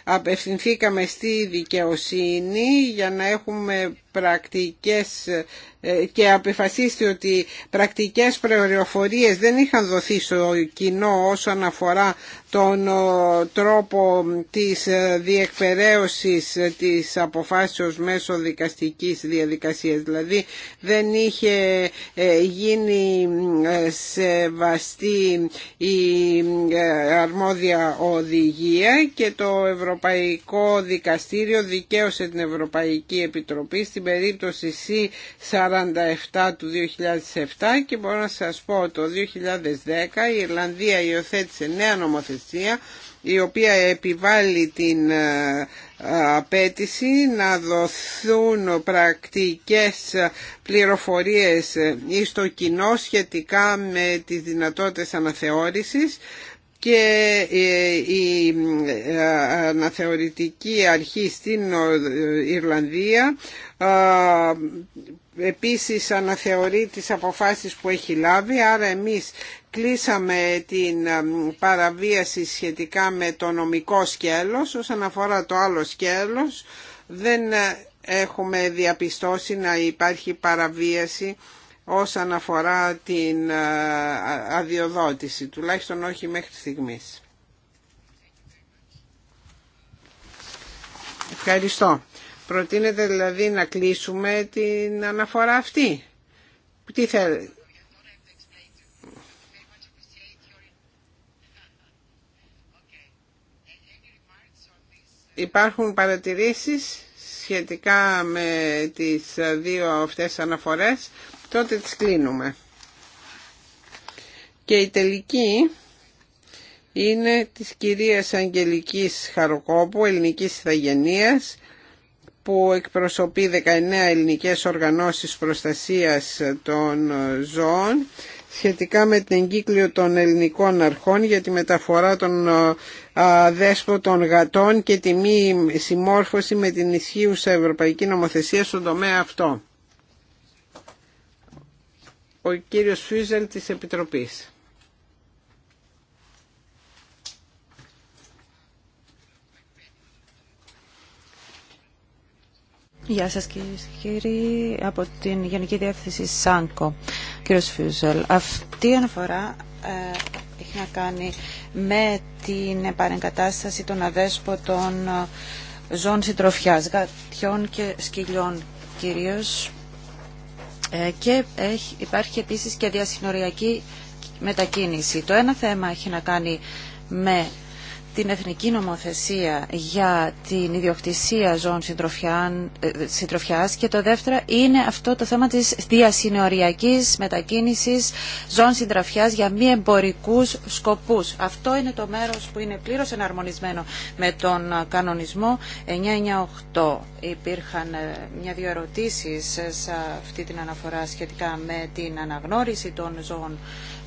απευθυνθήκαμε στη δικαιοσύνη για να έχουμε πρακτικές ε, και αποφασίστη ότι πρακτικές πληροφορίες δεν είχαν δοθεί στο κοινό όσον αφορά τον τρόπο της ε, διεκπαιρέωσης της αποφάσεως μέσω δικαστικής διαδικασίας. Δηλαδή δεν είχε ε, γίνει σεβαστή η αρμόδια οδηγία και το Ευρωπαϊκό Δικαστήριο δικαίωσε την Ευρωπαϊκή Επιτροπή στην περίπτωση C47 του 2007 και μπορώ να σας πω το 2010 η Ιρλανδία υιοθέτησε νέα νομοθεσία η οποία επιβάλλει την ε, απέτηση να δοθούν πρακτικές πληροφορίες στο κοινό σχετικά με τις δυνατότητες αναθεώρησης και ε, η ε, αναθεωρητική αρχή στην ε, Ιρλανδία επίσης αναθεωρεί τις αποφάσεις που έχει λάβει άρα εμείς κλείσαμε την παραβίαση σχετικά με το νομικό σκέλος όσον αφορά το άλλο σκέλος δεν έχουμε διαπιστώσει να υπάρχει παραβίαση όσον αφορά την ε, αδειοδότηση, τουλάχιστον όχι μέχρι στιγμής. Ευχαριστώ. Προτείνετε δηλαδή να κλείσουμε την αναφορά αυτή. Τι θέλετε. Υπάρχουν παρατηρήσεις σχετικά με τις δύο αυτές αναφορές τότε τις κλείνουμε. Και η τελική είναι της κυρίας Αγγελικής Χαροκόπου, ελληνικής ηθαγενείας, που εκπροσωπεί 19 ελληνικές οργανώσεις προστασίας των ζώων σχετικά με την εγκύκλιο των ελληνικών αρχών για τη μεταφορά των δέσποτων γατών και τη μη συμμόρφωση με την ισχύουσα ευρωπαϊκή νομοθεσία στον τομέα αυτό ο κύριος Φίζελ της Επιτροπής. Γεια σας κύριε κύριοι από την Γενική Διεύθυνση ΣΑΝΚΟ, κύριος Φιούζελ. Αυτή η αναφορά ε, έχει να κάνει με την παρεγκατάσταση των αδέσποτων ε, ζώων συντροφιάς, γατιών και σκυλιών κυρίως ε, και έχει, υπάρχει επίσης και διασυνοριακή μετακίνηση. Το ένα θέμα έχει να κάνει με την Εθνική Νομοθεσία για την ιδιοκτησία ζώων ε, συντροφιάς και το δεύτερο είναι αυτό το θέμα της διασυνοριακής μετακίνησης ζώων συντροφιάς για μη εμπορικούς σκοπούς. Αυτό είναι το μέρος που είναι πλήρως εναρμονισμένο με τον κανονισμό 998. Υπήρχαν ε, μια-δυο ερωτήσεις ε, σε αυτή την αναφορά σχετικά με την αναγνώριση των ζώων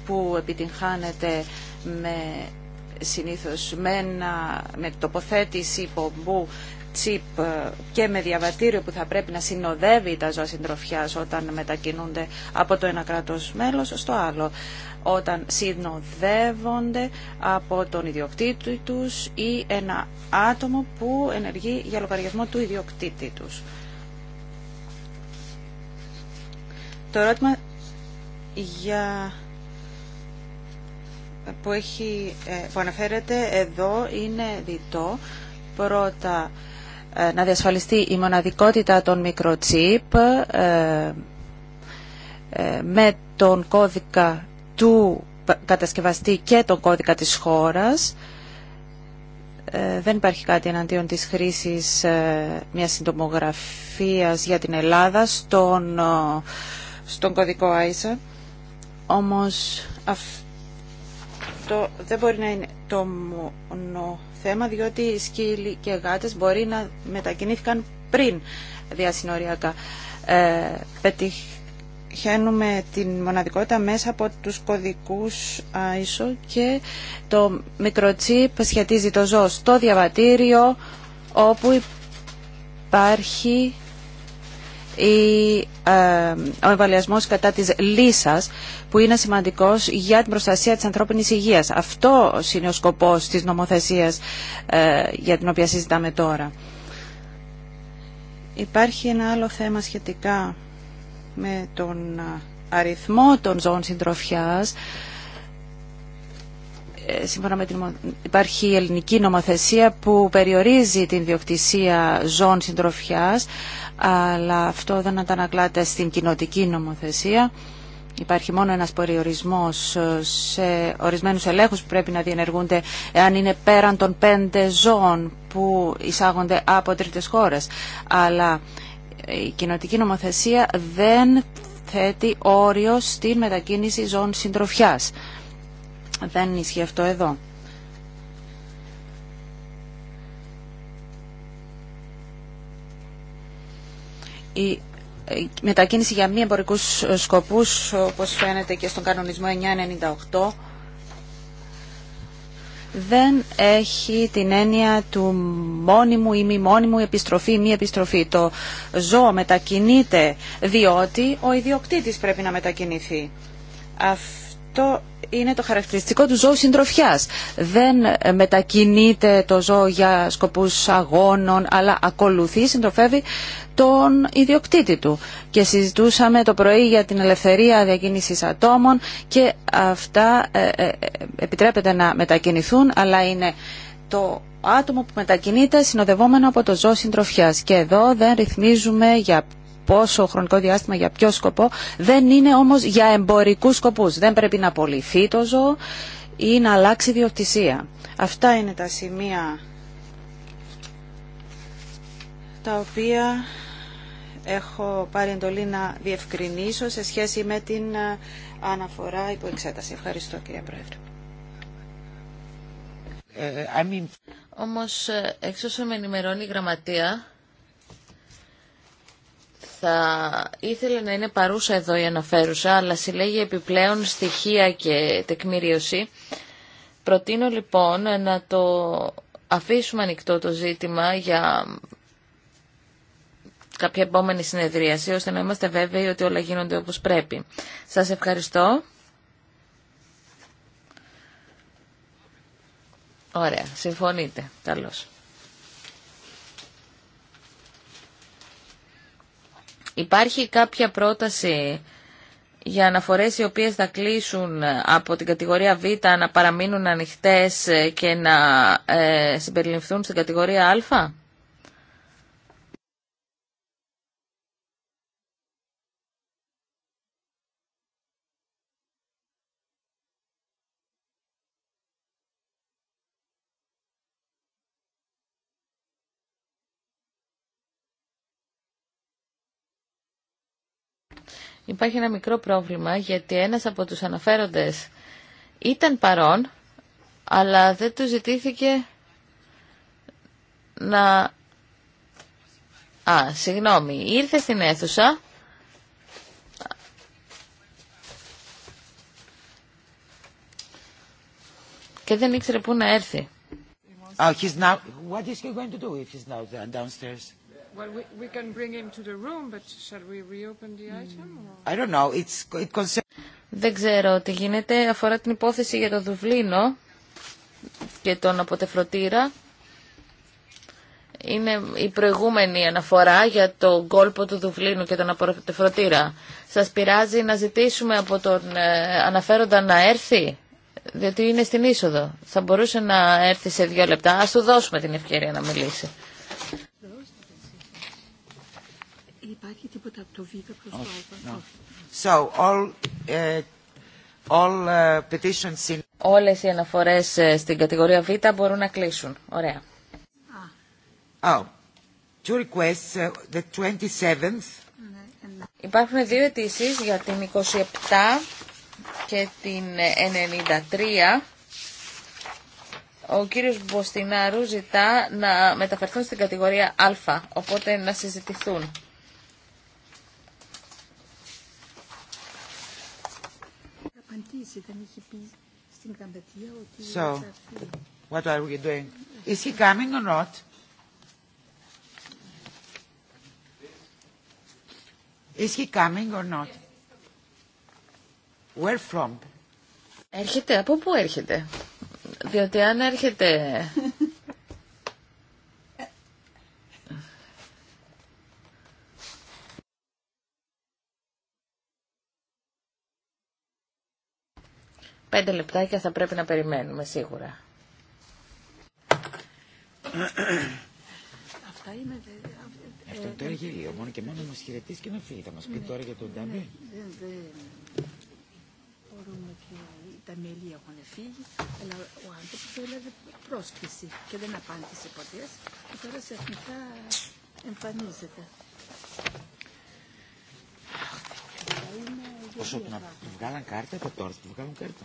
που επιτυγχάνεται με συνήθως με, τοποθέτηση πομπού τσίπ ε, και με διαβατήριο που θα πρέπει να συνοδεύει τα ζώα συντροφιά όταν μετακινούνται από το ένα κράτος μέλος στο άλλο όταν συνοδεύονται από τον ιδιοκτήτη τους ή ένα άτομο που ενεργεί για λογαριασμό του ιδιοκτήτη τους. Το ερώτημα για που, έχει, ε, που αναφέρεται εδώ είναι διτό. Πρώτα, ε, να διασφαλιστεί η μοναδικότητα των μικροτσίπ ε, με τον κώδικα του κατασκευαστή και τον κώδικα της χώρας. Δεν υπάρχει κάτι εναντίον της χρήσης μιας συντομογραφίας για την Ελλάδα στον, στον κωδικό ISA. Όμως αυτό αυτό δεν μπορεί να είναι το μόνο θέμα, διότι οι σκύλοι και γάτες μπορεί να μετακινήθηκαν πριν διασυνοριακά. Ε, πετυχαίνουμε την μοναδικότητα μέσα από τους κωδικούς ISO και το μικροτσίπ σχετίζει το ζώο στο διαβατήριο όπου υπάρχει ή ε, ο εμβολιασμό κατά της λύσα που είναι σημαντικός για την προστασία της ανθρώπινης υγείας. Αυτό είναι ο σκοπός της νομοθεσίας ε, για την οποία συζητάμε τώρα. Υπάρχει ένα άλλο θέμα σχετικά με τον ε, αριθμό των ζώων συντροφιάς σύμφωνα με την υπάρχει η ελληνική νομοθεσία που περιορίζει την διοκτησία ζών συντροφιάς αλλά αυτό δεν αντανακλάται στην κοινοτική νομοθεσία. Υπάρχει μόνο ένας περιορισμός σε ορισμένους ελέγχους που πρέπει να διενεργούνται εάν είναι πέραν των πέντε ζών που εισάγονται από τρίτες χώρες. Αλλά η κοινοτική νομοθεσία δεν θέτει όριο στην μετακίνηση ζώων συντροφιάς. Δεν ισχύει αυτό εδώ. Η μετακίνηση για μη εμπορικού σκοπούς, όπως φαίνεται και στον κανονισμό 998, δεν έχει την έννοια του μόνιμου ή μη μόνιμου επιστροφή ή μη επιστροφή. Το ζώο μετακινείται διότι ο ιδιοκτήτης πρέπει να μετακινηθεί. Αυτό είναι το χαρακτηριστικό του ζώου συντροφιά. Δεν ε, μετακινείται το ζώο για σκοπούς αγώνων, αλλά ακολουθεί, συντροφεύει τον ιδιοκτήτη του. Και συζητούσαμε το πρωί για την ελευθερία διακίνησης ατόμων και αυτά ε, ε, επιτρέπεται να μετακινηθούν, αλλά είναι το άτομο που μετακινείται συνοδευόμενο από το ζώο συντροφιά. Και εδώ δεν ρυθμίζουμε για πόσο χρονικό διάστημα, για ποιο σκοπό. Δεν είναι όμως για εμπορικούς σκοπούς. Δεν πρέπει να απολυθεί το ζώο ή να αλλάξει διοκτησία. Αυτά είναι τα σημεία τα οποία έχω πάρει εντολή να διευκρινίσω σε σχέση με την ε, αναφορά υπό εξέταση. Ευχαριστώ κύριε Πρόεδρε. Ε, ε, όμως, έξω με ενημερώνει η γραμματεία, θα ήθελα να είναι παρούσα εδώ η αναφέρουσα, αλλά συλλέγει επιπλέον στοιχεία και τεκμηρίωση. Προτείνω λοιπόν να το αφήσουμε ανοιχτό το ζήτημα για κάποια επόμενη συνεδρίαση, ώστε να είμαστε βέβαιοι ότι όλα γίνονται όπως πρέπει. Σας ευχαριστώ. Ωραία, συμφωνείτε. Καλώς. Υπάρχει κάποια πρόταση για αναφορές οι οποίες θα κλείσουν από την κατηγορία Β να παραμείνουν ανοιχτές και να ε, συμπεριληφθούν στην κατηγορία Α. Υπάρχει ένα μικρό πρόβλημα γιατί ένας από τους αναφέροντες ήταν παρόν, αλλά δεν του ζητήθηκε να... Α, συγγνώμη, ήρθε στην αίθουσα, και δεν ήξερε πού να έρθει. Oh, he's now... What is he going to do if he's now downstairs? Well, we, we can bring him to the room, but shall we reopen the item? I don't know. It's, it Δεν ξέρω τι γίνεται. Αφορά την υπόθεση για το Δουβλίνο και τον αποτεφρωτήρα. Είναι η προηγούμενη αναφορά για τον κόλπο του Δουβλίνου και τον αποτεφρωτήρα. Σας πειράζει να ζητήσουμε από τον ε, αναφέροντα να έρθει, διότι είναι στην είσοδο. Θα μπορούσε να έρθει σε δύο λεπτά. Ας του δώσουμε την ευκαιρία να μιλήσει. υπάρχει Όλες οι αναφορές ε, στην κατηγορία β' μπορούν να κλείσουν. Ωραία. Oh. Two 27 ε, Υπάρχουν δύο αιτήσει για την 27 και την 93. Ε, Ο κύριος Μποστινάρου ζητά να μεταφερθούν στην κατηγορία Α, οπότε να συζητηθούν. so, what are we doing? Is he coming or not? Is he coming or not? Where from? Έρχεται, από πού έρχεται. Διότι αν έρχεται Πέντε λεπτάκια θα πρέπει να περιμένουμε σίγουρα. Αυτά είναι... Ε, ε, Αυτό τώρα γελίο, μόνο και μόνο να μας χαιρετήσει και να φύγει. Θα μας πει ναι. τώρα για τον ναι, Νταμπέ. Μπορούμε και τα μέλη έχουν φύγει, αλλά ο άνθρωπο έλαβε δηλαδή πρόσκληση και δεν απάντησε ποτέ και τώρα σε εθνικά εμφανίζεται. Αχ, Πόσο που να βγάλαν κάρτα, από τώρα θα βγάλουν κάρτα.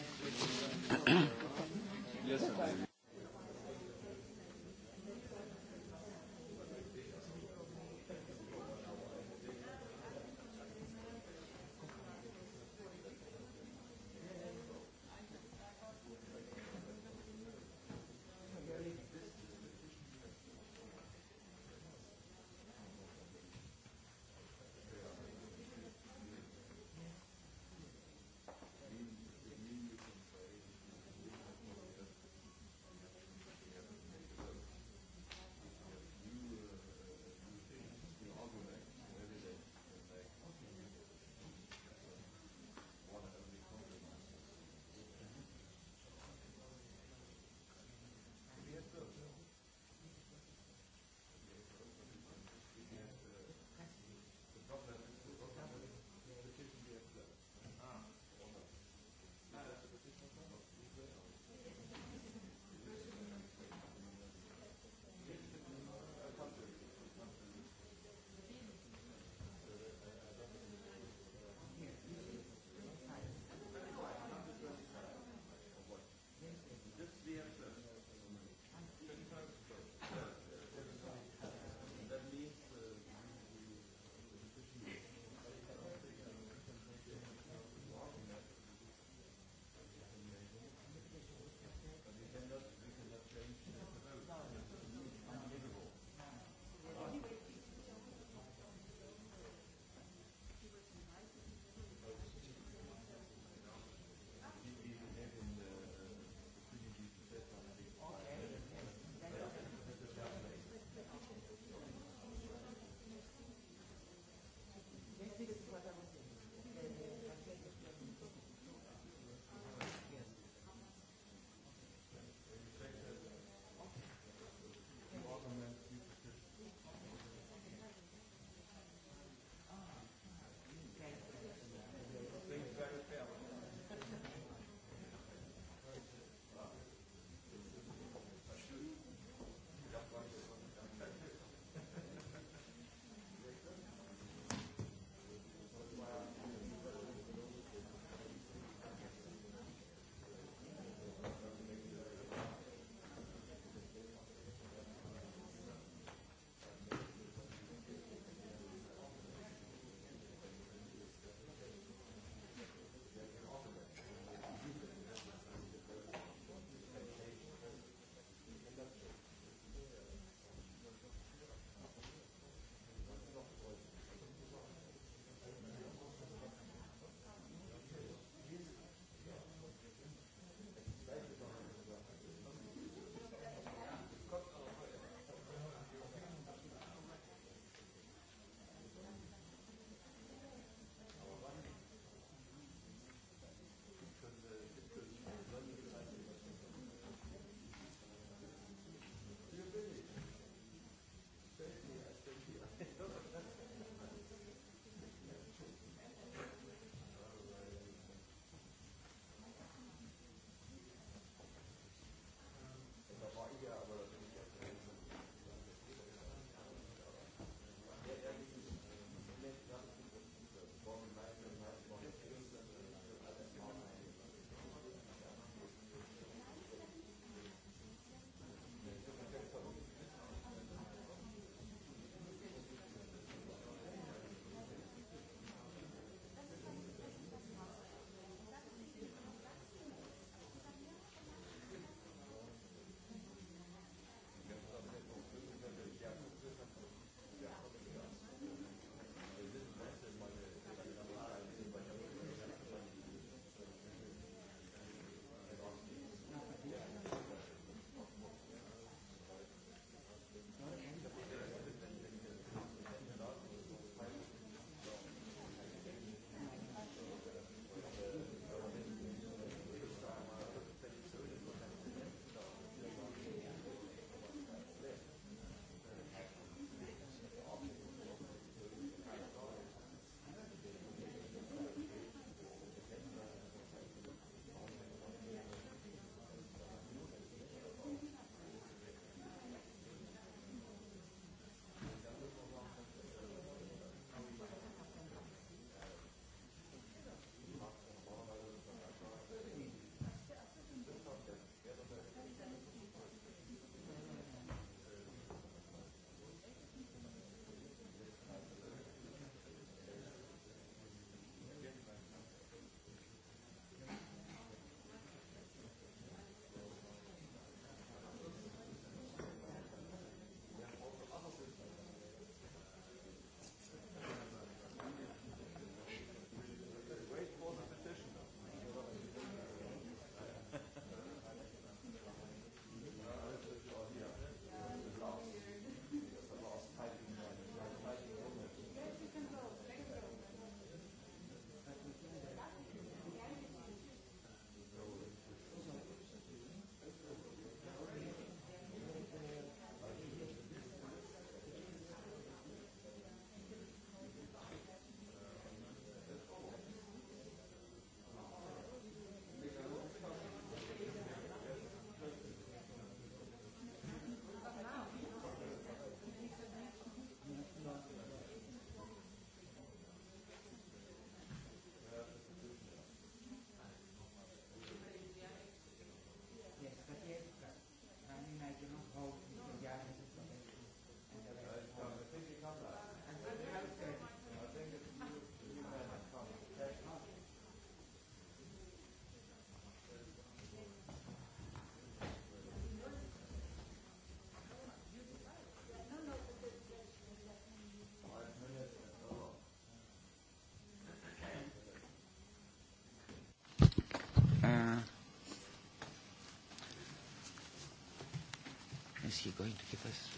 going to us?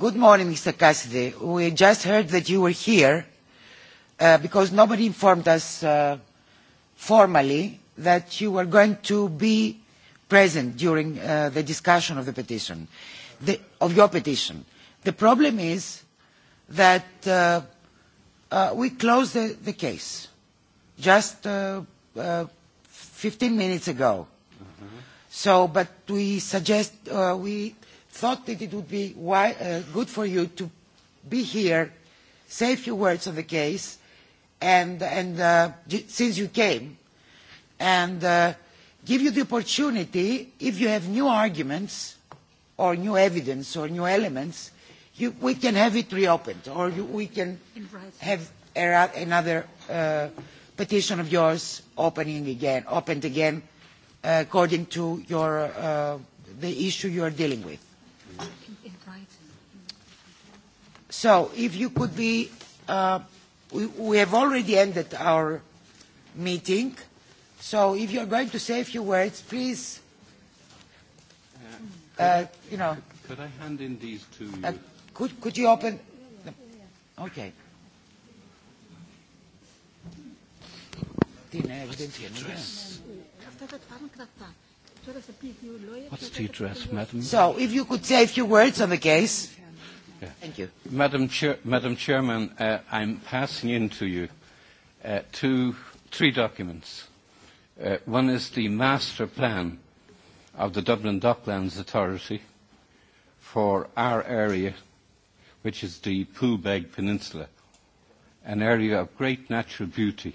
good morning, Mr. Cassidy. We just heard that you were here because nobody informed us formally that you were going to be present during the discussion of the petition, of your petition. The problem is that we closed the case just 15 minutes ago. So, but we suggest, we thought that it would be good for you to be here, say a few words on the case, and since you came, and give you the opportunity, if you have new arguments or new evidence or new elements, we can have it reopened or we can have another petition of yours opening again, opened again according to your the issue you are dealing with. So if you could be, we have already ended our meeting, so if you are going to say a few words, please, you know. Could I hand in these to Could you open? Okay. What's the address, madam? So, if you could say a few words on the case. Thank you. Madam, Chair, Madam Chairman, I'm passing in to you two, three documents. one is the master plan of the Dublin Docklands Authority for our area, which is the Poolbeg Peninsula, an area of great natural beauty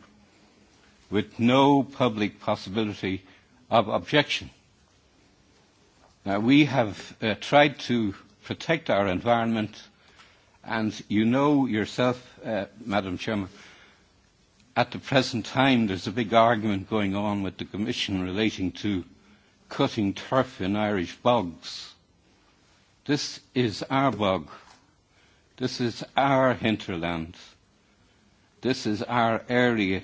with no public possibility of objection. Now, we have tried to protect our environment, and you know yourself, Madam Chairman, at the present time there's a big argument going on with the Commission relating to cutting turf in Irish bogs. This is our bog. This is our hinterland. This is our area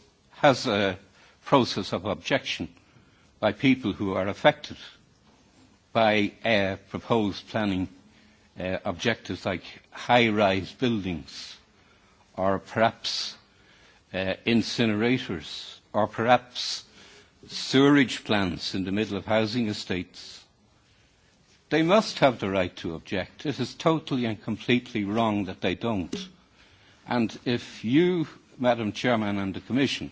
has a process of objection by people who are affected by proposed planning objectives like high-rise buildings or perhaps incinerators or perhaps sewerage plants in the middle of housing estates. They must have the right to object. It is totally and completely wrong that they don't. And if you, Madam Chairman and the Commission,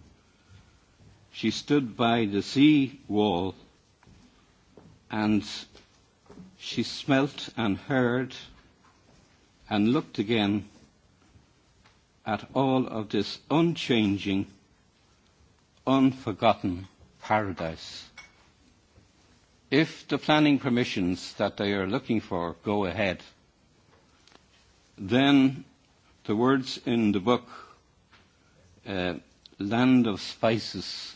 She stood by the sea wall and she smelt and heard and looked again at all of this unchanging, unforgotten paradise. If the planning permissions that they are looking for go ahead, then the words in the book, Land of Spices,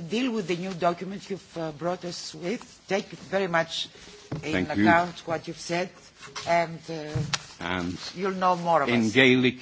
deal with the new document you've brought us with. Take very much in account what you've said, and you'll know more of it. In Gaelic,